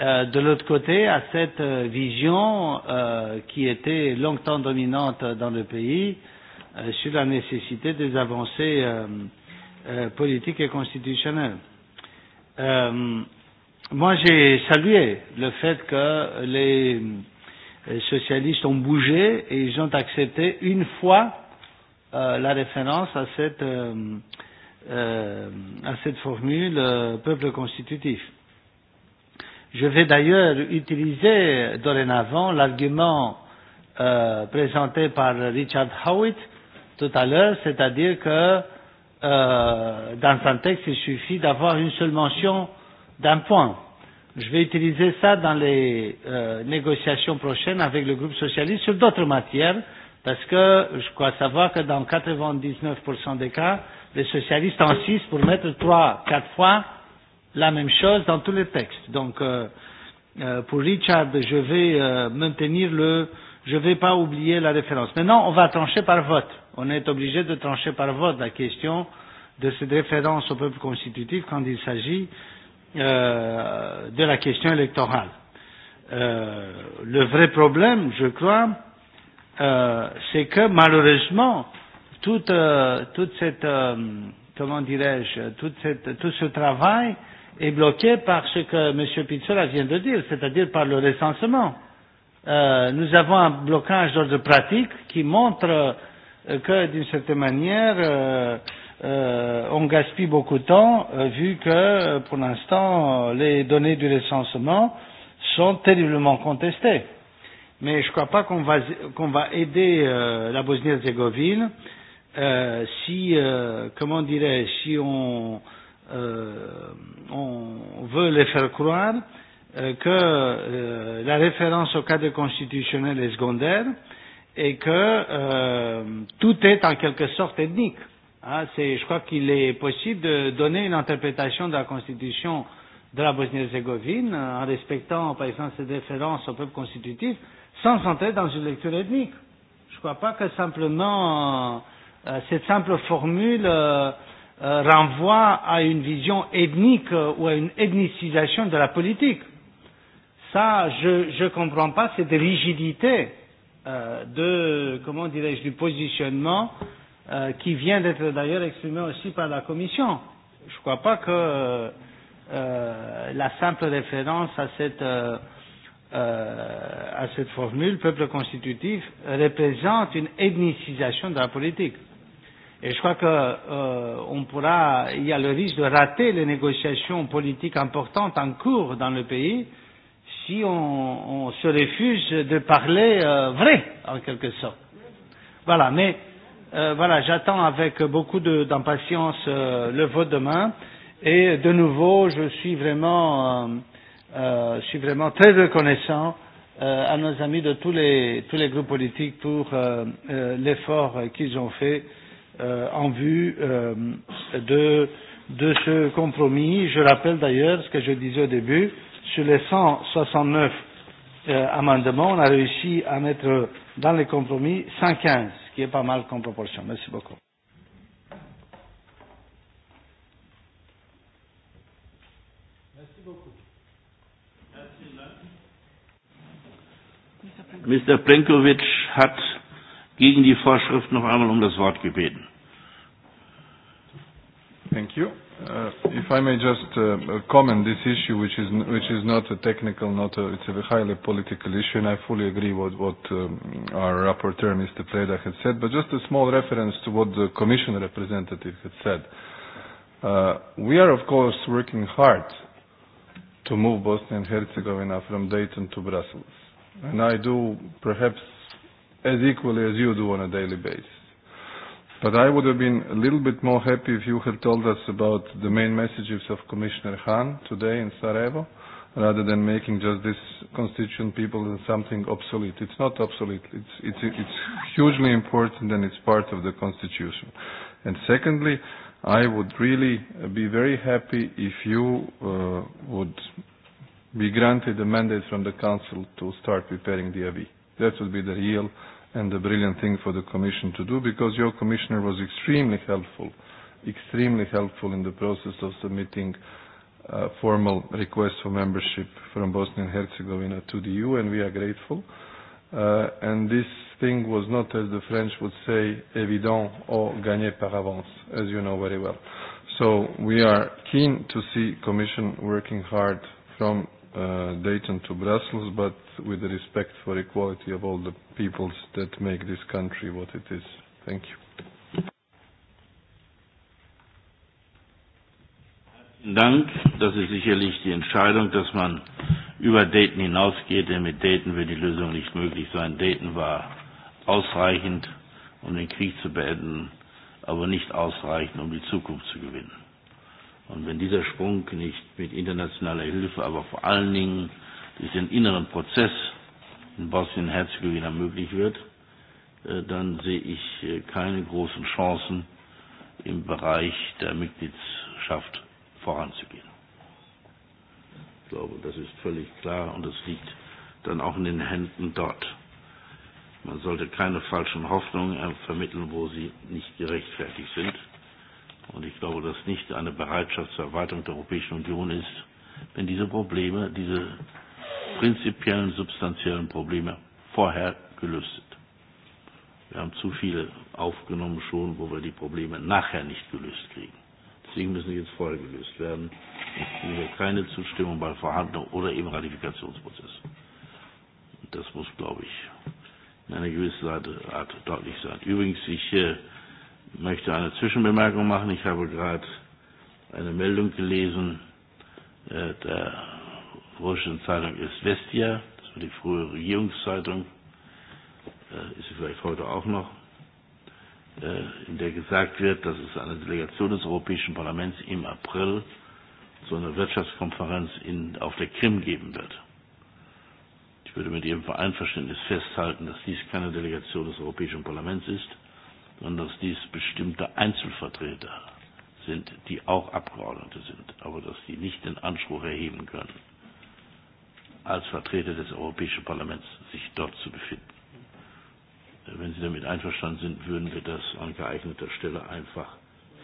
euh, de l'autre côté à cette euh, vision euh, qui était longtemps dominante dans le pays euh, Euh, sur la nécessité des avancées euh, euh, politiques et constitutionnelles. Euh, moi, j'ai salué le fait que les euh, socialistes ont bougé et ils ont accepté une fois euh, la référence à cette, euh, euh, à cette formule euh, peuple constitutif. Je vais d'ailleurs utiliser dorénavant l'argument euh, présenté par Richard Howitt euh, tout à l'heure, c'est-à-dire que euh, dans un texte, il suffit d'avoir une seule mention d'un point. Je vais utiliser ça dans les euh, négociations prochaines avec le groupe socialiste sur d'autres matières, parce que je crois savoir que dans 99% des cas, les socialistes insistent pour mettre trois, quatre fois la même chose dans tous les textes. Donc, euh, euh, pour Richard, je vais euh, maintenir le, je ne vais pas oublier la référence. Maintenant, on va trancher par vote on est obligé de trancher par vote la question de cette référence au peuple constitutif quand il s'agit euh, de la question électorale. Euh, le vrai problème, je crois, euh, c'est que malheureusement, toute, euh, toute cette, euh, comment dirais-je, toute cette, tout ce travail est bloqué par ce que M. Pizzola vient de dire, c'est-à-dire par le recensement. Euh, nous avons un blocage d'ordre pratique qui montre euh, que d'une certaine manière, euh, euh, on gaspille beaucoup de temps euh, vu que euh, pour l'instant euh, les données du recensement sont terriblement contestées. Mais je ne crois pas qu'on va, qu'on va aider euh, la Bosnie-Herzégovine euh, si, euh, comment dirais si on, euh, on veut les faire croire euh, que euh, la référence au cadre constitutionnel est secondaire euh, et que euh, tout est en quelque sorte ethnique. Hein, je crois qu'il est possible de donner une interprétation de la Constitution de la Bosnie-Herzégovine euh, en respectant, par exemple, ses références au peuple constitutif, sans entrer dans une lecture ethnique. Je ne crois pas que simplement euh, cette simple formule euh, euh, renvoie à une vision ethnique euh, ou à une ethnicisation de la politique. Ça, je ne comprends pas cette rigidité euh, euh, de, comment dirais-je, du positionnement euh, qui vient d'être d'ailleurs exprimé aussi par la Commission. Je ne crois pas que euh, la simple référence à cette, euh, euh, à cette formule peuple constitutif représente une ethnicisation de la politique. Et je crois qu'on euh, pourra, il y a le risque de rater les négociations politiques importantes en cours dans le pays euh, si on, on se refuse de parler euh, vrai, en quelque sorte. Voilà, mais euh, voilà, j'attends avec beaucoup d'impatience euh, le vote demain. Et de nouveau, je suis vraiment, euh, euh, je suis vraiment très reconnaissant euh, à nos amis de tous les, tous les groupes politiques pour euh, euh, l'effort qu'ils ont fait euh, en vue euh, de, de ce compromis. Je rappelle d'ailleurs ce que je disais au début, euh, sur les 169 euh, amendements, on a réussi à mettre dans les compromis 115, ce qui est pas mal comme proportion. Merci beaucoup. Merci beaucoup. Merci. Mr. Plenkovic hat gegen die Vorschrift noch einmal um das Wort gebeten. Thank you. Uh, if I may just uh, comment this issue, which is which is not a technical, not a, it's a highly political issue, and I fully agree with what um, our rapporteur, Mr. Preda, had said. But just a small reference to what the Commission representative had said. Uh, we are, of course, working hard to move Bosnia and Herzegovina from Dayton to Brussels, and I do perhaps as equally as you do on a daily basis. But I would have been a little bit more happy if you had told us about the main messages of Commissioner Hahn today in Sarajevo, rather than making just this constituent people something obsolete. It's not obsolete. It's, it's, it's hugely important and it's part of the constitution. And secondly, I would really be very happy if you uh, would be granted a mandate from the Council to start preparing the AV. That would be the real and a brilliant thing for the Commission to do because your Commissioner was extremely helpful, extremely helpful in the process of submitting a uh, formal request for membership from Bosnia and Herzegovina to the EU, and we are grateful. Uh, and this thing was not, as the French would say, évident or gagné par avance, as you know very well. So we are keen to see Commission working hard from uh, Dayton to Brussels, but with the respect for equality of all the peoples that make this country what it is. Thank you. Dank. Das ist sicherlich die Entscheidung, dass man über Dayton hinausgeht, denn mit Dayton wird die Lösung nicht möglich sein. Dayton war ausreichend, um den Krieg zu beenden, aber nicht ausreichend, um die Zukunft zu gewinnen. Und wenn dieser Sprung nicht mit internationaler Hilfe, aber vor allen Dingen durch den inneren Prozess in Bosnien-Herzegowina möglich wird, äh, dann sehe ich äh, keine großen Chancen, im Bereich der Mitgliedschaft voranzugehen. Ich glaube, das ist völlig klar und das liegt dann auch in den Händen dort. Man sollte keine falschen Hoffnungen vermitteln, wo sie nicht gerechtfertigt sind. Und ich glaube, dass nicht eine Bereitschaft zur Erweiterung der Europäischen Union ist, wenn diese Probleme, diese prinzipiellen, substanziellen Probleme vorher gelöst sind. Wir haben zu viele aufgenommen schon, wo wir die Probleme nachher nicht gelöst kriegen. Deswegen müssen sie jetzt vorher gelöst werden. Über keine Zustimmung bei Verhandlungen oder im Ratifikationsprozess. Das muss, glaube ich, in einer gewissen Art deutlich sein. Übrigens, ich äh, möchte eine Zwischenbemerkung machen. Ich habe gerade eine Meldung gelesen äh, der russischen Zeitung ist Vestia, das war die frühe Regierungszeitung, äh, ist sie vielleicht heute auch noch, äh, in der gesagt wird, dass es eine Delegation des Europäischen Parlaments im April zu einer Wirtschaftskonferenz in, auf der Krim geben wird. Ich würde mit Ihrem Vereinverständnis festhalten, dass dies keine Delegation des Europäischen Parlaments ist, sondern dass dies bestimmte Einzelvertreter sind, die auch Abgeordnete sind, aber dass sie nicht den Anspruch erheben können, als Vertreter des Europäischen Parlaments sich dort zu befinden. Wenn Sie damit einverstanden sind, würden wir das an geeigneter Stelle einfach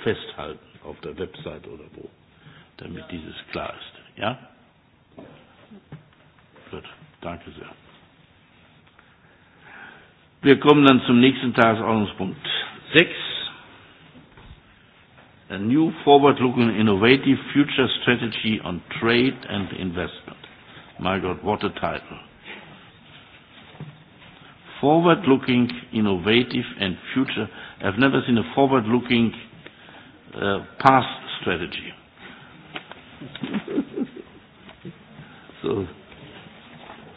festhalten, auf der Website oder wo, damit ja. dieses klar ist. Ja? Gut, danke sehr. Wir kommen dann zum nächsten Tagesordnungspunkt. Six, A new forward-looking innovative future strategy on trade and investment. My God, what a title. Forward-looking, innovative and future. I've never seen a forward-looking uh, past strategy. so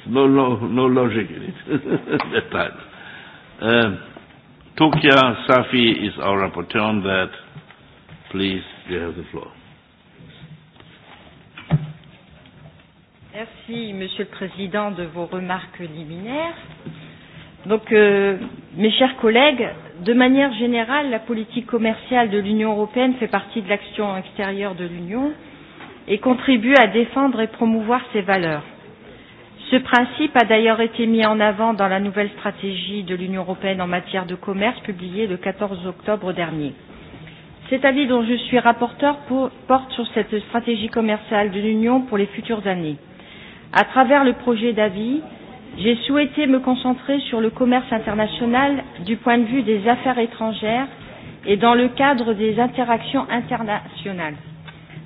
no, no, no logic in it, that title. Um, Tokia Safi is our rapporteur on that. Please, you have the floor. Merci, Monsieur le Président, de vos remarques liminaires. Donc, euh, mes chers collègues, de manière générale, la politique commerciale de l'Union européenne fait partie de l'action extérieure de l'Union et contribue à défendre et promouvoir ses valeurs. Ce principe a d'ailleurs été mis en avant dans la nouvelle stratégie de l'Union européenne en matière de commerce publiée le 14 octobre dernier. Cet avis dont je suis rapporteur pour, porte sur cette stratégie commerciale de l'Union pour les futures années. À travers le projet d'avis, j'ai souhaité me concentrer sur le commerce international du point de vue des affaires étrangères et dans le cadre des interactions internationales.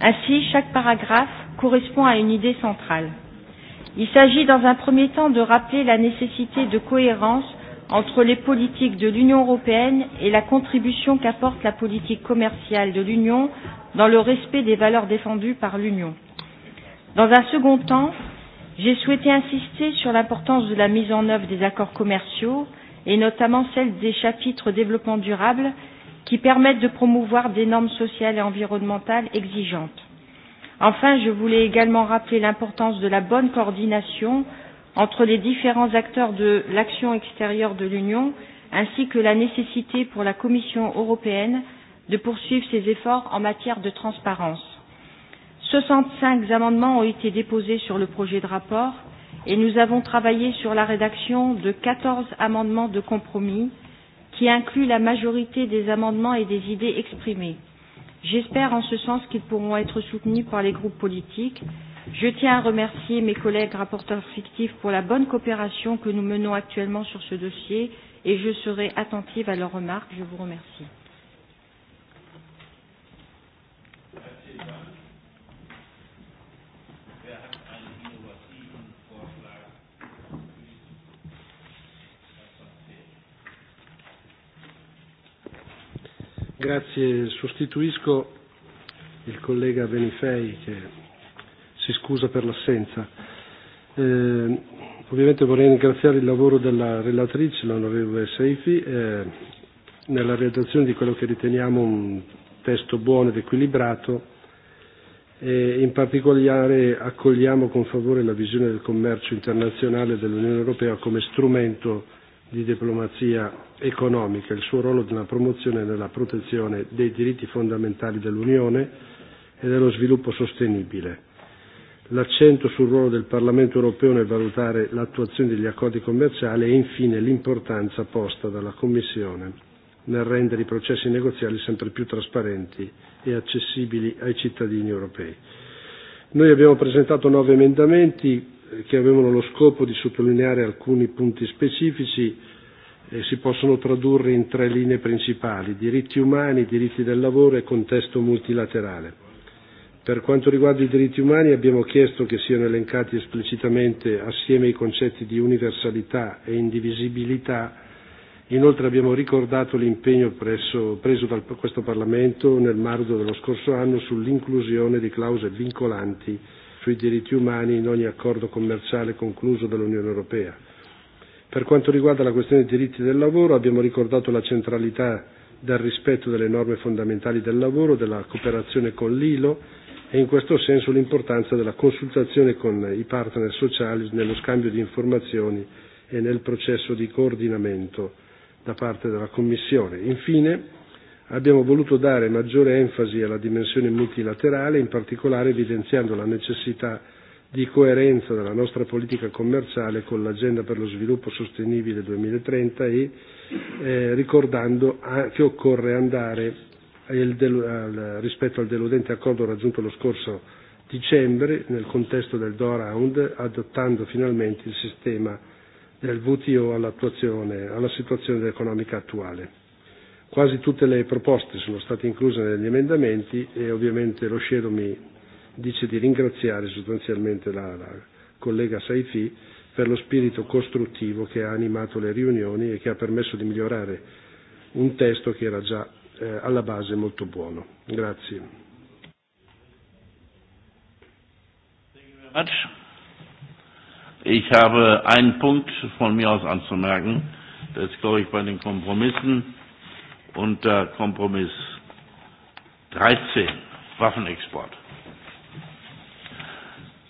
Ainsi, chaque paragraphe correspond à une idée centrale. Il s'agit dans un premier temps de rappeler la nécessité de cohérence entre les politiques de l'Union européenne et la contribution qu'apporte la politique commerciale de l'Union dans le respect des valeurs défendues par l'Union. Dans un second temps, j'ai souhaité insister sur l'importance de la mise en œuvre des accords commerciaux et notamment celle des chapitres développement durable qui permettent de promouvoir des normes sociales et environnementales exigeantes. Enfin, je voulais également rappeler l'importance de la bonne coordination entre les différents acteurs de l'action extérieure de l'Union, ainsi que la nécessité pour la Commission européenne de poursuivre ses efforts en matière de transparence. 65 amendements ont été déposés sur le projet de rapport et nous avons travaillé sur la rédaction de 14 amendements de compromis qui incluent la majorité des amendements et des idées exprimées. J'espère en ce sens qu'ils pourront être soutenus par les groupes politiques. Je tiens à remercier mes collègues rapporteurs fictifs pour la bonne coopération que nous menons actuellement sur ce dossier et je serai attentive à leurs remarques. Je vous remercie. Grazie, sostituisco il collega Benifei che si scusa per l'assenza. Eh, ovviamente vorrei ringraziare il lavoro della relatrice, l'onorevole Seifi, eh, nella redazione di quello che riteniamo un testo buono ed equilibrato e in particolare accogliamo con favore la visione del commercio internazionale dell'Unione Europea come strumento di diplomazia economica, il suo ruolo nella promozione e nella protezione dei diritti fondamentali dell'Unione e dello sviluppo sostenibile, l'accento sul ruolo del Parlamento europeo nel valutare l'attuazione degli accordi commerciali e infine l'importanza posta dalla Commissione nel rendere i processi negoziali sempre più trasparenti e accessibili ai cittadini europei. Noi abbiamo presentato nove emendamenti, che avevano lo scopo di sottolineare alcuni punti specifici eh, si possono tradurre in tre linee principali, diritti umani, diritti del lavoro e contesto multilaterale. Per quanto riguarda i diritti umani abbiamo chiesto che siano elencati esplicitamente assieme i concetti di universalità e indivisibilità, inoltre abbiamo ricordato l'impegno presso, preso da questo Parlamento nel marzo dello scorso anno sull'inclusione di clausole vincolanti sui diritti umani in ogni accordo commerciale concluso dall'Unione Europea. Per quanto riguarda la questione dei diritti del lavoro, abbiamo ricordato la centralità del rispetto delle norme fondamentali del lavoro, della cooperazione con l'ILO e in questo senso l'importanza della consultazione con i partner sociali nello scambio di informazioni e nel processo di coordinamento da parte della Commissione. Infine, abbiamo voluto dare maggiore enfasi alla dimensione multilaterale, in particolare evidenziando la necessità di coerenza della nostra politica commerciale con l'Agenda per lo sviluppo sostenibile 2030 e eh, ricordando a, che occorre andare il, del, al, rispetto al deludente accordo raggiunto lo scorso dicembre nel contesto del Doha Round, adottando finalmente il sistema del WTO all'attuazione, alla situazione economica attuale. Quasi tutte le proposte sono state incluse negli emendamenti e ovviamente lo Scero mi dice di ringraziare sostanzialmente la, la collega Saifi per lo spirito costruttivo che ha animato le riunioni e che ha permesso di migliorare un testo che era già eh, alla base molto buono. Grazie. much. Ich habe einen Punkt von mir aus anzumerken. Das ist, glaube ich, bei den Kompromissen unter Kompromiss 13, Waffenexport.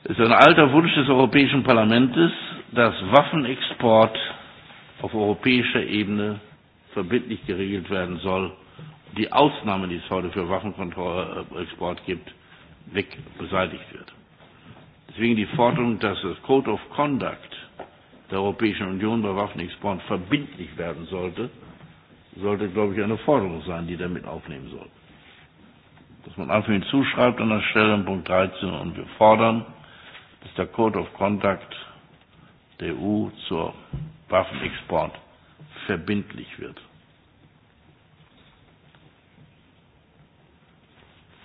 Es ist ein alter Wunsch des Europäischen Parlaments, dass Waffenexport auf europäischer Ebene verbindlich geregelt werden soll, die Ausnahme, die es heute für Waffenexport gibt, weg beseitigt wird. Deswegen die Forderung, dass das Code of Conduct der Europäischen Union bei Waffenexport verbindlich werden sollte, sollte, glaube ich, eine Forderung sein, die damit aufnehmen soll. Dass man einfach hinzuschreibt an der Stelle in Punkt 13 und wir fordern, dass der Code of Contact der EU zur Waffenexport verbindlich wird.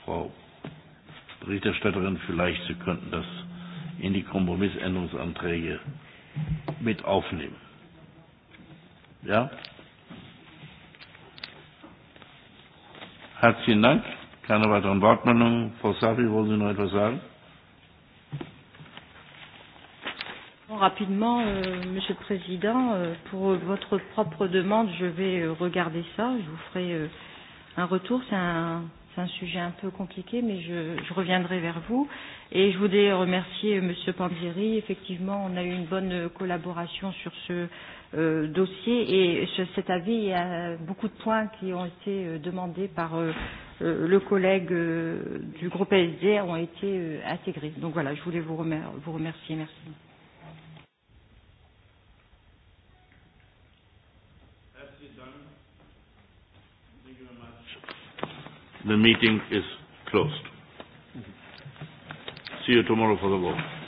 Frau Berichterstatterin, vielleicht Sie könnten das in die Kompromissänderungsanträge mit aufnehmen. Ja? Herzlichen Dank. Keine weiteren Wortmeldungen. Frau Safi, wollen Sie noch etwas sagen? Rapidement, euh, Monsieur le Président, euh, pour votre propre demande, je vais euh, regarder ça. Je vous ferai euh, un retour. C'est un c'est un sujet un peu compliqué, mais je, je reviendrai vers vous. Et je voulais remercier M. Pandieri. Effectivement, on a eu une bonne collaboration sur ce euh, dossier et ce, cet avis, il y a beaucoup de points qui ont été euh, demandés par euh, euh, le collègue euh, du groupe SDR ont été euh, intégrés. Donc voilà, je voulais vous, remer vous remercier. Merci. The meeting is closed. See you tomorrow for the vote.